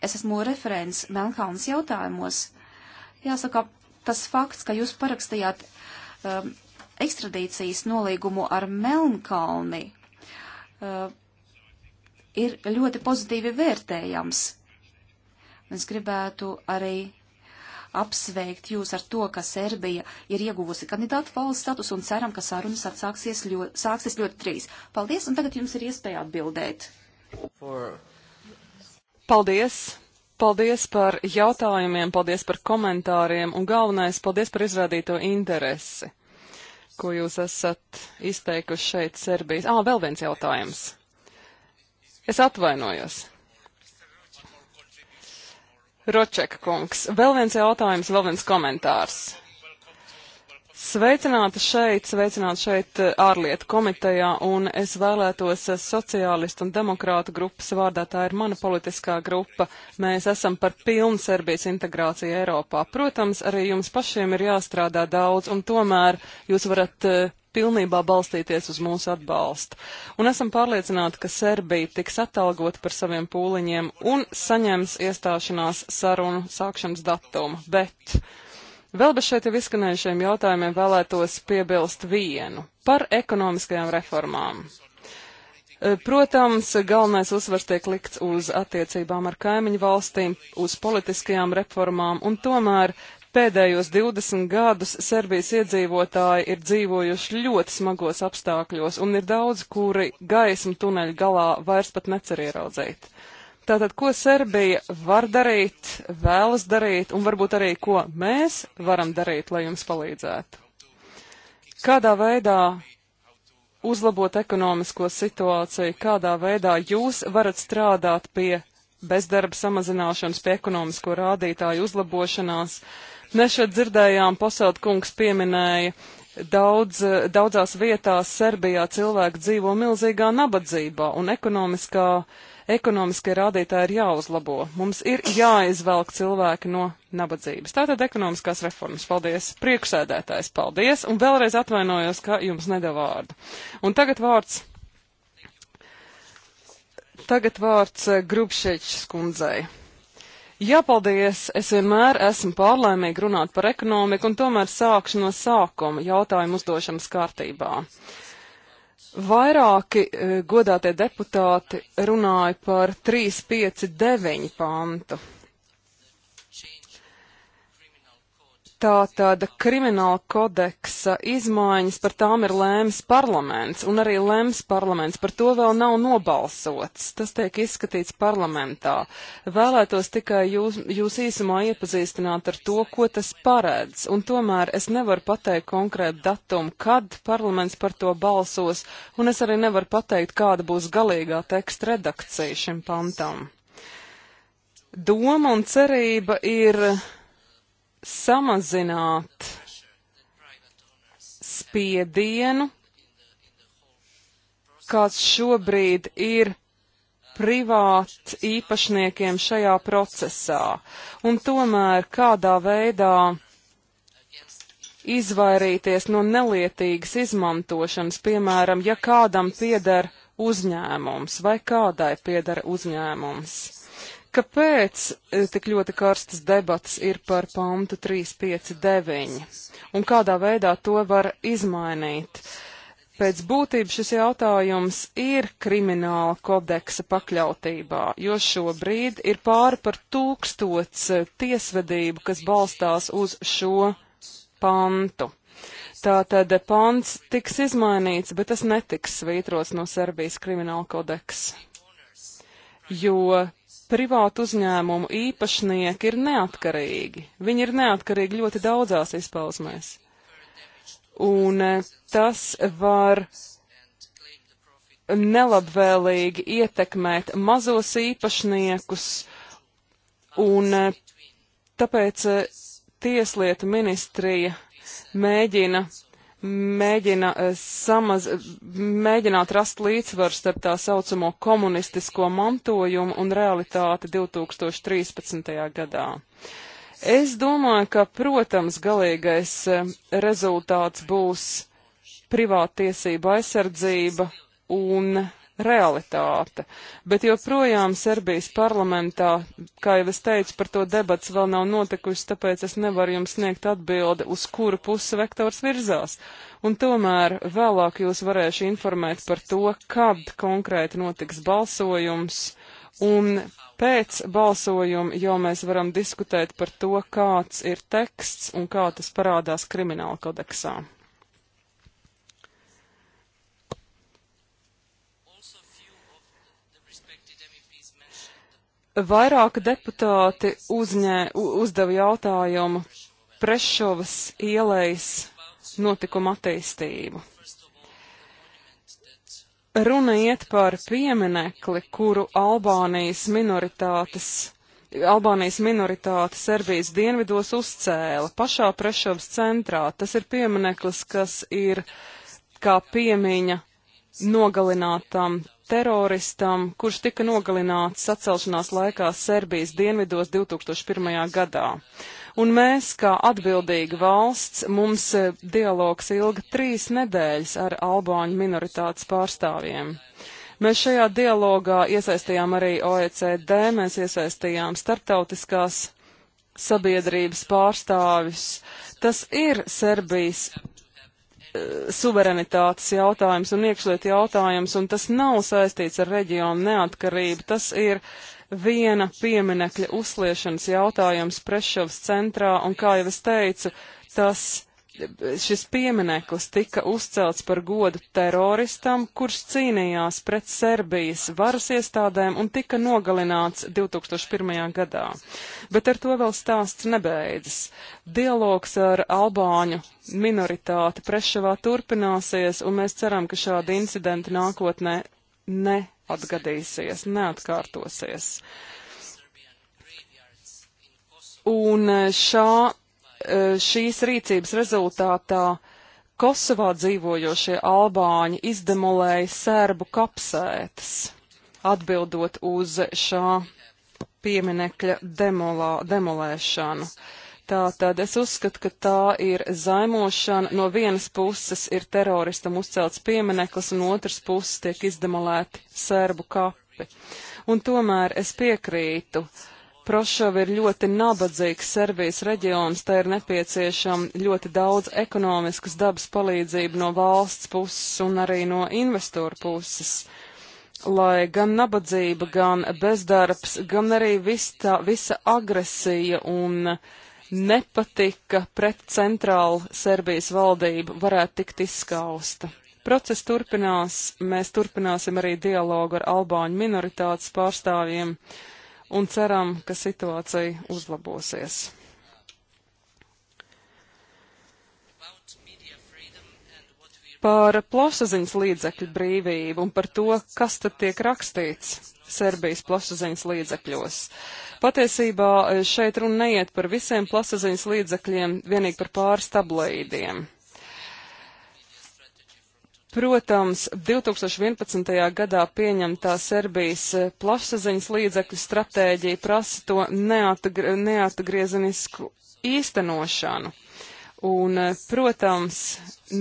es esmu referents Melnkalnas jautājumos. Jāsaka, tas fakts, ka jūs parakstījāt um, uh, ekstradīcijas nolīgumu ar Melnkalni, uh, ir ļoti pozitīvi vērtējams Es gribētu arī apsveikt jūs ar to, ka Serbija ir ieguvusi kandidātu valsts status un ceram, ka sarunas atsāksies ļoti, sāksies ļoti trīs. Paldies, un tagad jums ir iespēja atbildēt. For... Paldies! Paldies par jautājumiem, paldies par komentāriem un galvenais, paldies par izrādīto interesi, ko jūs esat izteikuši šeit Serbijas. Ā, ah, vēl viens jautājums. Es atvainojos. Ročeka kungs, vēl viens jautājums, vēl viens komentārs. Sveicināti šeit, sveicināti šeit eh, ārlietu komitejā, un es vēlētos eh, sociālistu un demokrātu grupas vārdā, tā ir mana politiskā grupa, mēs esam par pilnu Serbijas integrāciju Eiropā. Protams, arī jums pašiem ir jāstrādā daudz, un tomēr jūs varat uh, pilnībā balstīties uz mūsu atbalstu. Un esam pārliecināti, ka Serbija tiks atalgota par saviem pūliņiem un saņems iestāšanās sarunu sākšanas datumu. Bet vēl bez šeit jau izskanējušiem jautājumiem vēlētos piebilst vienu par ekonomiskajām reformām. E, protams, galvenais uzsvars tiek likts uz attiecībām ar kaimiņu valstīm, uz politiskajām reformām, un tomēr Pēdējos 20 gadus Serbijas iedzīvotāji ir dzīvojuši ļoti smagos apstākļos, un ir daudz, kuri gaismu tuneļu galā vairs pat necer ieraudzīt. Tātad, ko Serbija var darīt, vēlas darīt, un varbūt arī, ko mēs varam darīt, lai jums palīdzētu? Kādā veidā uzlabot ekonomisko situāciju, kādā veidā jūs varat strādāt pie bezdarba samazināšanas, pie ekonomisko rādītāju uzlabošanās, Mēs šeit dzirdējām, Posēlt kungs pieminēja, daudz, daudzās vietās Serbijā cilvēki dzīvo milzīgā nabadzībā un ekonomiskā, ekonomiskie rādītāji ir jāuzlabo. Mums ir jāizvelk cilvēki no nabadzības. Tātad ekonomiskās reformas. Paldies, priekšsēdētājs, paldies, un vēlreiz atvainojos, ka jums nedavā vārdu. Un tagad vārds. Tagad vārds eh, Grubšečs kundzei. Jā, paldies! Es vienmēr esmu pārlaimīgi runāt par ekonomiku un tomēr sākšu no sākuma jautājumu uzdošanas kārtībā. Vairāki e, godātie deputāti runāja par 3, 5, 9 pantu. Tātad krimināla kodeksa izmaiņas par tām ir lēms parlaments, un arī lēms parlaments par to vēl nav nobalsots. Tas tiek izskatīts parlamentā. Vēlētos tikai jūs, jūs īsumā iepazīstināt ar to, ko tas paredz, un tomēr es nevaru pateikt konkrētu datumu, kad parlaments par to balsos, un es arī nevaru pateikt, kāda būs galīgā teksta redakcija šim pantam doma un cerība ir samazināt spiedienu, kāds šobrīd ir privāt īpašniekiem šajā procesā, un tomēr kādā veidā izvairīties no nelietīgas izmantošanas, piemēram, ja kādam pieder uzņēmums vai kādai pieder uzņēmums. Kāpēc eh, tik ļoti karstas debatas ir par pantu 359 un kādā veidā to var izmainīt? Pēc būtības šis jautājums ir krimināla kodeksa pakļautībā, jo šobrīd ir pāri par tūkstots eh, tiesvedību, kas balstās uz šo pantu. Tātad pants tiks izmainīts, bet tas netiks svītrots no Serbijas krimināla kodeksa, jo privātu uzņēmumu īpašnieki ir neatkarīgi. Viņi ir neatkarīgi ļoti daudzās izpausmēs. Un eh, tas var nelabvēlīgi ietekmēt mazos īpašniekus, un eh, tāpēc eh, Tieslietu ministrija mēģina mēģina, eh, samaz, mēģināt rast līdzsvaru starp tā saucamo komunistisko mantojumu un realitāti 2013. gadā. Es domāju, ka, protams, galīgais eh, rezultāts būs privātiesība aizsardzība un realitāte. Bet joprojām Serbijas parlamentā, kā jau es teicu, par to debats vēl nav notikusi, tāpēc es nevaru jums sniegt atbildi, uz kuru pusi vektors virzās. Un tomēr vēlāk jūs varēšu informēt par to, kad konkrēti notiks balsojums. Un pēc balsojuma jau mēs varam diskutēt par to, kāds ir teksts un kā tas parādās krimināla kodeksā. Vairāki deputāti uzņē, uzdeva jautājumu Prešovas ielejas notikuma attīstību. Runa iet par pieminekli, kuru Albānijas minoritātes, Albānijas minoritāte Serbijas dienvidos uzcēla pašā Prešovas centrā. Tas ir piemineklis, kas ir kā piemiņa nogalinātam teroristam, kurš tika nogalināts sacelšanās laikā Serbijas dienvidos 2001. gadā. Un mēs, kā atbildīga valsts, mums e, dialogs ilga trīs nedēļas ar albāņu minoritātes pārstāvjiem. Mēs šajā dialogā iesaistījām arī OECD, mēs iesaistījām starptautiskās sabiedrības pārstāvis. Tas ir Serbijas suverenitātes jautājums un iekšliet jautājums, un tas nav saistīts ar reģionu neatkarību. Tas ir viena pieminekļa uzliešanas jautājums Prešovs centrā, un kā jau es teicu, tas šis piemineklis tika uzcelts par godu teroristam, kurš cīnījās pret Serbijas varas iestādēm un tika nogalināts 2001. gadā. Bet ar to vēl stāsts nebeidzas. Dialogs ar Albāņu minoritāti Prešavā turpināsies, un mēs ceram, ka šādi incidenti nākotnē neatgadīsies, neatkārtosies. Un eh, šā E, šīs rīcības rezultātā Kosovā dzīvojošie albāņi izdemolēja sērbu kapsētas, atbildot uz šā pieminekļa demolā, demolēšanu. Tātad es uzskatu, ka tā ir zaimošana. No vienas puses ir teroristam uzcelts piemineklis, un otras puses tiek izdemolēti sērbu kapi. Un tomēr es piekrītu uh, Prošova ir ļoti nabadzīgs Serbijas reģions, tā ir nepieciešama ļoti daudz ekonomiskas dabas palīdzība no valsts puses un arī no investoru puses lai gan nabadzība, gan bezdarbs, gan arī vista, visa agresija un nepatika pret centrālu Serbijas valdību varētu tikt izskausta. Process turpinās, mēs turpināsim arī dialogu ar albāņu minoritātes pārstāvjiem. Uh, un ceram, ka situācija uzlabosies. Par plašsaziņas līdzekļu brīvību un par to, kas tad tiek rakstīts Serbijas plašsaziņas līdzekļos. Patiesībā eh, šeit runa neiet par visiem plašsaziņas līdzekļiem, vienīgi par pāris tablīdiem. Protams, 2011. gadā pieņemtā Serbijas eh, plašsaziņas līdzekļu stratēģija prasa to neatgr neatgriezenisku īstenošanu. Un, eh, protams,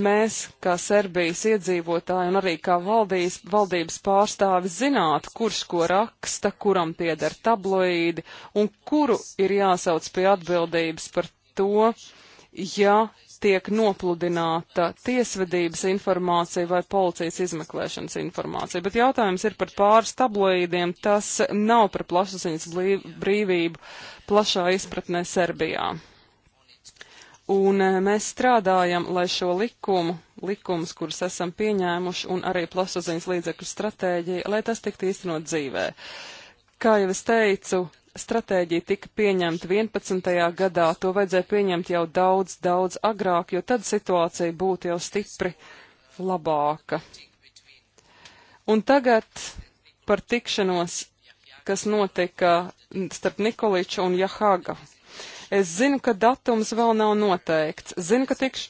mēs, kā Serbijas iedzīvotāji un arī kā valdīs, valdības pārstāvis, zinātu, kurš ko raksta, kuram pieder tabloīdi un kuru ir jāsauc pie atbildības par to, ja tiek nopludināta tiesvedības informācija vai policijas izmeklēšanas informācija. Bet jautājums ir par pāris tabloīdiem. Tas nav par plašsaziņas brīvību plašā izpratnē Serbijā. Un eh, mēs strādājam, lai šo likumu, likums, kurus esam pieņēmuši, un arī plašsaziņas līdzekļu stratēģiju, lai tas tiktu īstenot dzīvē. Kā jau es teicu, stratēģija tika pieņemta 11. gadā, to vajadzēja pieņemt jau daudz, daudz agrāk, jo tad situācija būtu jau stipri labāka. Un tagad par tikšanos, kas notika starp Nikoliču un Jahaga. Es zinu, ka datums vēl nav noteikts. Zinu, ka tikš,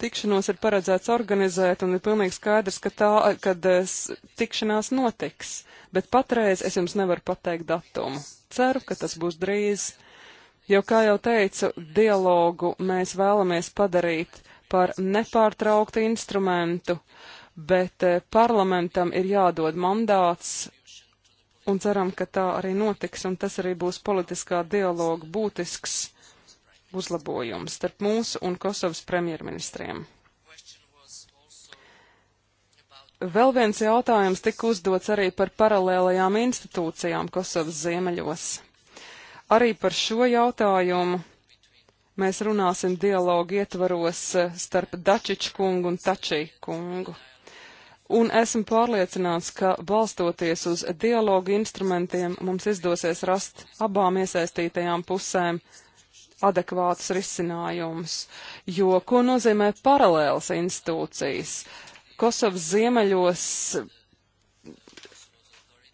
tikšanos ir paredzēts organizēt, un ir pilnīgi skaidrs, ka tā, kad eh, tikšanās notiks, bet patreiz es jums nevaru pateikt datumu. Ceru, ka tas būs drīz, jo, kā jau teicu, dialogu mēs vēlamies padarīt par nepārtrauktu instrumentu, bet eh, parlamentam ir jādod mandāts, un ceram, ka tā arī notiks, un tas arī būs politiskā dialoga būtisks uzlabojumu starp mūsu un Kosovas premjerministriem. Vēl viens jautājums tika uzdots arī par paralēlajām institūcijām Kosovas ziemeļos. Arī par šo jautājumu mēs runāsim dialogu ietvaros eh, starp Dačiču kungu un Tačī kungu. Un esmu pārliecināts, ka balstoties uz dialogu instrumentiem mums izdosies rast abām iesaistītajām pusēm adekvāts risinājums. Jo ko nozīmē paralēlas institūcijas? Kosovas ziemeļos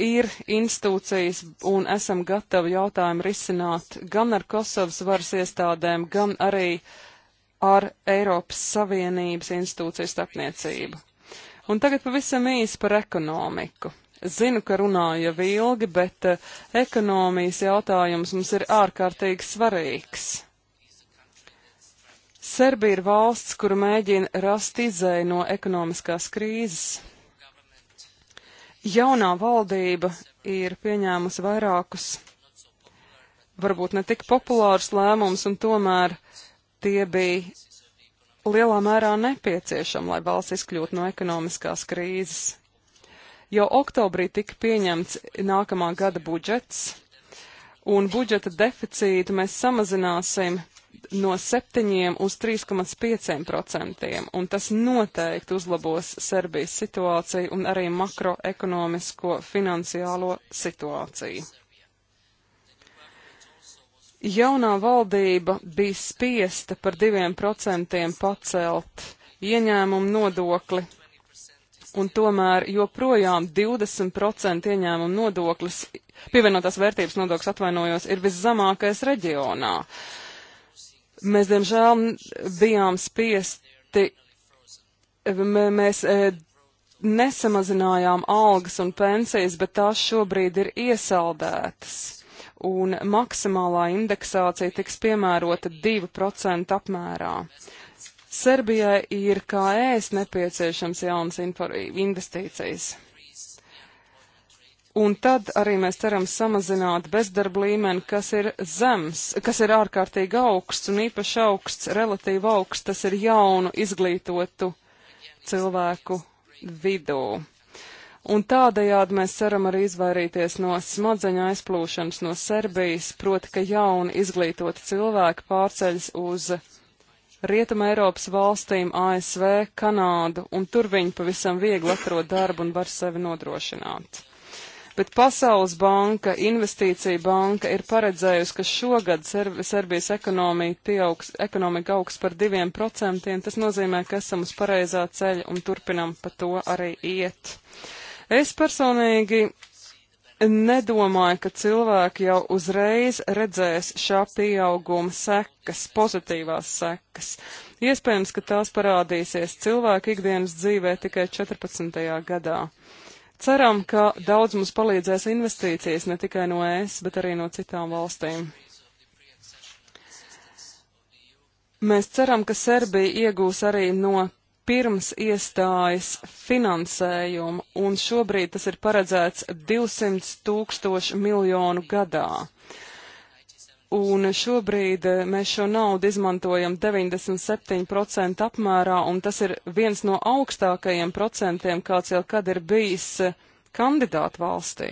ir institūcijas un esam gatavi jautājumu risināt gan ar Kosovas varas iestādēm, gan arī ar Eiropas Savienības institūciju starpniecību. Un tagad pavisam īsi par ekonomiku. Zinu, ka runāju jau ilgi, bet eh, ekonomijas jautājums mums ir ārkārtīgi svarīgs. Serbija ir valsts, kura mēģina rast izēju no ekonomiskās krīzes. Jaunā valdība ir pieņēmusi vairākus, varbūt ne tik populārus lēmumus, un tomēr tie bija lielā mērā nepieciešami, lai valsts izkļūtu no ekonomiskās krīzes. Jau oktobrī tika pieņemts nākamā gada budžets, un budžeta deficītu mēs samazināsim no 7 uz 3,5%, un tas noteikti uzlabos Serbijas situāciju un arī makroekonomisko finansiālo situāciju. Jaunā valdība bija spiesta par 2% pacelt ieņēmumu nodokli, un tomēr joprojām 20% ieņēmuma nodoklis, pievienotās vērtības nodoklis atvainojos, ir viszemākais reģionā. Mēs, diemžēl, bijām spiesti, mēs e, nesamazinājām algas un pensijas, bet tās šobrīd ir iesaldētas. Un maksimālā indeksācija tiks piemērota 2% apmērā. Serbijai ir kā ēst nepieciešams jaunas investīcijas. Un tad arī mēs ceram samazināt bezdarba līmeni, kas ir zems, kas ir ārkārtīgi augsts un īpaši augsts, relatīvi augsts, tas ir jaunu izglītotu cilvēku vidū. Un tādējādi mēs ceram arī izvairīties no smadzeņa aizplūšanas no Serbijas, proti, ka jauni izglītoti cilvēki pārceļas uz Rietuma Eiropas valstīm, ASV, Kanādu, un tur viņi pavisam viegli atrod darbu un var sevi nodrošināt. Bet Pasaules banka, Investīcija banka ir paredzējusi, ka šogad Serbijas ekonomika, pieaugs, ekonomika augs par diviem procentiem. Tas nozīmē, ka esam uz pareizā ceļa un turpinam pa to arī iet. Es personīgi Nedomāju, ka cilvēki jau uzreiz redzēs šā pieauguma sekas, pozitīvās sekas. Iespējams, ka tās parādīsies cilvēku ikdienas dzīvē tikai 14. gadā. Ceram, ka daudz mums palīdzēs investīcijas ne tikai no ES, bet arī no citām valstīm. Mēs ceram, ka Serbija iegūs arī no pirms iestājas finansējumu, un šobrīd tas ir paredzēts 200 tūkstošu miljonu gadā. Un šobrīd eh, mēs šo naudu izmantojam 97% apmērā, un tas ir viens no augstākajiem procentiem, kāds jau kad ir bijis eh, kandidātu valstī.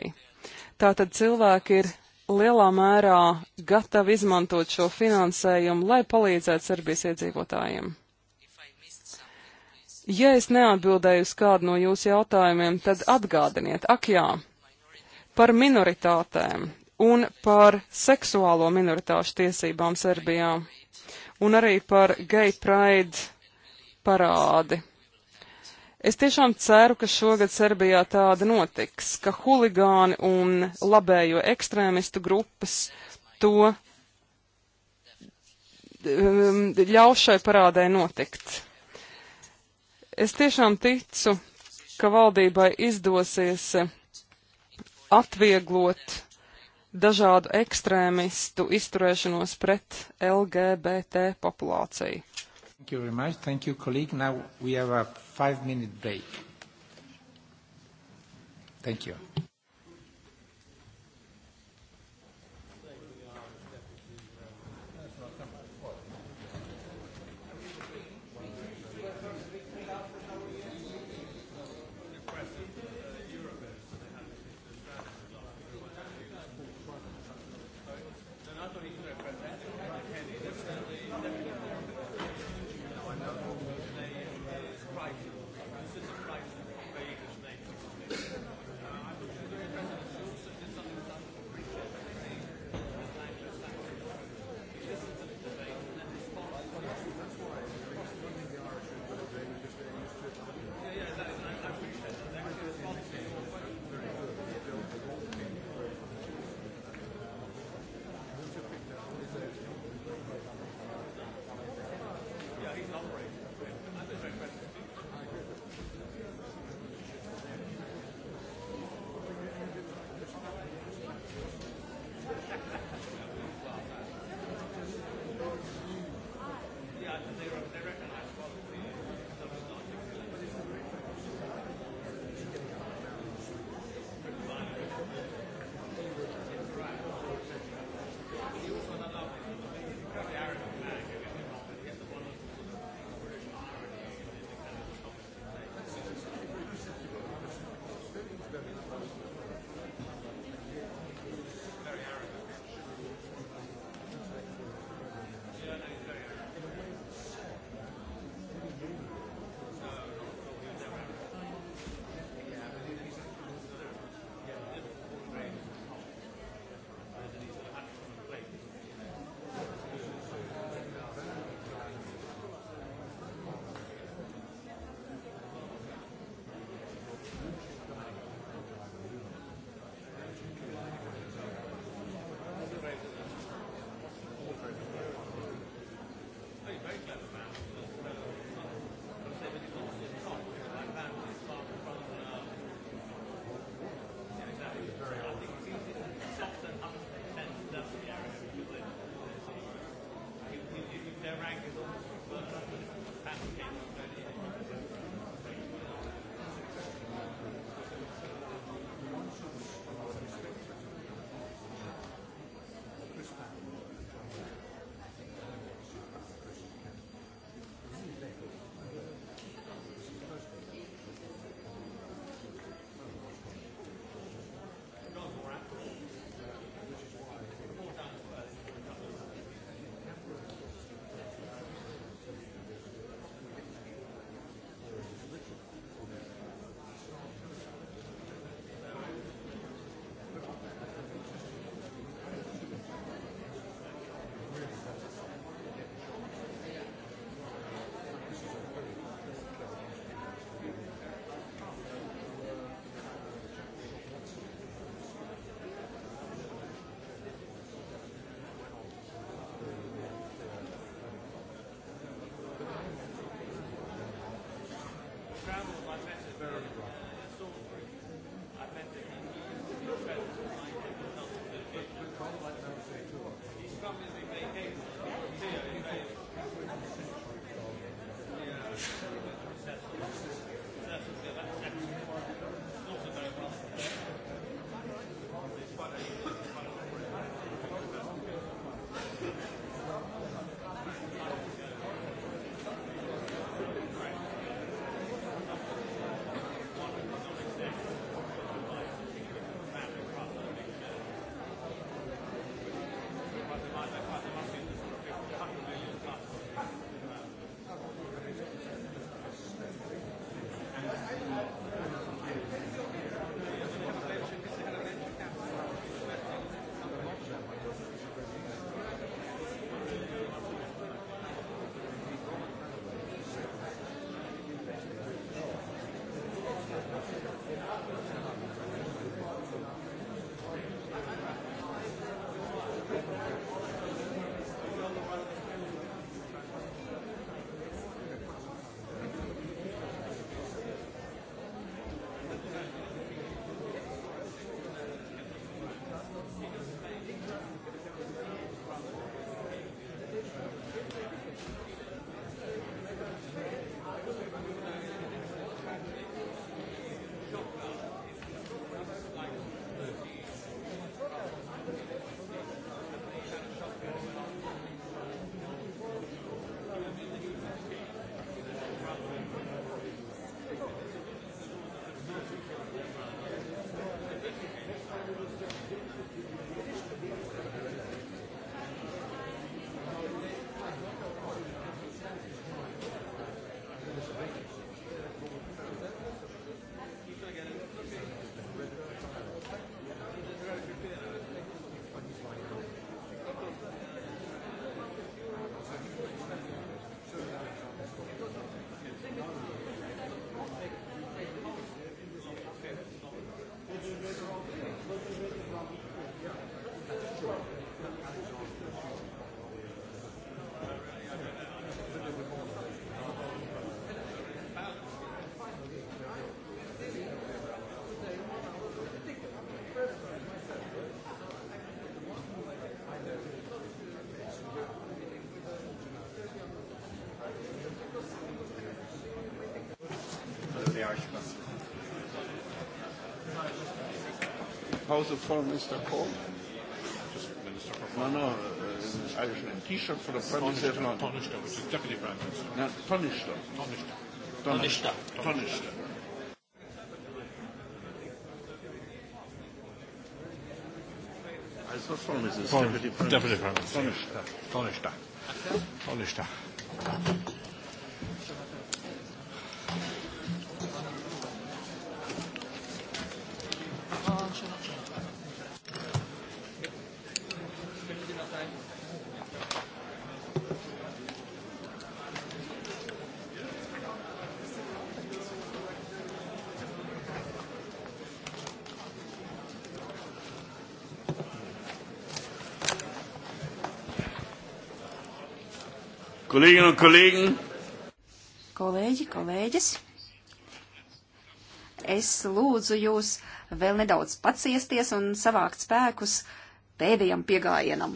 Tātad cilvēki ir lielā mērā gatavi izmantot šo finansējumu, lai palīdzētu Serbijas iedzīvotājiem. Ja es neatbildēju uz kādu no jūsu jautājumiem, tad atgādiniet, ak jā, par minoritātēm un par seksuālo minoritāšu tiesībām Serbijā un arī par gay pride parādi. Es tiešām ceru, ka šogad Serbijā tāda notiks, ka huligāni un labējo ekstrēmistu grupas to um, ļaušai parādē notikt. Es tiešām ticu, ka valdībai izdosies atvieglot dažādu ekstrēmistu izturēšanos pret LGBT populāciju. Thank you very much. Thank you, colleague. Now we have a five-minute break. Thank you. how's the foreign minister called? No, no, uh, äh, an Irishman. T-shirt for the Prime Minister of London. Tonishta, which is Deputy Prime Minister. No, Tonishta. Tonishta. Tonishta. Tonishta. It's not foreign minister, it's Deputy Prime Minister. Deputy Prime Minister. Tonishta. Tonishta. Tonishta. Kolleginnen un kolēģi. Kolēģi, kolēģis. Es lūdzu jūs vēl nedaudz paciesties un savākt spēkus pēdējam piegājienam.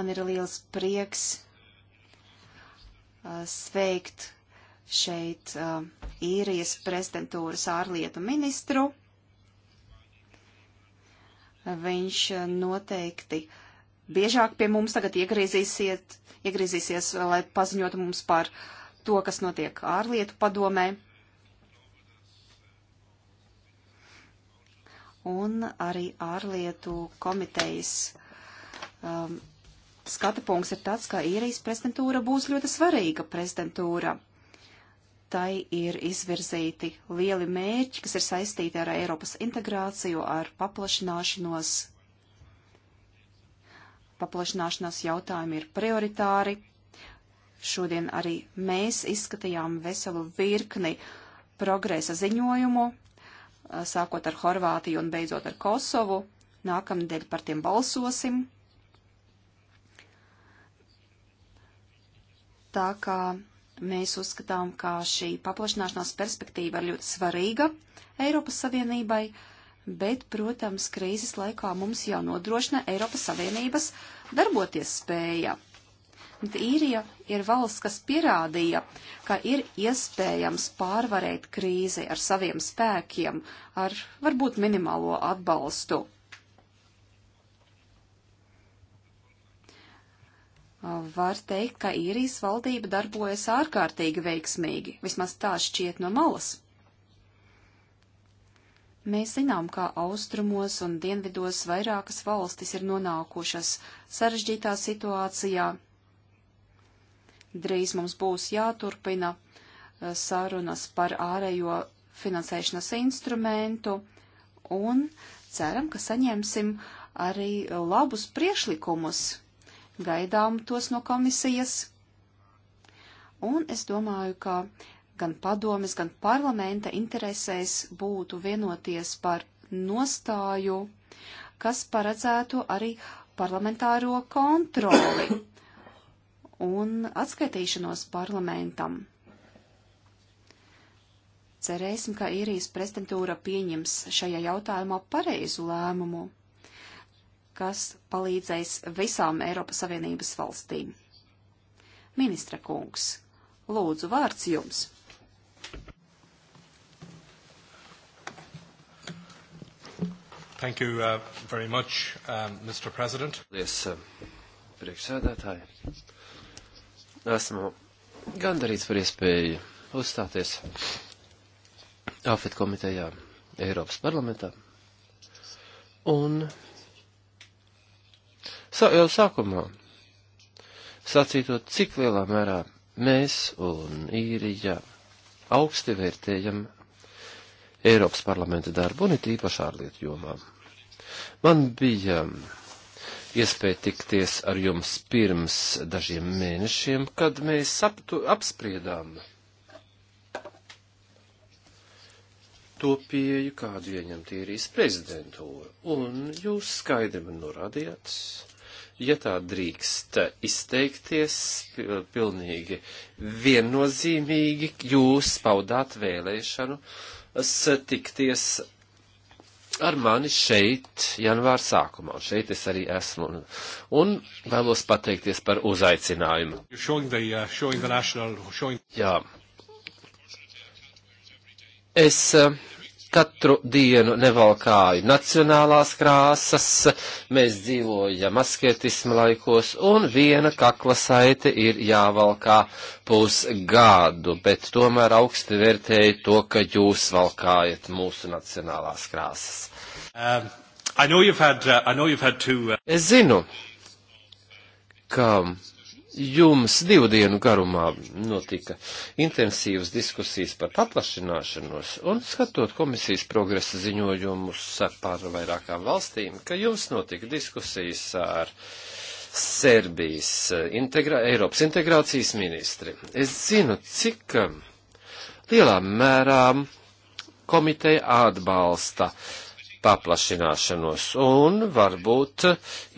Man ir liels prieks uh, sveikt šeit uh, īrijas prezidentūras ārlietu ministru. Viņš uh, noteikti uh, biežāk pie mums tagad iegriezīsies, lai paziņotu mums par to, kas notiek ārlietu padomē. Un arī ārlietu komitejas um, skata punkts ir tāds, ka īrijas prezidentūra būs ļoti svarīga prezidentūra. Tai ir izvirzīti lieli mērķi, kas ir saistīti ar Eiropas integrāciju, ar paplašināšanos, paplašināšanās jautājumi ir prioritāri. Šodien arī mēs izskatījām veselu virkni progresa ziņojumu, sākot ar Horvātiju un beidzot ar Kosovu. Nākamdēļ par tiem balsosim. Tā kā mēs uzskatām, ka šī paplašināšanās perspektīva ir ļoti svarīga Eiropas Savienībai. Uh, bet, protams, krīzes laikā mums jau nodrošina Eiropas Savienības darboties spēja. Bet īrija ir valsts, kas pierādīja, ka ir iespējams pārvarēt krīzi ar saviem spēkiem, ar varbūt minimālo atbalstu. Var teikt, ka īrijas valdība darbojas ārkārtīgi veiksmīgi, vismaz tā šķiet no malas. Mēs zinām, ka austrumos un dienvidos vairākas valstis ir nonākušas sarežģītā situācijā. Drīz mums būs jāturpina eh, sarunas par ārējo finansēšanas instrumentu un ceram, ka saņemsim arī labus priešlikumus. Gaidām tos no komisijas. Un es domāju, ka gan padomes, gan parlamenta interesēs būtu vienoties par nostāju, kas paredzētu arī parlamentāro kontroli un atskaitīšanos parlamentam. Cerēsim, ka īrijas prezidentūra pieņems šajā jautājumā pareizu lēmumu, kas palīdzēs visām Eiropas Savienības valstīm. Ministra kungs, lūdzu vārds jums! Thank you uh, very much, um, Mr. President. Paldies, uh, priekšsēdētāji. Esmu gandarīts par iespēju uzstāties AFIT komitejā Eiropas parlamentā. Un sā, jau sākumā sacītot, cik lielā mērā mēs un īrija augsti vērtējam Eiropas parlamenta darbu un it īpaši ārlietu jomām. Man bija iespēja tikties ar jums pirms dažiem mēnešiem, kad mēs aptu, apspriedām to pieeju, kādu ieņemt īrijas prezidentūra, un jūs skaidri man norādījāt, ja tā drīkst izteikties pilnīgi viennozīmīgi, jūs paudāt vēlēšanu tikties ar mani šeit janvāra sākumā, un šeit es arī esmu, un, un vēlos pateikties par uzaicinājumu. The, uh, the national, showing... Jā. Es uh, katru dienu nevalkāju nacionālās krāsas, mēs dzīvojam asketismu laikos, un viena kakla saite ir jāvalkā pusgadu, bet tomēr augsti vērtēju to, ka jūs valkājat mūsu nacionālās krāsas. Um, had, uh, two, uh... Es zinu, ka jums divu dienu garumā notika intensīvas diskusijas par paplašināšanos un skatot komisijas progresa ziņojumus par vairākām valstīm, ka jums notika diskusijas ar Serbijas integrā, Eiropas integrācijas ministri. Es zinu, cik um, lielā mērā komiteja atbalsta uh, paplašināšanos, un varbūt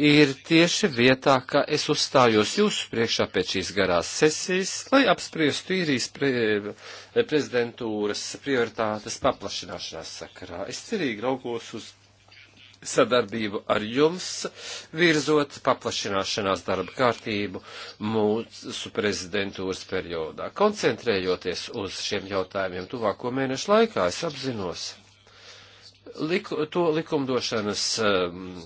ir tieši vietā, ka es uzstājos jūsu priekšā pēc šīs garās sesijas, lai apspriestu īrijas pre, eh, prezidentūras prioritātes paplašināšanās sakarā. Es cerīgi raugos uz sadarbību ar jums, virzot paplašināšanās darba kārtību mūsu prezidentūras periodā. Koncentrējoties uz šiem jautājumiem tuvāko mēnešu laikā, es apzinos, liku, to likumdošanas um,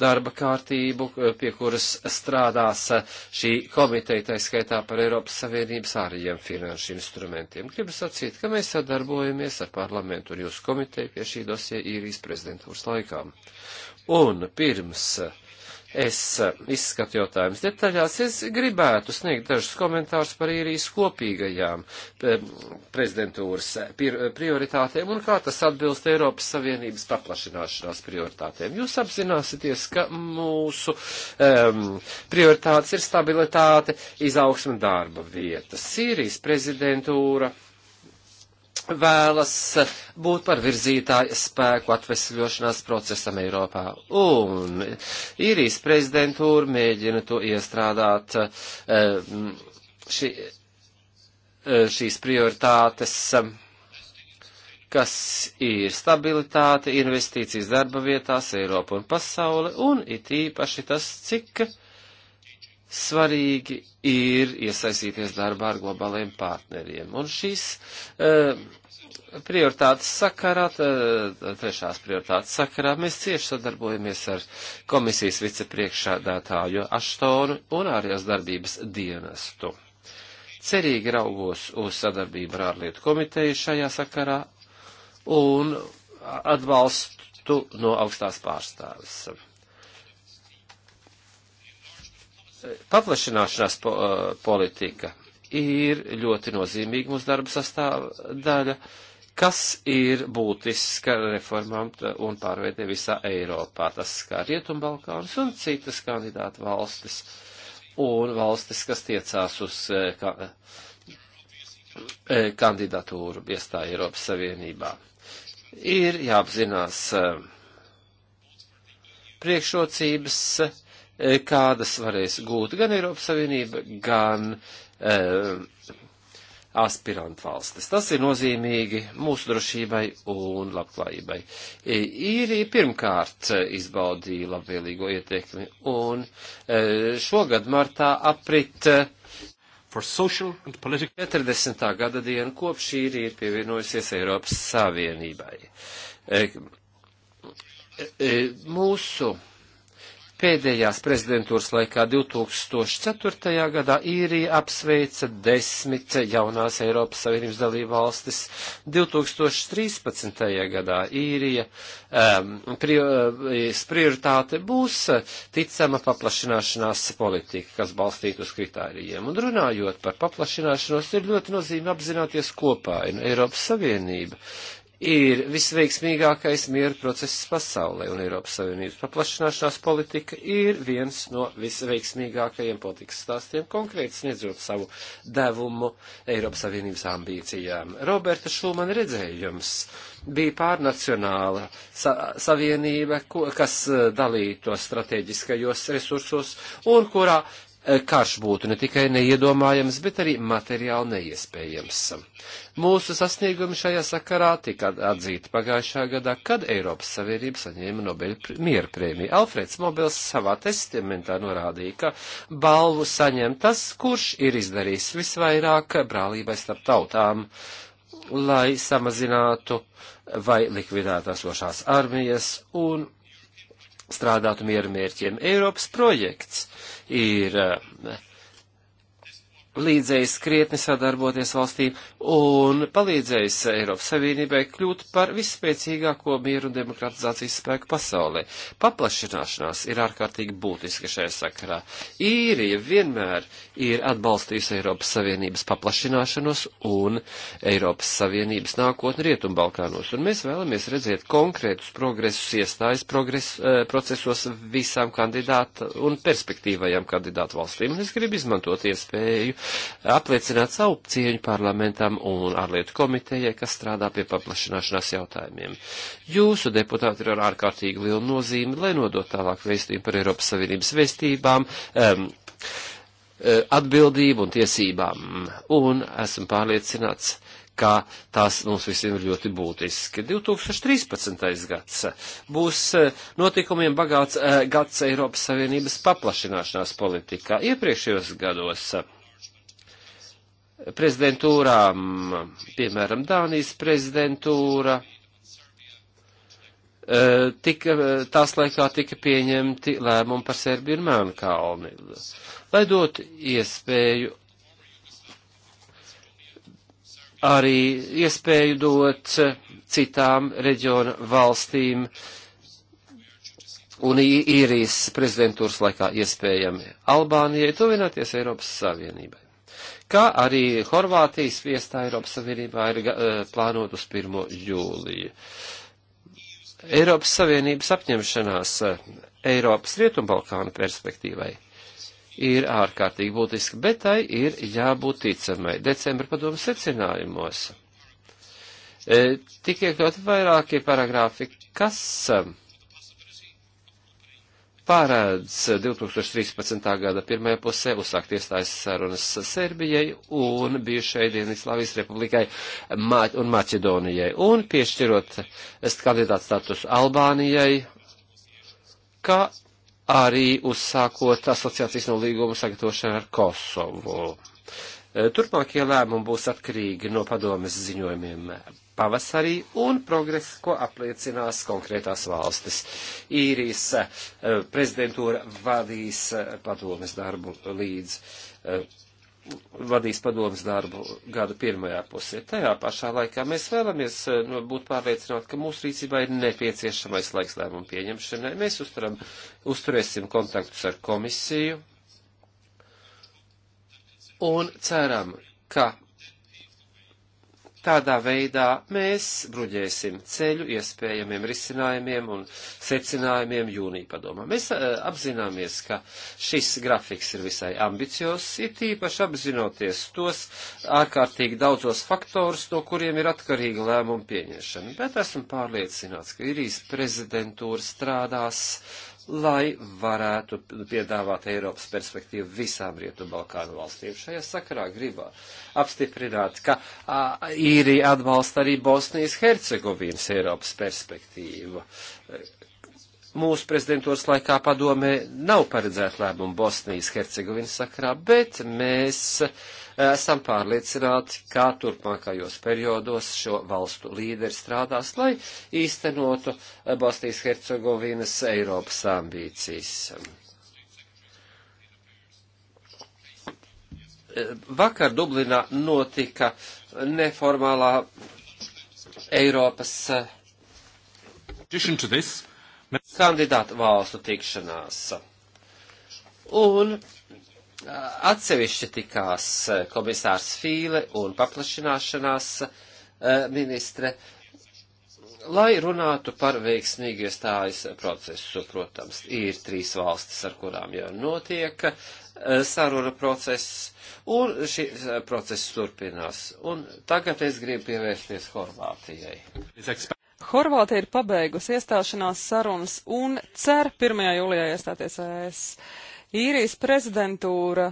darba kārtību, eh, pie kuras strādās eh, šī komiteja, tā skaitā par Eiropas Savienības ārējiem finanšu instrumentiem. Gribu sacīt, ka mēs sadarbojamies ar parlamentu un jūsu komiteju pie šī dosie īrijas prezidentūras laikām. Un pirms uh, es eh, izskatu jautājumus detaļās. Es gribētu sniegt dažus komentārus par īrijas kopīgajām eh, prezidentūras eh, prioritātēm un kā tas atbilst Eiropas Savienības paplašināšanās prioritātēm. Jūs apzināsieties, ka mūsu um, prioritātes ir stabilitāte, izaugsme darba vietas. Sīrijas prezidentūra vēlas būt par virzītāju spēku atvesļošanās procesam Eiropā. Un īrijas prezidentūra mēģina to iestrādāt eh, šī, eh, šīs prioritātes kas ir stabilitāte, investīcijas darba vietās, Eiropa un pasaule, un it īpaši tas, cik uh, svarīgi ir iesaistīties darbā ar globāliem partneriem. Un šīs uh, eh, prioritātes sakarā, uh, trešās prioritātes sakarā, mēs cieši sadarbojamies ar komisijas vicepriekšādātāju Aštonu un ārējās darbības dienestu. Cerīgi raugos uz sadarbību ar ārlietu komiteju šajā sakarā un atbalstu no augstās pārstāvis paplašināšanās po, politika ir ļoti nozīmīga mūsu darba sastāvdaļa, kas ir būtiska reformām un pārveidē visā Eiropā. Tas skar Rietumbalkāns un citas kandidātu valstis un valstis, kas tiecās uz ka, kandidatūru iestāja Eiropas Savienībā. Ir jāapzinās priekšrocības E, kādas varēs gūt gan Eiropas Savienība, gan eh, aspirantu valstis. Tas ir nozīmīgi mūsu drošībai un labklājībai. E, īrija pirmkārt izbaudīja labvēlīgo ietekmi, un eh, šogad martā aprit eh, 40. gada dienu kopš īrija ir pievienojusies Eiropas Savienībai. Eh, eh, mūsu Pēdējās prezidentūras laikā 2004. gadā īrija apsveica desmit jaunās Eiropas Savienības dalību valstis. 2013. gadā īrija um, pri, uh, prioritāte būs ticama paplašināšanās politika, kas balstīta uz kritārijiem. Un runājot par paplašināšanos, ir ļoti nozīme apzināties kopā ir Eiropas Savienība ir visveiksmīgākais mieru process pasaulē, un Eiropas Savienības paplašināšanās politika ir viens no visveiksmīgākajiem politikas stāstiem, konkrēti sniedzot savu devumu Eiropas Savienības ambīcijām. Roberta Šulmana redzējums bija pārnacionāla sa savienība, ko, kas eh, dalīja to strateģiskajos resursos, un kurā karš būtu ne tikai neiedomājams, bet arī materiāli neiespējams. Mūsu sasniegumi šajā sakarā tika atzīti pagājušā gadā, kad Eiropas Savienība saņēma Nobeļa miera prēmiju. Alfreds Mobils savā testamentā norādīja, ka balvu saņem tas, kurš ir izdarījis visvairāk brālībai starp tautām lai samazinātu vai likvidētu esošās armijas un strādātu mieru mērķiem. Eiropas projekts ir eh, līdzējis krietni sadarboties valstīm un palīdzējis Eiropas Savienībai kļūt par visspēcīgāko mieru un demokratizācijas spēku pasaulē. Paplašināšanās ir ārkārtīgi būtiska šajā sakarā. Īrija vienmēr ir atbalstījusi Eiropas Savienības paplašināšanos un Eiropas Savienības nākotni Rietumbalkānos, un mēs vēlamies redzēt konkrētus progresus iestājas progres, eh, procesos visām kandidātu un perspektīvajām kandidātu valstīm. Un es gribu izmantot iespēju apliecināt savu cieņu parlamentam un ārlietu komitejai, kas strādā pie paplašināšanās jautājumiem. Jūsu deputāti ir ar ārkārtīgi lielu nozīmi, lai nodot tālāk vēstījumu par Eiropas Savienības vēstībām. Um, atbildību un tiesībām, un esmu pārliecināts, ka tās mums visiem ir ļoti būtiski. 2013. gads būs e, notikumiem bagāts e, gads Eiropas Savienības paplašināšanās politikā. Iepriekšējos gados prezidentūrām, piemēram, Dānijas prezidentūra, e, tika, tās laikā tika pieņemti lēmumi par Serbiju un Melnkalni, lai dotu iespēju arī iespēju dot citām reģiona valstīm un īrijas prezidentūras laikā iespējami Albānijai tuvināties Eiropas Savienībai kā arī Horvātijas viestā Eiropas Savienībā ir eh, plānot uz 1. jūliju. Eiropas Savienības apņemšanās eh, Eiropas Rietumbalkānu perspektīvai ir ārkārtīgi būtiska, bet tai ir jābūt ticamai. Decembra padomu secinājumos. Eh, tik iekļauti vairākie paragrāfi, kas pārēdz eh, 2013. gada pirmajā pusē uzsākt iestājas sarunas Serbijai un bijušai Dienvidslāvijas republikai Mā un Maķedonijai un piešķirot kandidātu statusu Albānijai, kā arī uzsākot asociācijas nolīgumu sagatavošanu ar Kosovu. Eh, turpmākie lēmumi būs atkarīgi no padomes ziņojumiem pavasarī un progress, ko apliecinās konkrētās valstis. Īrijas eh, prezidentūra vadīs eh, padomes darbu līdz vadīs padomas darbu gada pirmajā pusē. Tajā pašā laikā mēs vēlamies nu, būt pārliecināti, ka mūsu rīcībā ir nepieciešamais laiks lēmumu pieņemšanai. Mēs uzturam, uzturēsim kontaktus ar komisiju, Un ceram, ka tādā veidā mēs bruģēsim ceļu iespējamiem risinājumiem un secinājumiem jūnija padomā. Mēs eh, apzināmies, ka šis grafiks ir visai ambicios, it īpaši apzinoties tos ārkārtīgi daudzos faktorus, no kuriem ir atkarīga lēmuma pieņemšana. Bet esmu pārliecināts, ka Irijas prezidentūra strādās lai varētu piedāvāt Eiropas perspektīvu visām Rietu-Balkānu valstīm. Šajā sakarā gribā apstiprināt, ka a, īrija atbalsta arī Bosnijas Hercegovīnas Eiropas perspektīvu. Mūsu prezidentūras laikā padomē nav paredzēta lēmuma Bosnijas Hercegovinas sakarā, bet mēs. A, esam pārliecināti, kā turpmākajos periodos šo valstu līderi strādās, lai īstenotu Bosnijas Hercegovinas Eiropas ambīcijas. Vakar Dublinā notika neformālā Eiropas kandidātu valstu tikšanās. Un atsevišķi tikās komisārs Fīle un paplašināšanās ministre, lai runātu par veiksmīgu iestājas procesu. Protams, ir trīs valstis, ar kurām jau notiek saruna process, un šis process turpinās. Un tagad es gribu pievērsties Horvātijai. Horvātija ir pabeigusi iestāšanās sarunas un cer 1. jūlijā iestāties ES. Īrijas prezidentūra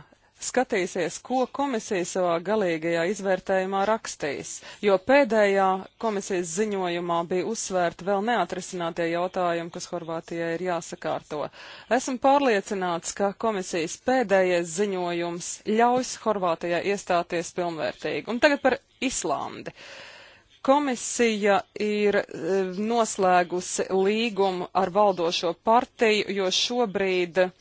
skatīsies, ko komisija savā galīgajā izvērtējumā rakstīs, jo pēdējā komisijas ziņojumā bija uzsvērti vēl neatrisinātie jautājumi, kas Horvātijai ir jāsakārto. Esmu pārliecināts, ka komisijas pēdējais ziņojums ļaus Horvātijai iestāties pilnvērtīgi. Un tagad par Islandi. Komisija ir eh, noslēgusi līgumu ar valdošo partiju, jo šobrīd uh,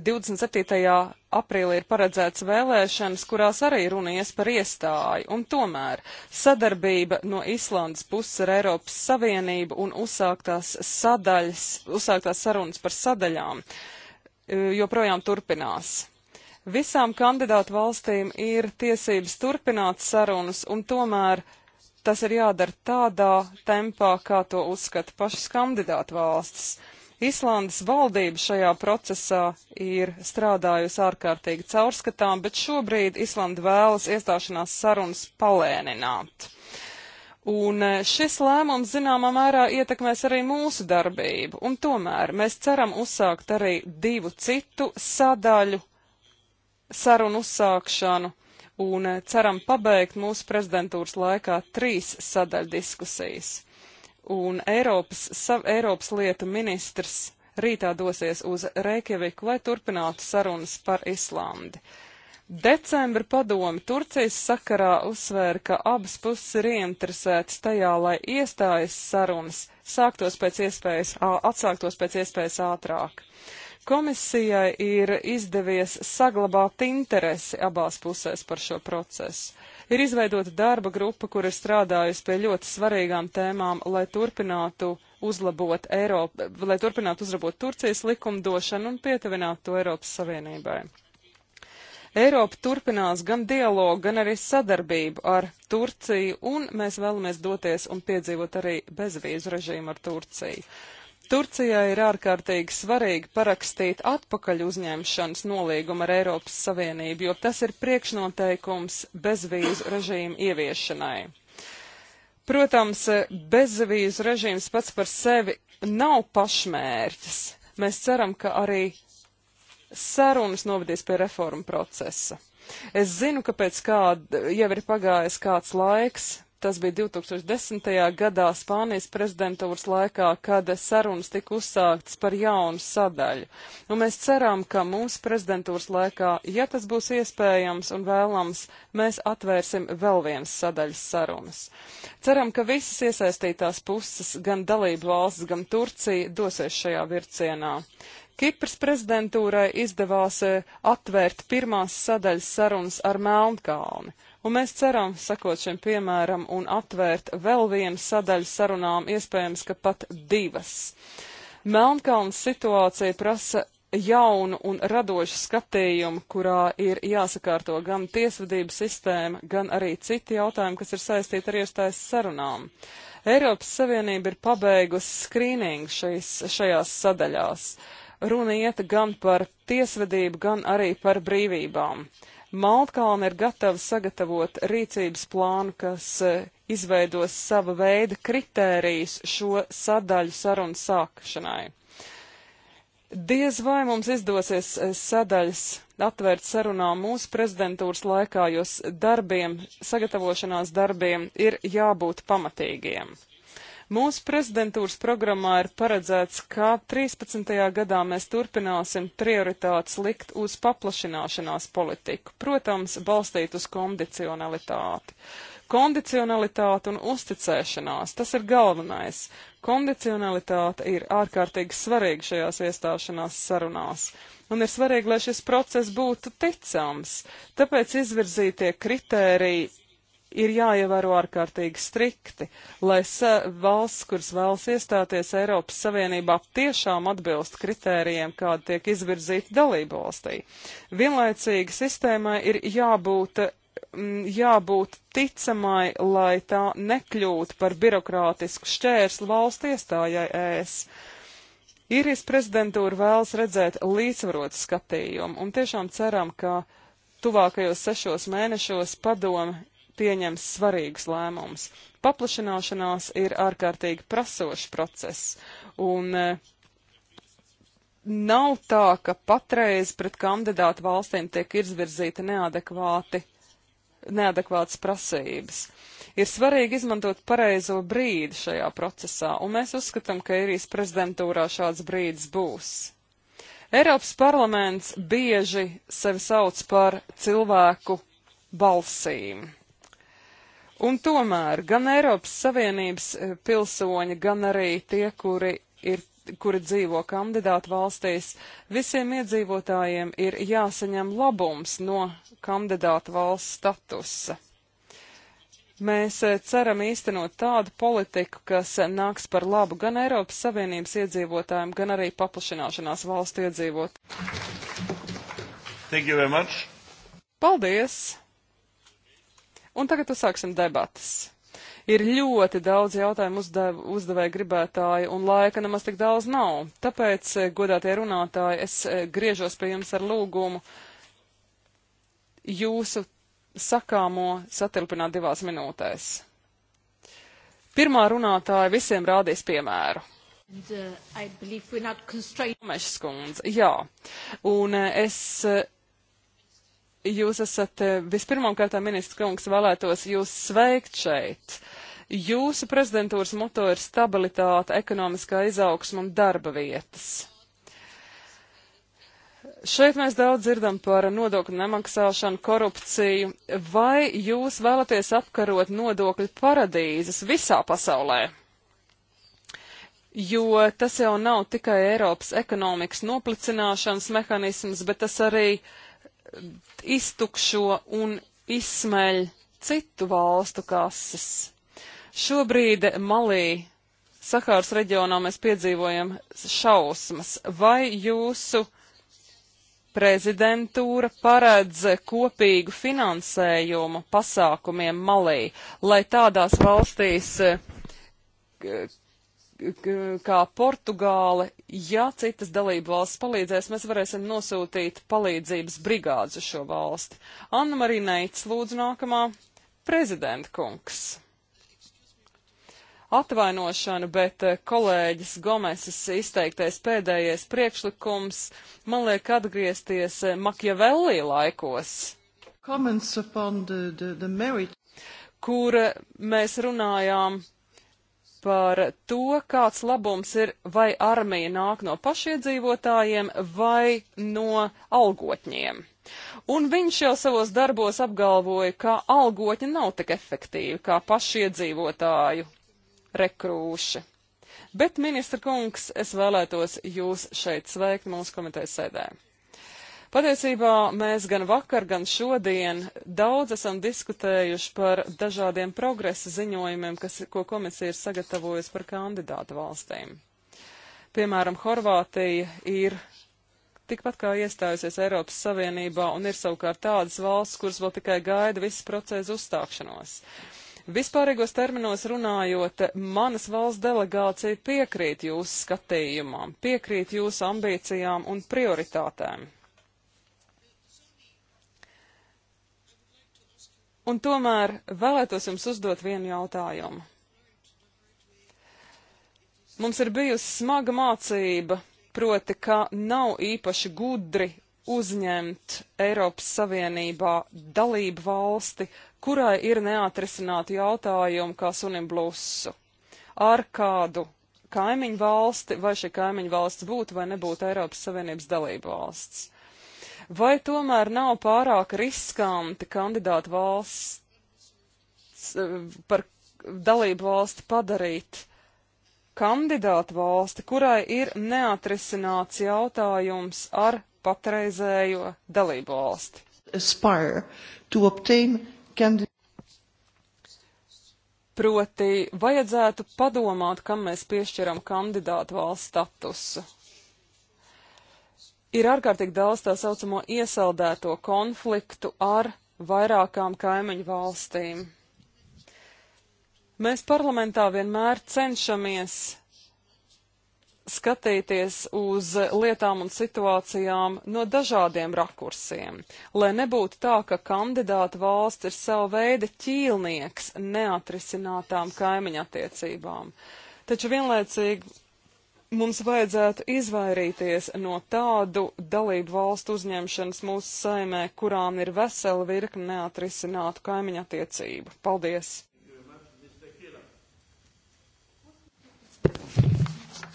27. aprīlī ir paredzēts vēlēšanas, kurās arī runies par iestāju, un tomēr sadarbība no Islandes puses ar Eiropas Savienību un uzsāktās, sadaļas, uzsāktās sarunas par sadaļām e, joprojām turpinās. Visām kandidātu valstīm ir tiesības turpināt sarunas, un tomēr tas ir jādara tādā tempā, kā to uzskata pašas kandidātu valstis. Uh, Islandes valdība šajā procesā ir strādājusi ārkārtīgi caurskatām, bet šobrīd Islanda vēlas iestāšanās sarunas palēnināt. Un e, šis lēmums zināmā mērā ietekmēs arī mūsu darbību, un tomēr mēs ceram uzsākt arī divu citu sadaļu sarunu uzsākšanu un e, ceram pabeigt mūsu prezidentūras laikā trīs sadaļu diskusijas un Eiropas, sav, Eiropas lietu ministrs rītā dosies uz Reikjaviku, lai turpinātu sarunas par Islandi. Decembra padomi Turcijas sakarā uzsvēra, ka abas puses ir ieinteresētas tajā, lai iestājas sarunas sāktos pēc iespējas, atsāktos pēc iespējas ātrāk. Komisijai ir izdevies saglabāt interesi abās pusēs par šo procesu. Ir izveidota darba grupa, kur ir strādājusi pie ļoti svarīgām tēmām, lai turpinātu uzlabot, Eiropa, lai turpinātu uzlabot Turcijas likumdošanu un pietuvinātu to Eiropas Savienībai. Eiropa turpinās gan dialogu, gan arī sadarbību ar Turciju, un mēs vēlamies doties un piedzīvot arī bezvīzu režīmu ar Turciju. Turcijai ir ārkārtīgi svarīgi parakstīt atpakaļ uzņemšanas nolīgumu ar Eiropas Savienību, jo tas ir priekšnoteikums bezvīzu režīmu ieviešanai. Protams, bezvīzu režīms pats par sevi nav pašmērķis. Mēs ceram, ka arī sarunas novadīs pie reformu procesa. Es zinu, ka pēc kāda jau ir pagājis kāds laiks, Tas bija 2010. gadā Spānijas prezidentūras laikā, kad sarunas tika uzsāktas par jaunu sadaļu. Un mēs ceram, ka mūsu prezidentūras laikā, ja tas būs iespējams un vēlams, mēs atvērsim vēl vienas sadaļas sarunas. Ceram, ka visas iesaistītās puses, gan dalību valsts, gan Turcija, dosies šajā vircienā. Kipras prezidentūrai izdevās eh, atvērt pirmās sadaļas sarunas ar Melnkalni Un mēs ceram, sakot šiem piemēram, un atvērt vēl vienu sadaļu sarunām, iespējams, ka pat divas. Melnkalnas situācija prasa jaunu un radošu skatījumu, kurā ir jāsakārto gan tiesvedības sistēma, gan arī citi jautājumi, kas ir saistīti ar iestājas sarunām. Eiropas Savienība ir pabeigusi skrīningu šais, šajās sadaļās. Runa iet gan par tiesvedību, gan arī par brīvībām. Maltkalna ir gatava sagatavot rīcības plānu, kas e, izveidos sava veida kritērijus šo sadaļu sarunu sākšanai. Diez vai mums izdosies e, sadaļas atvērt sarunām mūsu prezidentūras laikā, jo darbiem, sagatavošanās darbiem ir jābūt pamatīgiem. Mūsu prezidentūras programmā ir paredzēts, ka 13. gadā mēs turpināsim prioritātes likt uz paplašināšanās politiku, protams, balstīt uz kondicionalitāti. Kondicionalitāte un uzticēšanās, tas ir galvenais. Kondicionalitāte ir ārkārtīgi svarīga šajās iestāšanās sarunās un ir svarīgi, lai šis process būtu ticams. Tāpēc izvirzītie kritēriji ir jāievēro ārkārtīgi strikti, lai valsts, kuras vēlas iestāties Eiropas Savienībā, tiešām atbilst kritērijiem, kādi tiek izvirzīti dalību valstī. Vienlaicīgi sistēmai ir jābūt mm, jābūt ticamai, lai tā nekļūtu par birokrātisku šķērslu valsts iestājai ēs. Īrijas prezidentūra vēlas redzēt līdzvarotu skatījumu un tiešām ceram, ka tuvākajos sešos mēnešos padome pieņems svarīgus lēmumus. Paplašināšanās ir ārkārtīgi prasošs process, un eh, nav tā, ka patreiz pret kandidātu valstīm tiek izvirzīta neadekvāti, neadekvātas prasības. Ir svarīgi izmantot pareizo brīdi šajā procesā, un mēs uzskatām, ka Irijas prezidentūrā šāds brīdis būs. Eiropas parlaments bieži sevi sauc par cilvēku balsīm. Un tomēr gan Eiropas Savienības eh, pilsoņi, gan arī tie, kuri ir kuri dzīvo kandidātu valstīs, visiem iedzīvotājiem ir jāsaņem labums no kandidātu valsts statusa. Mēs eh, ceram īstenot tādu politiku, kas nāks par labu gan Eiropas Savienības iedzīvotājiem, gan arī paplašināšanās valstu iedzīvot. Paldies! Un tagad uzsāksim debatas. Ir ļoti daudz jautājumu uzdev, uzdevēja gribētāji, un laika nemaz tik daudz nav. Tāpēc, eh, godātie runātāji, es eh, griežos pie jums ar lūgumu jūsu sakāmo satilpināt divās minūtēs. Pirmā runātāja visiem rādīs piemēru. And, uh, Mēs skundze, jā. Un eh, es jūs esat eh, vispirmām kārtām ministrs kungs vēlētos jūs sveikt šeit. Jūsu prezidentūras moto ir stabilitāte, ekonomiskā izaugsma un darba vietas. Šeit mēs daudz dzirdam par nodokļu nemaksāšanu, korupciju. Vai jūs vēlaties apkarot nodokļu paradīzes visā pasaulē? Jo tas jau nav tikai Eiropas ekonomikas noplicināšanas mehanisms, bet tas arī uh, iztukšo un izsmeļ citu valstu kases. Šobrīd Malī, Sahāras reģionā mēs piedzīvojam šausmas. Vai jūsu prezidentūra paredz kopīgu finansējumu pasākumiem Malī, lai tādās valstīs, kā Portugāle, ja citas dalību valsts palīdzēs, mēs varēsim nosūtīt palīdzības brigādes uz šo valsti. Anna Marija Neits, lūdzu nākamā prezidenta kungs. Atvainošanu, bet eh, kolēģis Gomesis izteiktais pēdējais priekšlikums man liek atgriezties eh, Makjavelli laikos. Comments upon the, the, the merit kur eh, mēs runājām par to, kāds labums ir, vai armija nāk no pašiedzīvotājiem vai no algotņiem. Un viņš jau savos darbos apgalvoja, ka algotņi nav tik efektīvi kā pašiedzīvotāju rekrūši. Bet, ministra kungs, es vēlētos jūs šeit sveikt mūsu komitejas sēdē. Patiesībā mēs gan vakar, gan šodien daudz esam diskutējuši par dažādiem progresa ziņojumiem, kas, ko komisija ir sagatavojusi par kandidātu valstīm. Piemēram, Horvātija ir tikpat kā iestājusies Eiropas Savienībā un ir savukārt tādas valsts, kuras vēl tikai gaida visas procesa uzstākšanos. Vispārīgos terminos runājot, manas valsts delegācija piekrīt jūsu skatījumam, piekrīt jūsu ambīcijām un prioritātēm. Un tomēr vēlētos jums uzdot vienu jautājumu. Mums ir bijusi smaga mācība, proti, ka nav īpaši gudri uzņemt Eiropas Savienībā dalību valsti, kurai ir neatrisināti jautājumi kā sunim blusu. Ar kādu kaimiņu valsti, vai šī kaimiņu valsts būtu vai nebūtu Eiropas Savienības dalību valsts vai tomēr nav pārāk riskanti kandidātu valsts eh, par dalību valsti padarīt kandidātu valsti, kurai ir neatrisināts jautājums ar patreizējo dalību valsti. Proti, vajadzētu padomāt, kam mēs piešķiram kandidātu valsts statusu ir ārkārtīgi daudz tā saucamo iesaldēto konfliktu ar vairākām kaimiņu valstīm. Mēs parlamentā vienmēr cenšamies skatīties uz lietām un situācijām no dažādiem rakursiem, lai nebūtu tā, ka kandidāta valsts ir sava veida ķīlnieks neatrisinātām kaimiņa attiecībām. Taču vienlaicīgi mums vajadzētu izvairīties no tādu dalību valstu uzņemšanas mūsu saimē, kurām ir vesela virkne neatrisinātu kaimiņu attiecību. Paldies!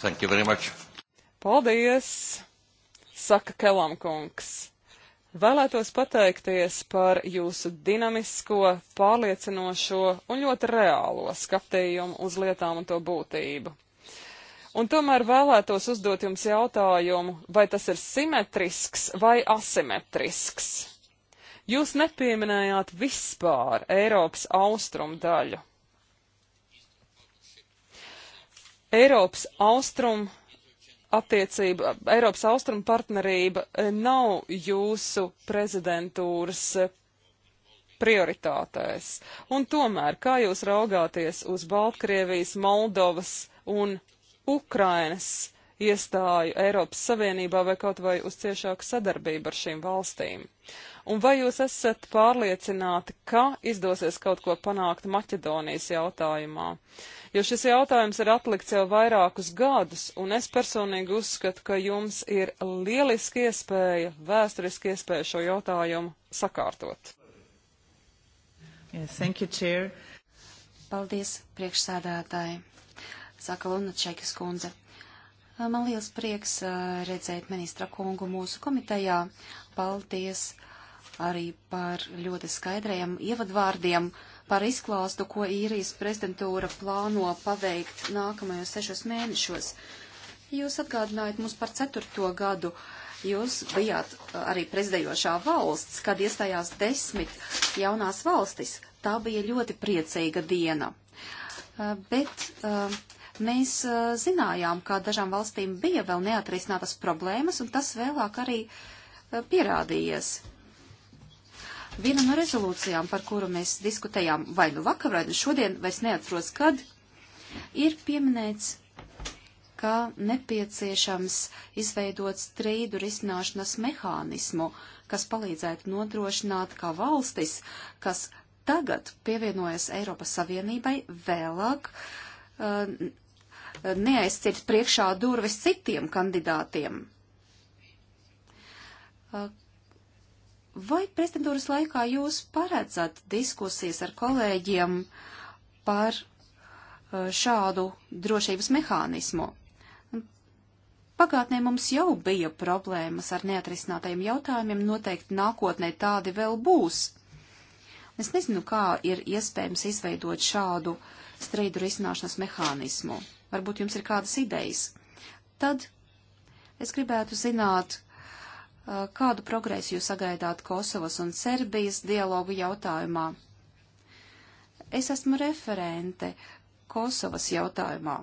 Thank you very much. Paldies, saka Kelamkungs. Vēlētos pateikties par jūsu dinamisko, pārliecinošo un ļoti reālo skatījumu uz lietām un to būtību. Un tomēr vēlētos uzdot jums jautājumu, vai tas ir simetrisks vai asimetrisks. Jūs nepieminējāt vispār Eiropas austrumu daļu. Eiropas austrumu attiecība, Eiropas austrumu partnerība nav jūsu prezidentūras prioritātēs. Un tomēr, kā jūs raugāties uz Baltkrievijas, Moldovas un Ukrainas iestāju Eiropas Savienībā vai kaut vai uz ciešāku sadarbību ar šīm valstīm? Un vai jūs esat pārliecināti, ka izdosies kaut ko panākt Maķedonijas jautājumā? Jo šis jautājums ir atlikts jau vairākus gadus, un es personīgi uzskatu, ka jums ir lieliski iespēja, vēsturiski iespēja šo jautājumu sakārtot. Yes, thank you, Chair. Paldies, priekšsādātāji saka Lunačekas kundze. Man liels prieks redzēt ministra kungu mūsu komitejā. Paldies arī par ļoti skaidrajiem ievadvārdiem, par izklāstu, ko īrijas prezidentūra plāno paveikt nākamajos sešos mēnešos. Jūs atgādinājat mums par ceturto gadu. Jūs bijāt arī prezidējošā valsts, kad iestājās desmit jaunās valstis. Tā bija ļoti priecīga diena. Bet uh, Mēs uh, zinājām, ka dažām valstīm bija vēl neatrisinātas problēmas, un tas vēlāk arī uh, pierādījies. Viena no rezolūcijām, par kuru mēs diskutējām vai nu vakar, vai nu šodien, vairs neatros, kad, ir pieminēts, ka nepieciešams izveidot strīdu risināšanas mehānismu, kas palīdzētu nodrošināt, ka valstis, kas tagad pievienojas Eiropas Savienībai, vēlāk uh, neaizcirt priekšā durvis citiem kandidātiem. Vai prezidentūras laikā jūs paredzat diskusijas ar kolēģiem par šādu drošības mehānismu? Pagātnē mums jau bija problēmas ar neatrisinātajiem jautājumiem, noteikti nākotnē tādi vēl būs. Es nezinu, kā ir iespējams izveidot šādu strīdu risināšanas mehānismu. Varbūt jums ir kādas idejas. Tad es gribētu zināt, kādu progresu jūs sagaidāt Kosovas un Serbijas dialogu jautājumā. Es esmu referente Kosovas jautājumā.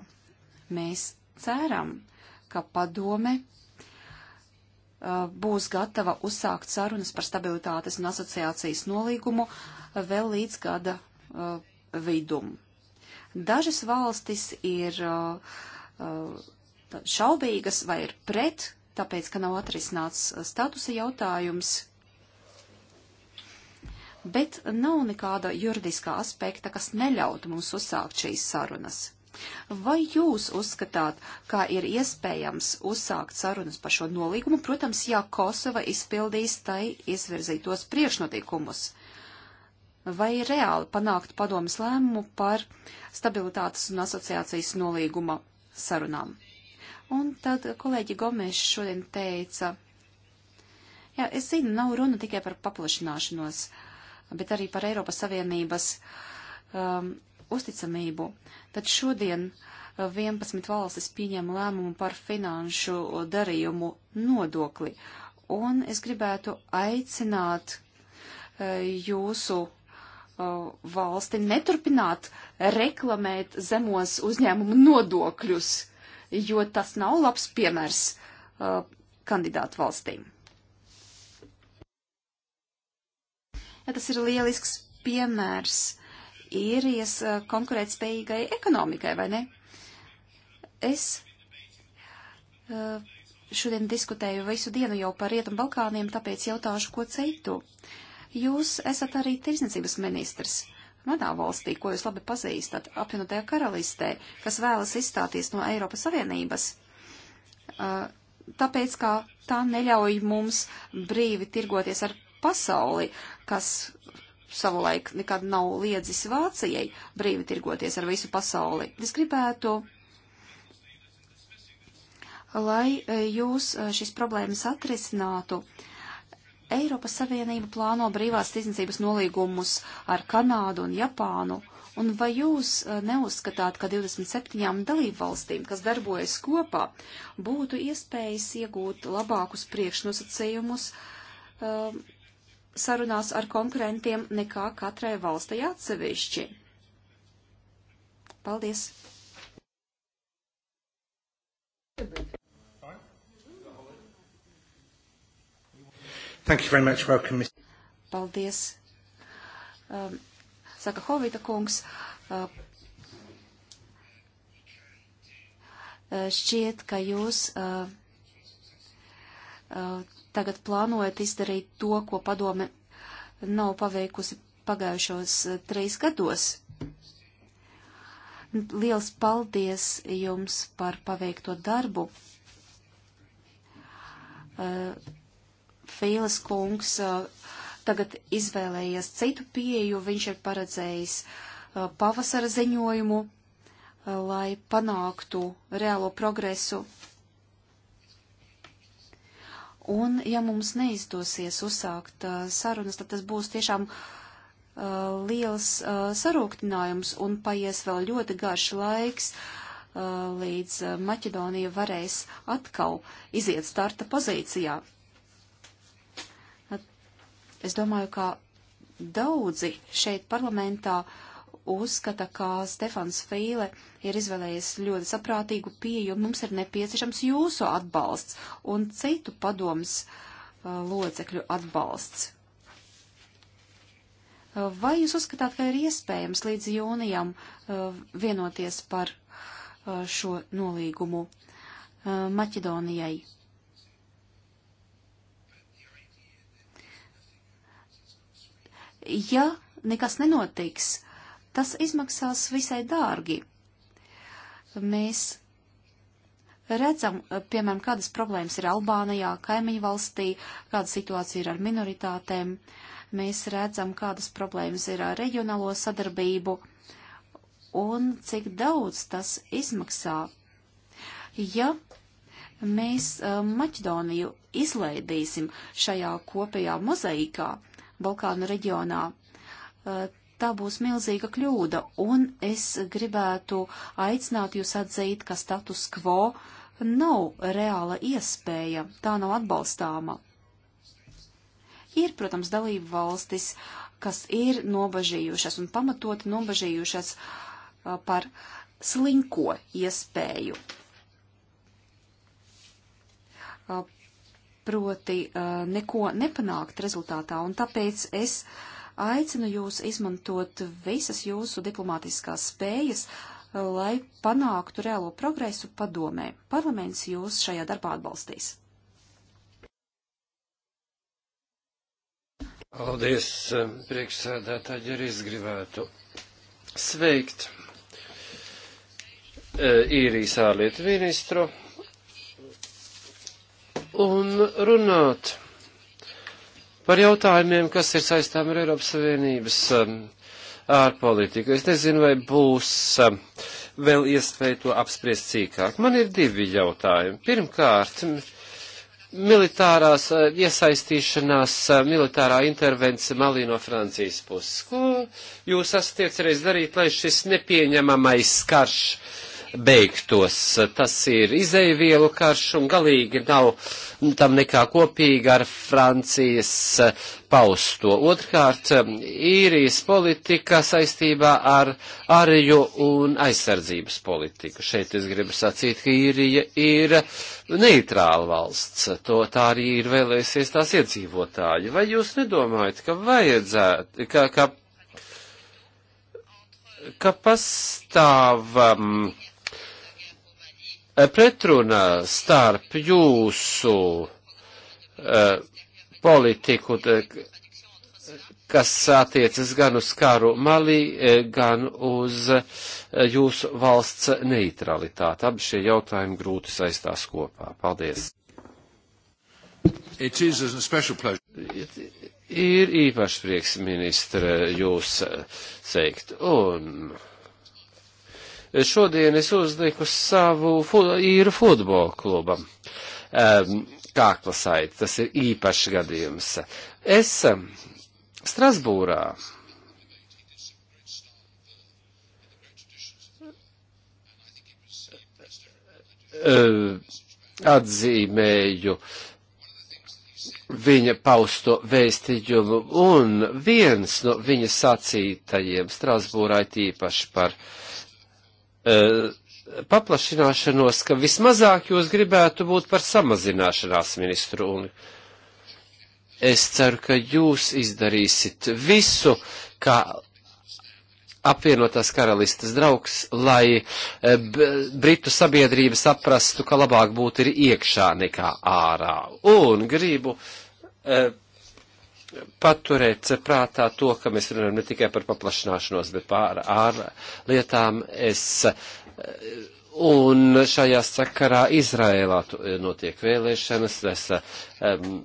Mēs ceram, ka padome būs gatava uzsākt sarunas par stabilitātes un asociācijas nolīgumu vēl līdz gada vidum. Dažas valstis ir uh, uh, šaubīgas vai ir pret, tāpēc, ka nav atrisināts statusa jautājums, bet nav nekāda juridiskā aspekta, kas neļautu mums uzsākt šīs sarunas. Vai jūs uzskatāt, kā ir iespējams uzsākt sarunas par šo nolīgumu, protams, ja Kosova izpildīs tai izvirzītos priekšnotiekumus? vai reāli panākt padomas lēmumu par stabilitātes un asociācijas nolīguma sarunām. Un tad kolēģi Gomes šodien teica, jā, es zinu, nav runa tikai par paplašināšanos, bet arī par Eiropas Savienības um, uzticamību. Tad šodien 11 uh, valstis pieņēma lēmumu par finanšu darījumu nodokli. Un es gribētu aicināt uh, jūsu Uh, valsti neturpināt reklamēt zemos uzņēmumu nodokļus, jo tas nav labs piemērs uh, kandidātu valstīm. Ja tas ir lielisks piemērs īrijas uh, konkurētspējīgai ekonomikai, vai ne? Es uh, šodien diskutēju visu dienu jau par Rietumu Balkāniem, tāpēc jautāšu ko citu. Uh, Jūs esat arī tirsniecības ministrs manā valstī, ko jūs labi pazīstat, apvienotajā karalistē, kas vēlas izstāties no Eiropas Savienības. Tāpēc, ka tā neļauj mums brīvi tirgoties ar pasauli, kas savulaik nekad nav liedzis Vācijai brīvi tirgoties ar visu pasauli. Es gribētu, lai jūs šīs problēmas atrisinātu. Uh, Eiropas Savienība plāno brīvās tirdzniecības nolīgumus ar Kanādu un Japānu, un vai jūs eh, neuzskatāt, ka 27 dalību valstīm, kas darbojas kopā, būtu iespējas iegūt labākus priekšnosacījumus um, sarunās ar konkurentiem nekā katrai valstai atsevišķi? Paldies! Thank you very much. Welcome, Mr. Paldies. Um, saka Hovita kungs. Uh, uh, šķiet, ka jūs uh, uh, tagad plānojat izdarīt to, ko padome nav paveikusi pagājušos uh, trīs gados. Liels paldies jums par paveikto darbu. Uh, Fīles kungs uh, tagad izvēlējies citu pieju, viņš ir paredzējis uh, pavasara ziņojumu, uh, lai panāktu reālo progresu. Un, ja mums neizdosies uzsākt sarunas, tad tas būs tiešām liels sarūktinājums un paies vēl ļoti garš laiks, līdz Maķedonija varēs atkal iziet starta pozīcijā. Es domāju, ka daudzi šeit parlamentā uzskata, ka Stefans Fīle ir izvēlējies ļoti saprātīgu pieju, un mums ir nepieciešams jūsu atbalsts un citu padomas uh, locekļu atbalsts. Uh, vai jūs uzskatāt, ka ir iespējams līdz jūnijam uh, vienoties par uh, šo nolīgumu uh, Maķedonijai? Ja nekas nenotiks, tas izmaksās visai dārgi. Mēs redzam, piemēram, kādas problēmas ir Albānijā, kaimiņu valstī, kāda situācija ir ar minoritātēm. Mēs redzam, kādas problēmas ir ar reģionālo sadarbību un cik daudz tas izmaksā. Ja mēs eh, Maķedoniju izlaidīsim šajā kopējā mozaīkā, Balkānu reģionā. Eh, tā būs milzīga kļūda, un es gribētu aicināt jūs atzīt, ka status quo nav reāla iespēja, tā nav atbalstāma. Ir, protams, dalību valstis, kas ir nobažījušas un pamatoti nobažījušas eh, par slinko iespēju eh, proti uh, neko nepanākt rezultātā, un tāpēc es aicinu jūs izmantot visas jūsu diplomātiskās spējas, uh, lai panāktu reālo progresu padomē. Parlaments jūs šajā darbā atbalstīs. Paldies, um, priekšsēdētāji, arī es gribētu sveikt uh, īrijas ārlietu ministru un runāt par jautājumiem, kas ir saistām ar Eiropas Savienības um, ārpolitiku. Es nezinu, vai būs um, vēl iespēja to apspriest cīkāk. Man ir divi jautājumi. Pirmkārt, militārās uh, iesaistīšanās, uh, militārā intervence Malī no Francijas puses. Ko jūs esat iecerējis darīt, lai šis nepieņemamais karš beigtos. Tas ir izeivielu karš un galīgi nav tam nekā kopīga ar Francijas pausto. Otrkārt, īrijas politika saistībā ar arju un aizsardzības politiku. Šeit es gribu sacīt, ka īrija ir neitrāla valsts. To tā arī ir vēlēsies tās iedzīvotāji. Vai jūs nedomājat, ka vajadzētu, ka, ka, ka pastāv. Um, Eh, pretrunā starp jūsu eh, politiku, kas attiecas gan uz karu malī, eh, gan uz jūsu valsts neutralitāti. Abi šie jautājumi grūti saistās kopā. Paldies! Ir īpašs prieks, ministre, jūs seikt. Un šodien es uzliku savu fut, īru futbola klubam. Um, Kāklasaiti, tas ir īpašs gadījums. Es Strasbūrā atzīmēju viņa pausto vēstījumu, un viens no viņa sacītajiem Strasbūrā ir tīpaši par uh, Eh, paplašināšanos, ka vismazāk jūs gribētu būt par samazināšanās ministru. Un es ceru, ka jūs izdarīsit visu, kā apvienotās karalistas draugs, lai eh, Britu sabiedrība saprastu, ka labāk būt ir iekšā nekā ārā. Un gribu eh, paturēt prātā to, ka mēs runājam ne tikai par paplašināšanos, bet pār ārlietām. Es, un šajā sakarā Izrēlā eh, notiek vēlēšanas. Es um,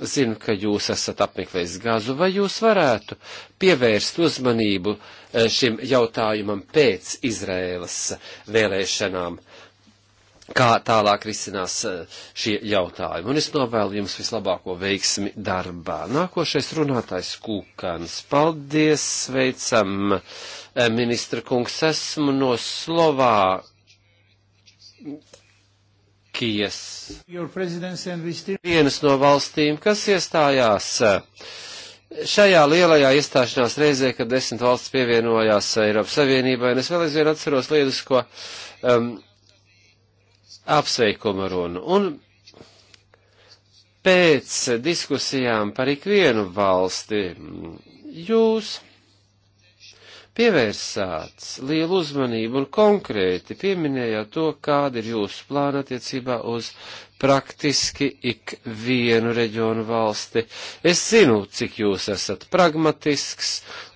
zinu, ka jūs esat apmeklējis gazu, vai jūs varētu pievērst uzmanību eh, šim jautājumam pēc Izrēlas vēlēšanām kā tālāk risinās eh, šie jautājumi. Un es novēlu jums vislabāko veiksmi darbā. Nākošais runātājs Kūkans. Paldies, sveicam, eh, ministra kungs. Esmu no Slovākijas. Vienas no valstīm, kas iestājās eh, šajā lielajā iestāšanās reizē, kad desmit valsts pievienojās Eiropas Savienībai, un es vēl aizvien atceros lietas, ko. Um, ehm, apsveikuma runu. Un pēc diskusijām par ikvienu valsti jūs pievērsāt lielu uzmanību un konkrēti pieminējāt to, kāda ir jūsu plāna attiecībā uz praktiski ikvienu reģionu valsti. Es zinu, cik jūs esat pragmatisks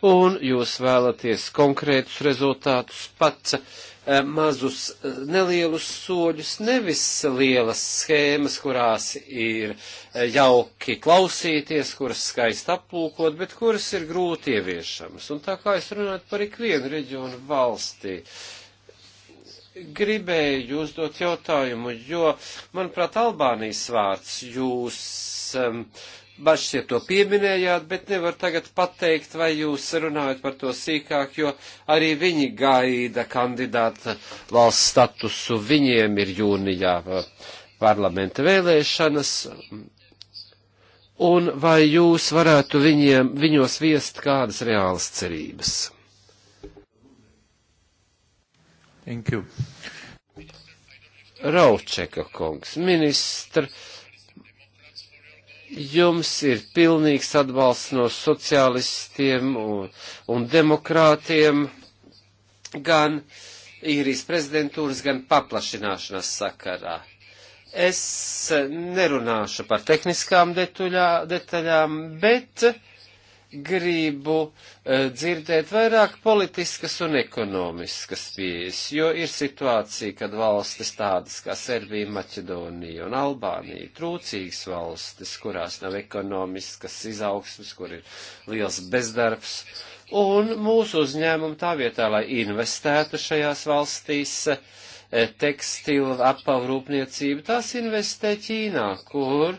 un jūs vēlaties konkrētus rezultātus pats Eh, mazus eh, nelielus soļus, nevis lielas schēmas, kurās ir eh, jauki klausīties, kuras skaisti aplūkot, bet kuras ir grūti ieviešamas. Un tā kā es runātu par ikvienu reģionu valstī, gribēju uzdot jautājumu, jo, manuprāt, Albānijas vārds jūs um, uh, Bažs, ja to pieminējāt, bet nevar tagad pateikt, vai jūs runājat par to sīkāk, jo arī viņi gaida kandidāta valsts statusu. Viņiem ir jūnijā eh, parlamenta vēlēšanas. Un vai jūs varētu viņiem, viņos viest kādas reālas cerības? Thank you. Raučeka kungs, ministra Jums ir pilnīgs atbalsts no sociālistiem un, un demokrātiem, gan īrijas prezidentūras, gan paplašināšanās sakarā. Es nerunāšu par tehniskām detuļā, detaļām, bet uh, gribu uh, dzirdēt vairāk politiskas un ekonomiskas pieejas, jo ir situācija, kad valstis tādas kā Serbija, Maķedonija un Albānija, trūcīgas valstis, kurās nav ekonomiskas izaugsmas, kur ir liels bezdarbs, un mūsu uzņēmumi tā vietā, lai investētu šajās valstīs, eh, tekstilu apavrūpniecību, tās investē Ķīnā, kur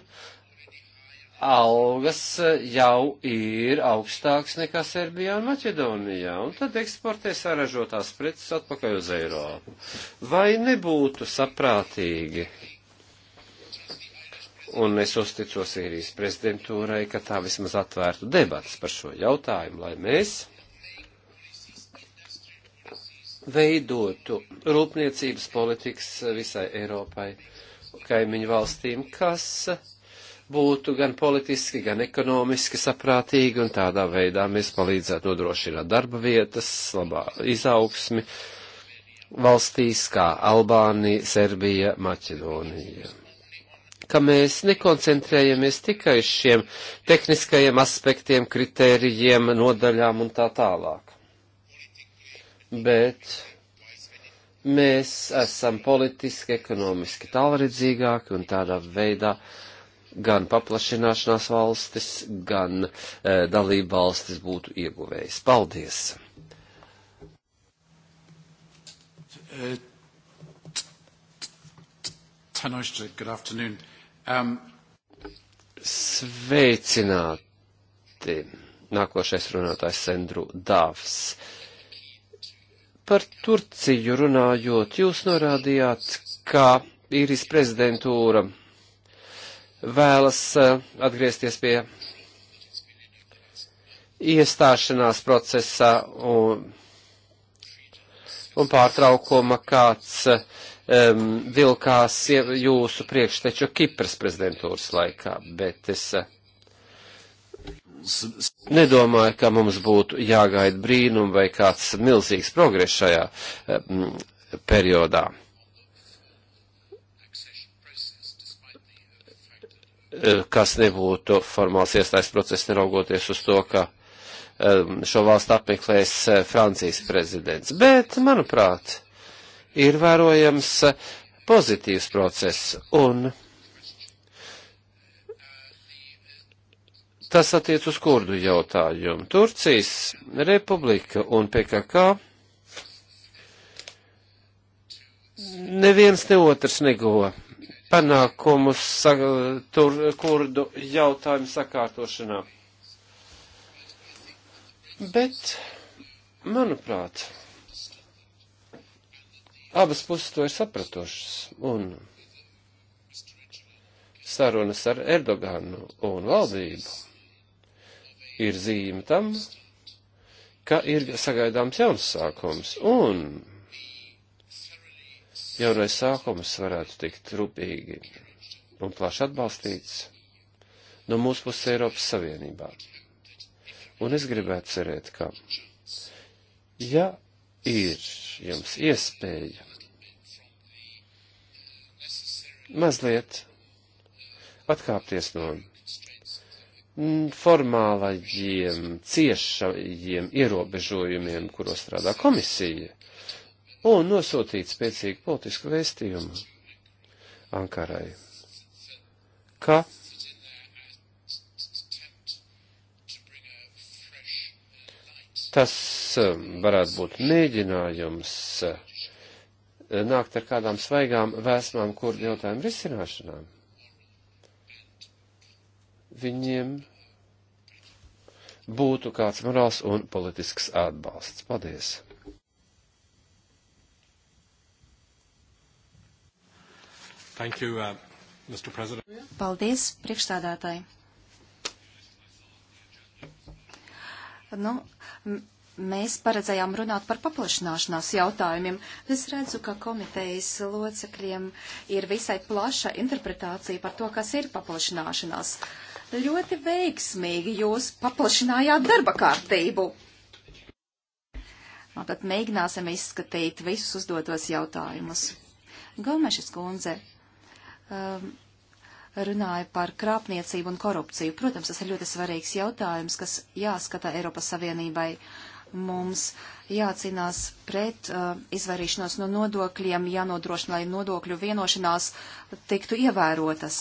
algas eh, jau ir augstāks nekā Serbijā un Maķedonijā, un tad eksportē saražotās preces atpakaļ uz Eiropu. Vai nebūtu saprātīgi? Un es uzticos īrijas prezidentūrai, ka tā vismaz atvērtu debats par šo jautājumu, lai mēs veidotu rūpniecības politikas visai Eiropai, kaimiņu valstīm, kas būtu gan politiski, gan ekonomiski saprātīgi, un tādā veidā mēs palīdzētu nodrošināt darba vietas, labā izaugsmi valstīs kā Albānija, Serbija, Maķedonija. Ka mēs nekoncentrējamies tikai uz šiem tehniskajiem aspektiem, kritērijiem, nodaļām un tā tālāk. Bet mēs esam politiski, ekonomiski tālredzīgāki un tādā veidā uh, gan paplašināšanās valstis, gan e, eh, dalība valstis būtu ieguvējis. Paldies! Eh, um, Sveicināti! Nākošais runātājs Sendru Dāvs. Par Turciju runājot, jūs norādījāt, ka īrijas prezidentūra vēlas eh, atgriezties pie iestāšanās procesā un, un pārtraukuma, kāds um, vilkās jūsu priekšteču Kipras prezidentūras laikā, bet es eh, nedomāju, ka mums būtu jāgaida brīnum vai kāds milzīgs progress šajā um, periodā. kas nebūtu formāls iestājas process, neraugoties uz to, ka um, šo valstu apmeklēs uh, Francijas prezidents. Bet, manuprāt, ir vērojams uh, pozitīvs process, un tas attiec uz kurdu jautājumu. Turcijas republika un PKK neviens ne otrs neguva panākumus tur, kurdu jautājumu sakārtošanā. Bet, manuprāt, abas puses to ir sapratošas, un sarunas ar Erdoganu un valdību ir zīme tam, ka ir sagaidāms jauns sākums, un jau no sākumas varētu tikt rūpīgi un plaši atbalstīts no mūsu puses Eiropas Savienībā. Un es gribētu cerēt, ka, ja ir jums iespēja mazliet atkāpties no formālajiem, ciešajiem ierobežojumiem, kuros strādā komisija, un nosūtīt spēcīgu politisku vēstījumu Ankarai, ka tas um, varētu būt mēģinājums uh, nākt ar kādām svaigām vēsmām kurdu jautājumu risināšanām. Viņiem būtu kāds morāls un politisks atbalsts. Paldies! Thank you, uh, Mr. President. Paldies, priekšstādātāji. Nu, mēs paredzējām runāt par paplašināšanās jautājumiem. Es redzu, ka komitejas locekļiem ir visai plaša interpretācija par to, kas ir paplašināšanās. Ļoti veiksmīgi jūs paplašinājāt darba kārtību. Un tad mēģināsim izskatīt visus uzdotos jautājumus. Gomešas kundze um, runāja par krāpniecību un korupciju. Protams, tas ir ļoti svarīgs jautājums, kas jāskata Eiropas Savienībai. Mums jācīnās pret uh, izvairīšanos no nodokļiem, jānodrošina, lai nodokļu vienošanās tiktu ievērotas.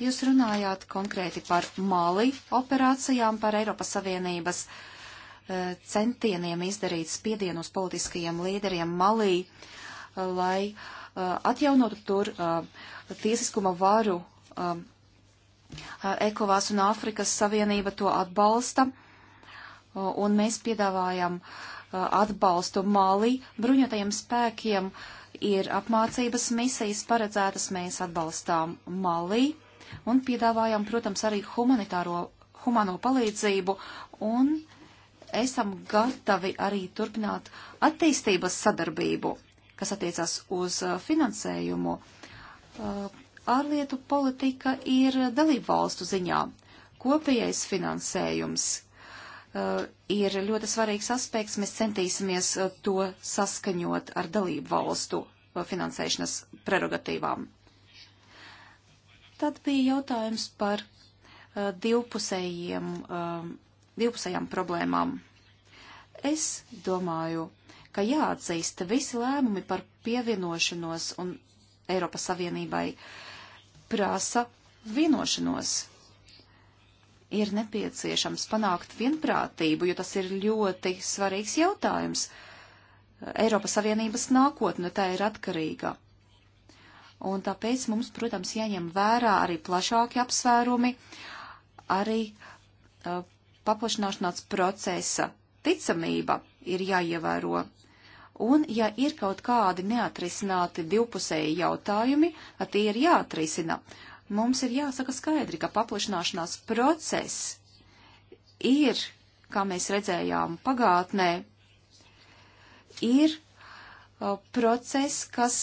Jūs runājāt konkrēti par Mali operācijām, par Eiropas Savienības uh, centieniem izdarīt spiedienu uz politiskajiem līderiem Malī, uh, lai uh, Uh, atjaunot tur uh, tiesiskuma varu. Um, uh, Ekovās un Āfrikas Savienība to atbalsta, un mēs piedāvājam atbalstu Mali. Bruņotajiem spēkiem ir apmācības misijas paredzētas, mēs atbalstām Mali un piedāvājam, protams, arī humanitāro, humano palīdzību un esam gatavi arī turpināt attīstības sadarbību kas attiecas uz uh, finansējumu, uh, ārlietu politika ir dalību valstu ziņā. Kopējais finansējums uh, ir ļoti svarīgs aspekts. Mēs centīsimies to saskaņot ar dalību valstu finansēšanas prerogatīvām. Tad bija jautājums par divpusējiem, divpusējām problēmām. Es domāju, ka jāatzīst visi lēmumi par pievienošanos un Eiropas Savienībai prasa vienošanos. Ir nepieciešams panākt vienprātību, jo tas ir ļoti svarīgs jautājums. Eiropas Savienības nākotne tā ir atkarīga un tāpēc mums, protams, jāņem vērā arī plašāki apsvērumi, arī uh, paplašināšanās procesa ticamība ir jāievēro Un, ja ir kaut kādi neatrisināti divpusēji jautājumi, tad tie ir jāatrisina. Mums ir jāsaka skaidri, ka paplašināšanās process ir, kā mēs redzējām pagātnē, ir uh, process, kas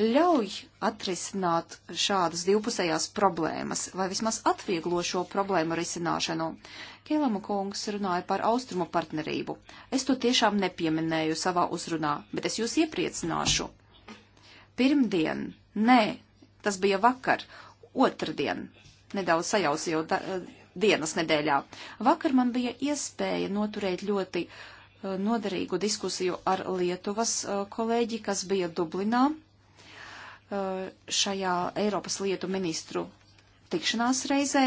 ļauj atrisināt šādas divpusējās problēmas, vai vismaz atvieglo šo problēmu risināšanu. Kēlama kungs runāja par austrumu partnerību. Es to tiešām nepieminēju savā uzrunā, bet es jūs iepriecināšu. Pirmdien, nē, tas bija vakar, otrdien, nedaudz sajausīju da, eh, dienas nedēļā. Vakar man bija iespēja noturēt ļoti eh, noderīgu diskusiju ar Lietuvas eh, kolēģi, kas bija Dublinā šajā Eiropas lietu ministru tikšanās reizē,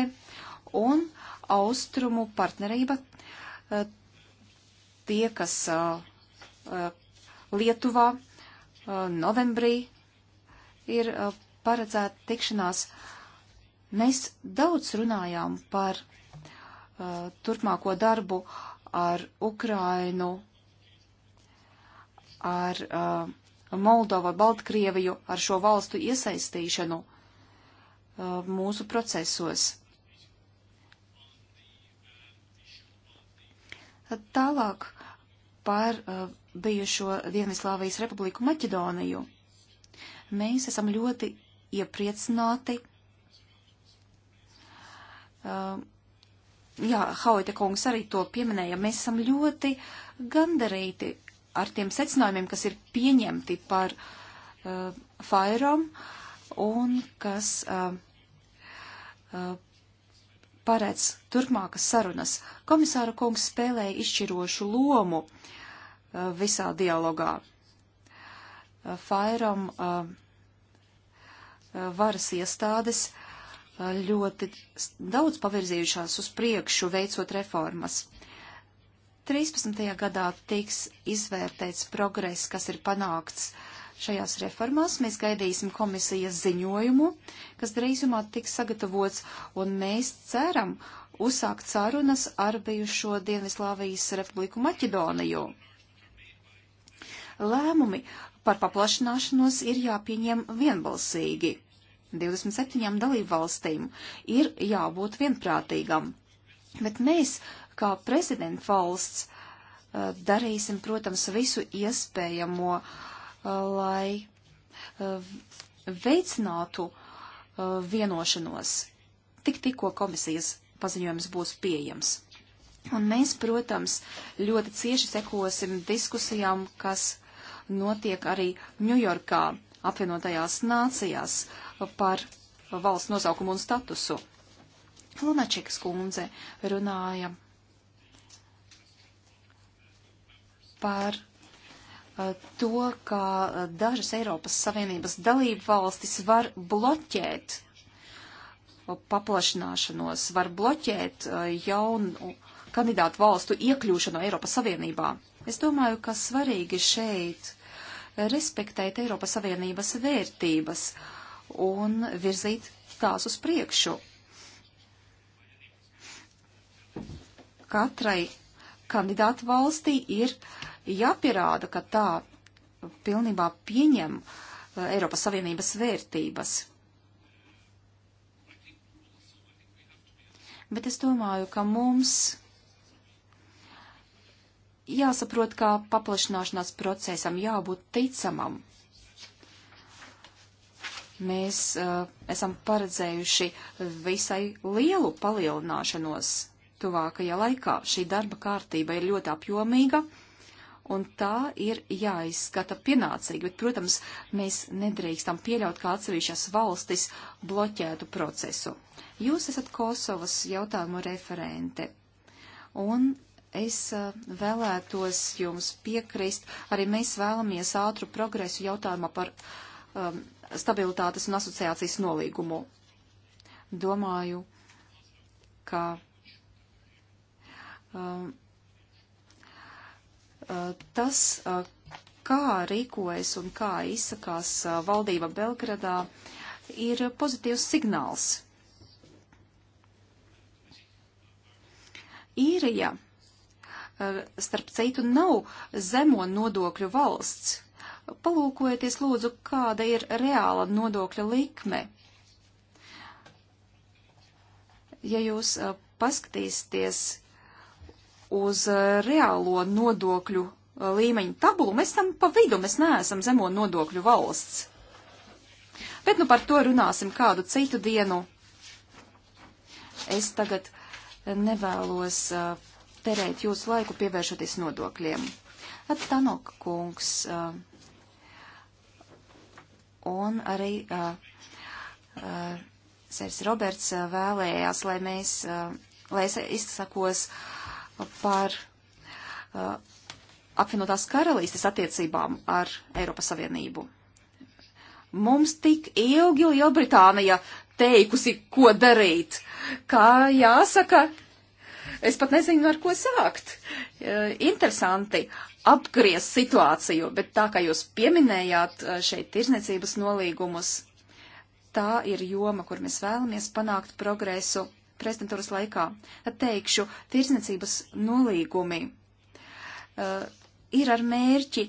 un austrumu partnerība. Eh, tie, kas eh, Lietuvā eh, novembrī ir paredzēta tikšanās, mēs daudz runājām par turpmāko darbu ar Ukrainu, ar Moldovu, Baltkrieviju, ar šo valstu iesaistīšanu mūsu procesos. Tālāk par uh, bijušo Dienvidslāvijas republiku Maķedoniju. Mēs esam ļoti iepriecināti. Uh, jā, Haute kungs arī to pieminēja. Mēs esam ļoti gandarīti ar tiem secinājumiem, kas ir pieņemti par uh, Fairom un kas uh, uh, paredz turpmākas sarunas. Komisāra kungs spēlēja izšķirošu lomu uh, visā dialogā. Uh, Fairam uh, varas iestādes ļoti daudz pavirzījušās uz priekšu, veicot reformas. 13. gadā tiks izvērtēts progress, kas ir panākts uh, Šajās reformās mēs gaidīsim komisijas ziņojumu, kas drīzumā tiks sagatavots, un mēs ceram uzsākt sarunas ar bijušo Dienvidslāvijas republiku Maķedoniju. Lēmumi par paplašināšanos ir jāpieņem vienbalsīgi. 27 dalību valstīm ir jābūt vienprātīgam. Bet mēs, kā prezidenta valsts, eh, darīsim, protams, visu iespējamo uh, lai eh, veicinātu eh, vienošanos. Tik tikko komisijas paziņojums būs pieejams. Un mēs, protams, ļoti cieši sekosim diskusijām, kas notiek arī Ņujorkā apvienotajās nācijās par valsts nosaukumu un statusu. Lunačiks kundze runāja par to, ka dažas Eiropas Savienības dalību valstis var bloķēt paplašināšanos, var bloķēt jaunu kandidātu valstu iekļūšanu Eiropas Savienībā. Es domāju, ka svarīgi šeit respektēt Eiropas Savienības vērtības un virzīt tās uz priekšu. Katrai kandidātu valstī ir jāpierāda, ka tā pilnībā pieņem uh, Eiropas Savienības vērtības. Bet es domāju, ka mums jāsaprot, ka paplašināšanās procesam jābūt ticamam. Mēs uh, esam paredzējuši visai lielu palielināšanos tuvākajā laikā. Šī darba kārtība ir ļoti apjomīga, un tā ir jāizskata pienācīgi, bet, protams, mēs nedrīkstam pieļaut, kā atsevišķas valstis bloķētu procesu. Jūs esat Kosovas jautājumu referente, un es eh, vēlētos jums piekrist, arī mēs vēlamies ātru progresu jautājumā par um, stabilitātes un asociācijas nolīgumu. Domāju, ka Um, uh, tas, uh, kā rīkojas un kā izsakās uh, valdība Belgradā, ir pozitīvs signāls. Īrija, starp citu, nav zemo nodokļu valsts. Palūkojieties, lūdzu, kāda ir reāla nodokļa likme. Ja jūs paskatīsieties uz eh, reālo nodokļu eh, līmeņu tabulu, mēs esam pa vidu, mēs neesam zemo nodokļu valsts. Bet nu par to runāsim kādu citu dienu. Es tagad eh, nevēlos uh, terēt jūsu laiku pievēršoties nodokļiem. Tanok kungs uh, un arī uh, uh, Sērs Roberts vēlējās, lai mēs, uh, lai es izsakos uh, par uh, apvienotās karalīstes attiecībām ar Eiropas Savienību. Mums tik ilgi Lielbritānija teikusi, ko darīt, kā jāsaka, es pat nezinu, ar ko sākt. Uh, interesanti apgriezt situāciju, bet tā kā jūs pieminējāt uh, šeit tirzniecības nolīgumus, tā ir joma, kur mēs vēlamies panākt progresu prezidentūras laikā. Tad teikšu, tirsniecības nolīgumi uh, ir ar mērķi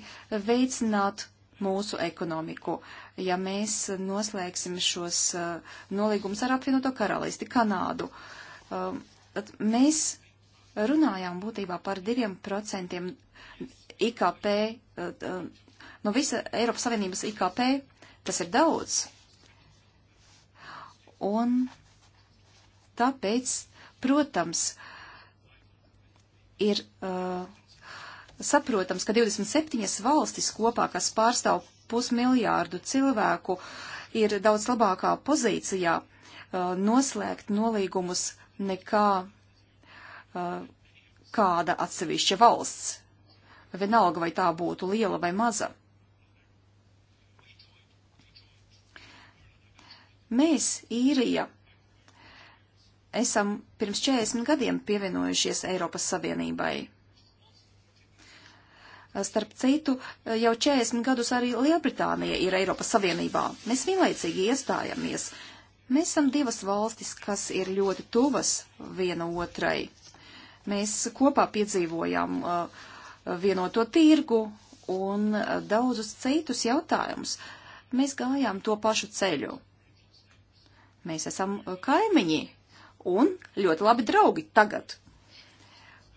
veicināt mūsu ekonomiku. Ja mēs noslēgsim šos uh, nolīgumus ar apvienoto karalisti Kanādu, um, tad mēs runājām būtībā par diviem procentiem IKP, uh, uh, no visa Eiropas Savienības IKP, tas ir daudz. Un Tāpēc, protams, ir uh, saprotams, ka 27 valstis kopā, kas pārstāv pusmiljārdu cilvēku, ir daudz labākā pozīcijā uh, noslēgt nolīgumus nekā uh, kāda atsevišķa valsts. Vienalga, vai tā būtu liela vai maza. Mēs, īrija, esam pirms 40 gadiem pievienojušies Eiropas Savienībai. Starp citu, jau 40 gadus arī Lielbritānija ir Eiropas Savienībā. Mēs vienlaicīgi iestājamies. Mēs esam divas valstis, kas ir ļoti tuvas viena otrai. Mēs kopā piedzīvojam uh, vienoto tirgu un uh, daudzus citus jautājumus. Mēs gājām to pašu ceļu. Mēs esam uh, kaimiņi un ļoti labi draugi tagad.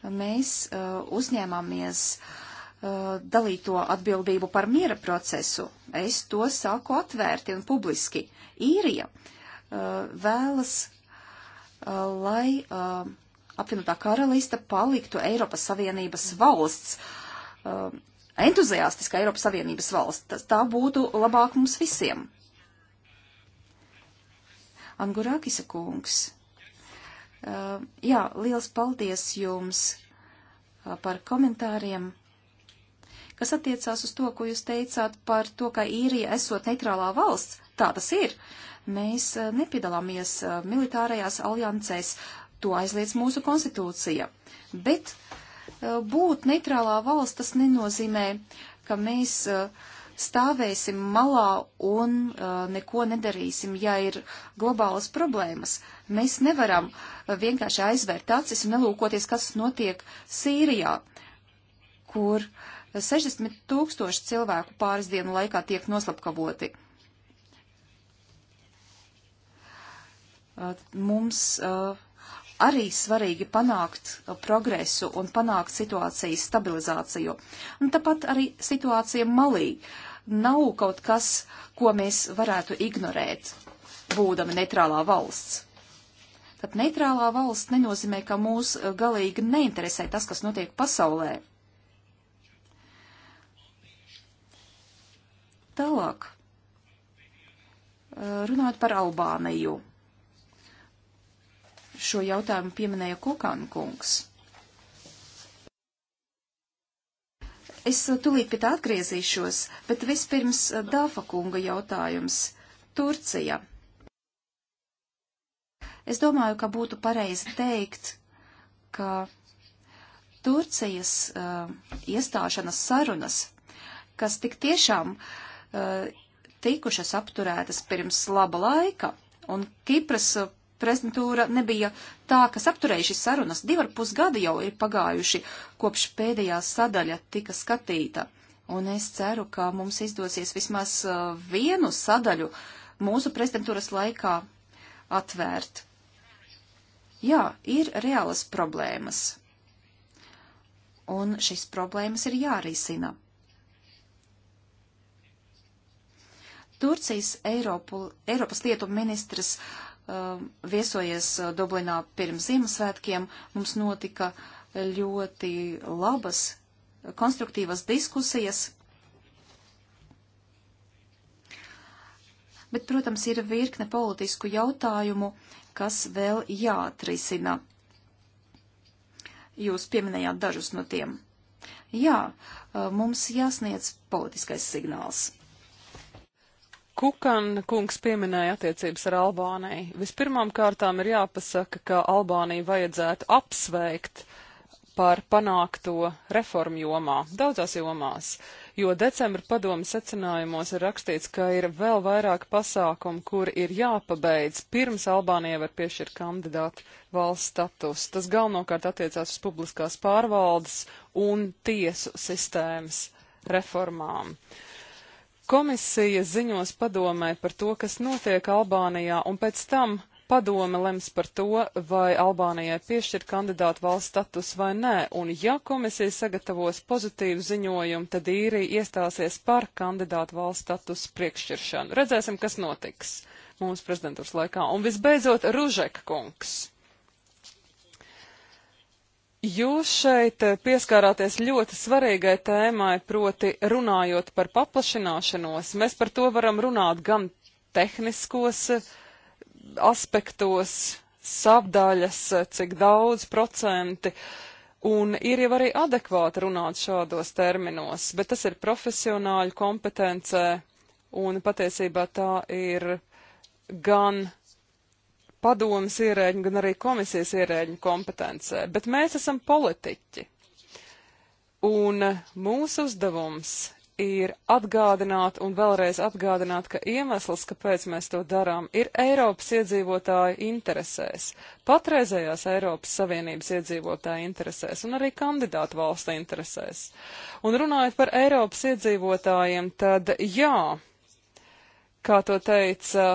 Mēs uh, uzņēmāmies uh, dalīto atbildību par miera procesu. Es to sāku atvērti un publiski. Īrija uh, vēlas, uh, lai uh, apvienotā karalista paliktu Eiropas Savienības valsts. Uh, entuziastiska Eiropas Savienības valsts. Tā būtu labāk mums visiem. Angurākisa kungs Eh, jā, liels paldies jums eh, par komentāriem, kas attiecās uz to, ko jūs teicāt par to, ka īrija esot neitrālā valsts. Tā tas ir. Mēs eh, nepiedalāmies militārajās aliansēs. To aizliedz mūsu konstitūcija. Bet būt neitrālā valsts tas nenozīmē, ka mēs uh, stāvēsim malā un uh, neko nedarīsim, ja ir globālas problēmas. Mēs nevaram uh, vienkārši aizvērt acis un nelūkoties, kas notiek Sīrijā, kur 60 tūkstoši cilvēku pāris dienu laikā tiek noslapkavoti. Uh, mums uh, arī svarīgi panākt uh, progresu un panākt situācijas stabilizāciju. Un tāpat arī situācija malī. Uh, nav kaut kas, ko mēs varētu ignorēt, būdami neitrālā valsts. Tad neitrālā valsts nenozīmē, ka mūs eh, galīgi neinteresē tas, kas notiek pasaulē. Tālāk, eh, runājot par Albāniju. Šo jautājumu pieminēja Kukāna kungs. Es eh, tūlīt pie tā atgriezīšos, bet vispirms eh, Dāfa kunga jautājums. Turcija. Es domāju, ka būtu pareizi teikt, ka Turcijas uh, iestāšanas sarunas, kas tik tiešām uh, tikušas apturētas pirms laba laika, un Kipras prezidentūra nebija tā, kas apturēja šīs sarunas. Divi ar pus gadi jau ir pagājuši, kopš pēdējā sadaļa tika skatīta. Un es ceru, ka mums izdosies vismaz uh, vienu sadaļu mūsu prezidentūras laikā atvērt. Jā, ir reālas problēmas. Un šīs problēmas ir jārisina. Turcijas Eiropu, Eiropas lietu ministrs uh, Um, viesojies uh, Dublinā pirms Ziemassvētkiem, mums notika ļoti labas, konstruktīvas diskusijas. Bet, protams, ir virkne politisku jautājumu, kas vēl jāatrisina. Jūs pieminējāt dažus no tiem. Jā, uh, mums jāsniedz politiskais signāls. Kukan kungs pieminēja attiecības ar Albāniju. Vispirmām kārtām ir jāpasaka, ka Albāniju vajadzētu apsveikt par panākto reformu jomā, daudzās jomās, jo decembra padomu secinājumos ir rakstīts, ka ir vēl vairāk pasākumu, kur ir jāpabeidz pirms Albānija var piešķirt kandidātu valsts status. Tas galvenokārt attiecās uz publiskās pārvaldes un tiesu sistēmas reformām. Uh, Komisija ziņos padomē par to, kas notiek Albānijā, un pēc tam padome lems par to, vai Albānijai piešķir kandidātu valsts status vai nē, un ja komisija sagatavos pozitīvu ziņojumu, tad īrija iestāsies par kandidātu valsts status priekšķiršanu. Redzēsim, kas notiks mūsu prezidentūras laikā. Un visbeidzot, Ružek kungs. Jūs šeit eh, pieskārāties ļoti svarīgai tēmai, proti runājot par paplašināšanos. Mēs par to varam runāt gan tehniskos eh, aspektos, sapdaļas, eh, cik daudz procenti, un ir jau arī adekvāti runāt šādos terminos, bet tas ir profesionāļu kompetencē, un patiesībā tā ir gan padomas ierēģi, gan arī komisijas ierēģi kompetencē, bet mēs esam politiķi. Un mūsu uzdevums ir atgādināt un vēlreiz atgādināt, ka iemesls, kāpēc mēs to darām, ir Eiropas iedzīvotāju interesēs, patreizējās Eiropas Savienības iedzīvotāju interesēs un arī kandidātu valstu interesēs. Un runājot par Eiropas iedzīvotājiem, tad jā, kā to teica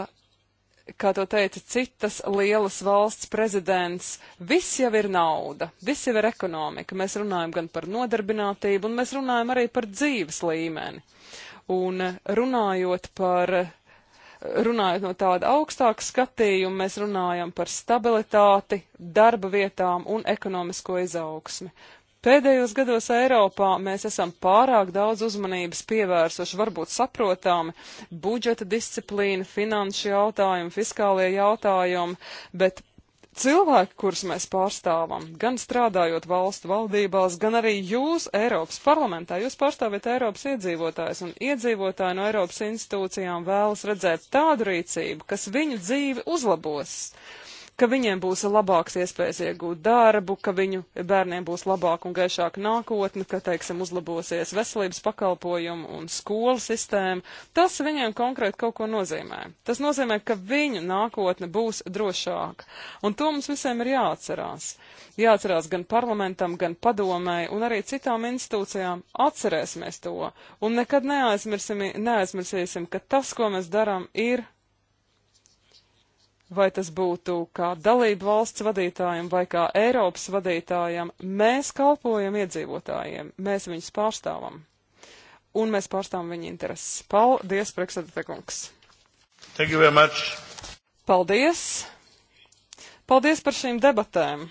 kā to teica citas lielas valsts prezidents, viss jau ir nauda, viss jau ir ekonomika. Mēs runājam gan par nodarbinātību, un mēs runājam arī par dzīves līmeni. Un runājot par, runājot no tāda augstāka skatījuma, mēs runājam par stabilitāti, darba vietām un ekonomisko izaugsmi. Pēdējos gados Eiropā mēs esam pārāk daudz uzmanības pievērsuši, varbūt saprotami, budžeta disciplīna, finanšu jautājumi, fiskālie jautājumi, bet cilvēki, kurus mēs pārstāvam, gan strādājot valstu valdībās, gan arī jūs Eiropas parlamentā, jūs pārstāvjat Eiropas iedzīvotājus, un iedzīvotāji no Eiropas institūcijām vēlas redzēt tādu rīcību, kas viņu dzīvi uzlabos ka viņiem būs labāks iespējas iegūt darbu, ka viņu bērniem būs labāka un gaišāka nākotne, ka, teiksim, uzlabosies veselības pakalpojumu un skolu sistēma. Tas viņiem konkrēti kaut ko nozīmē. Tas nozīmē, ka viņu nākotne būs drošāka. Un to mums visiem ir jāatcerās. Jāatcerās gan parlamentam, gan padomēji un arī citām institūcijām. Atcerēsimies to un nekad neaizmirsīsim, ka tas, ko mēs darām, ir vai tas būtu kā dalību valsts vadītājiem vai kā Eiropas vadītājiem, mēs kalpojam iedzīvotājiem, mēs viņus pārstāvam. Un mēs pārstāvam viņu intereses. Paldies, priekšsēdētājkungs! Thank you very much! Paldies! Paldies par šīm debatēm!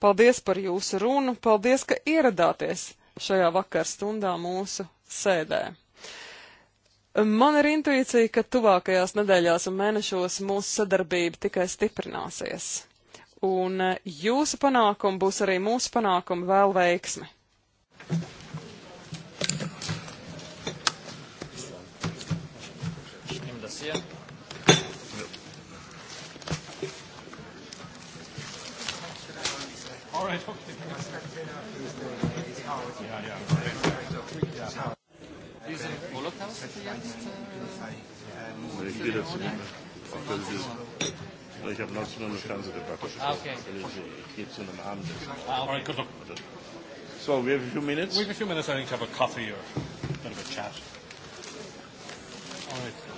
Paldies par jūsu runu, paldies, ka ieradāties šajā vakar stundā mūsu sēdē. Man ir intuīcija, ka tuvākajās nedēļās un mēnešos mūsu sadarbība tikai stiprināsies. Un eh, jūsu panākumi būs arī mūsu panākumi vēl veiksmi. Ja. All right, okay. Ich gehe dazu nicht. Ich habe 19 Uhr eine Fernsehdebatte. Ah, okay. Ich gehe zu einem Abendessen. Ah, okay. Good luck. So, we have a few minutes? We have a few minutes, I think, to have a coffee or a bit of a chat. All right.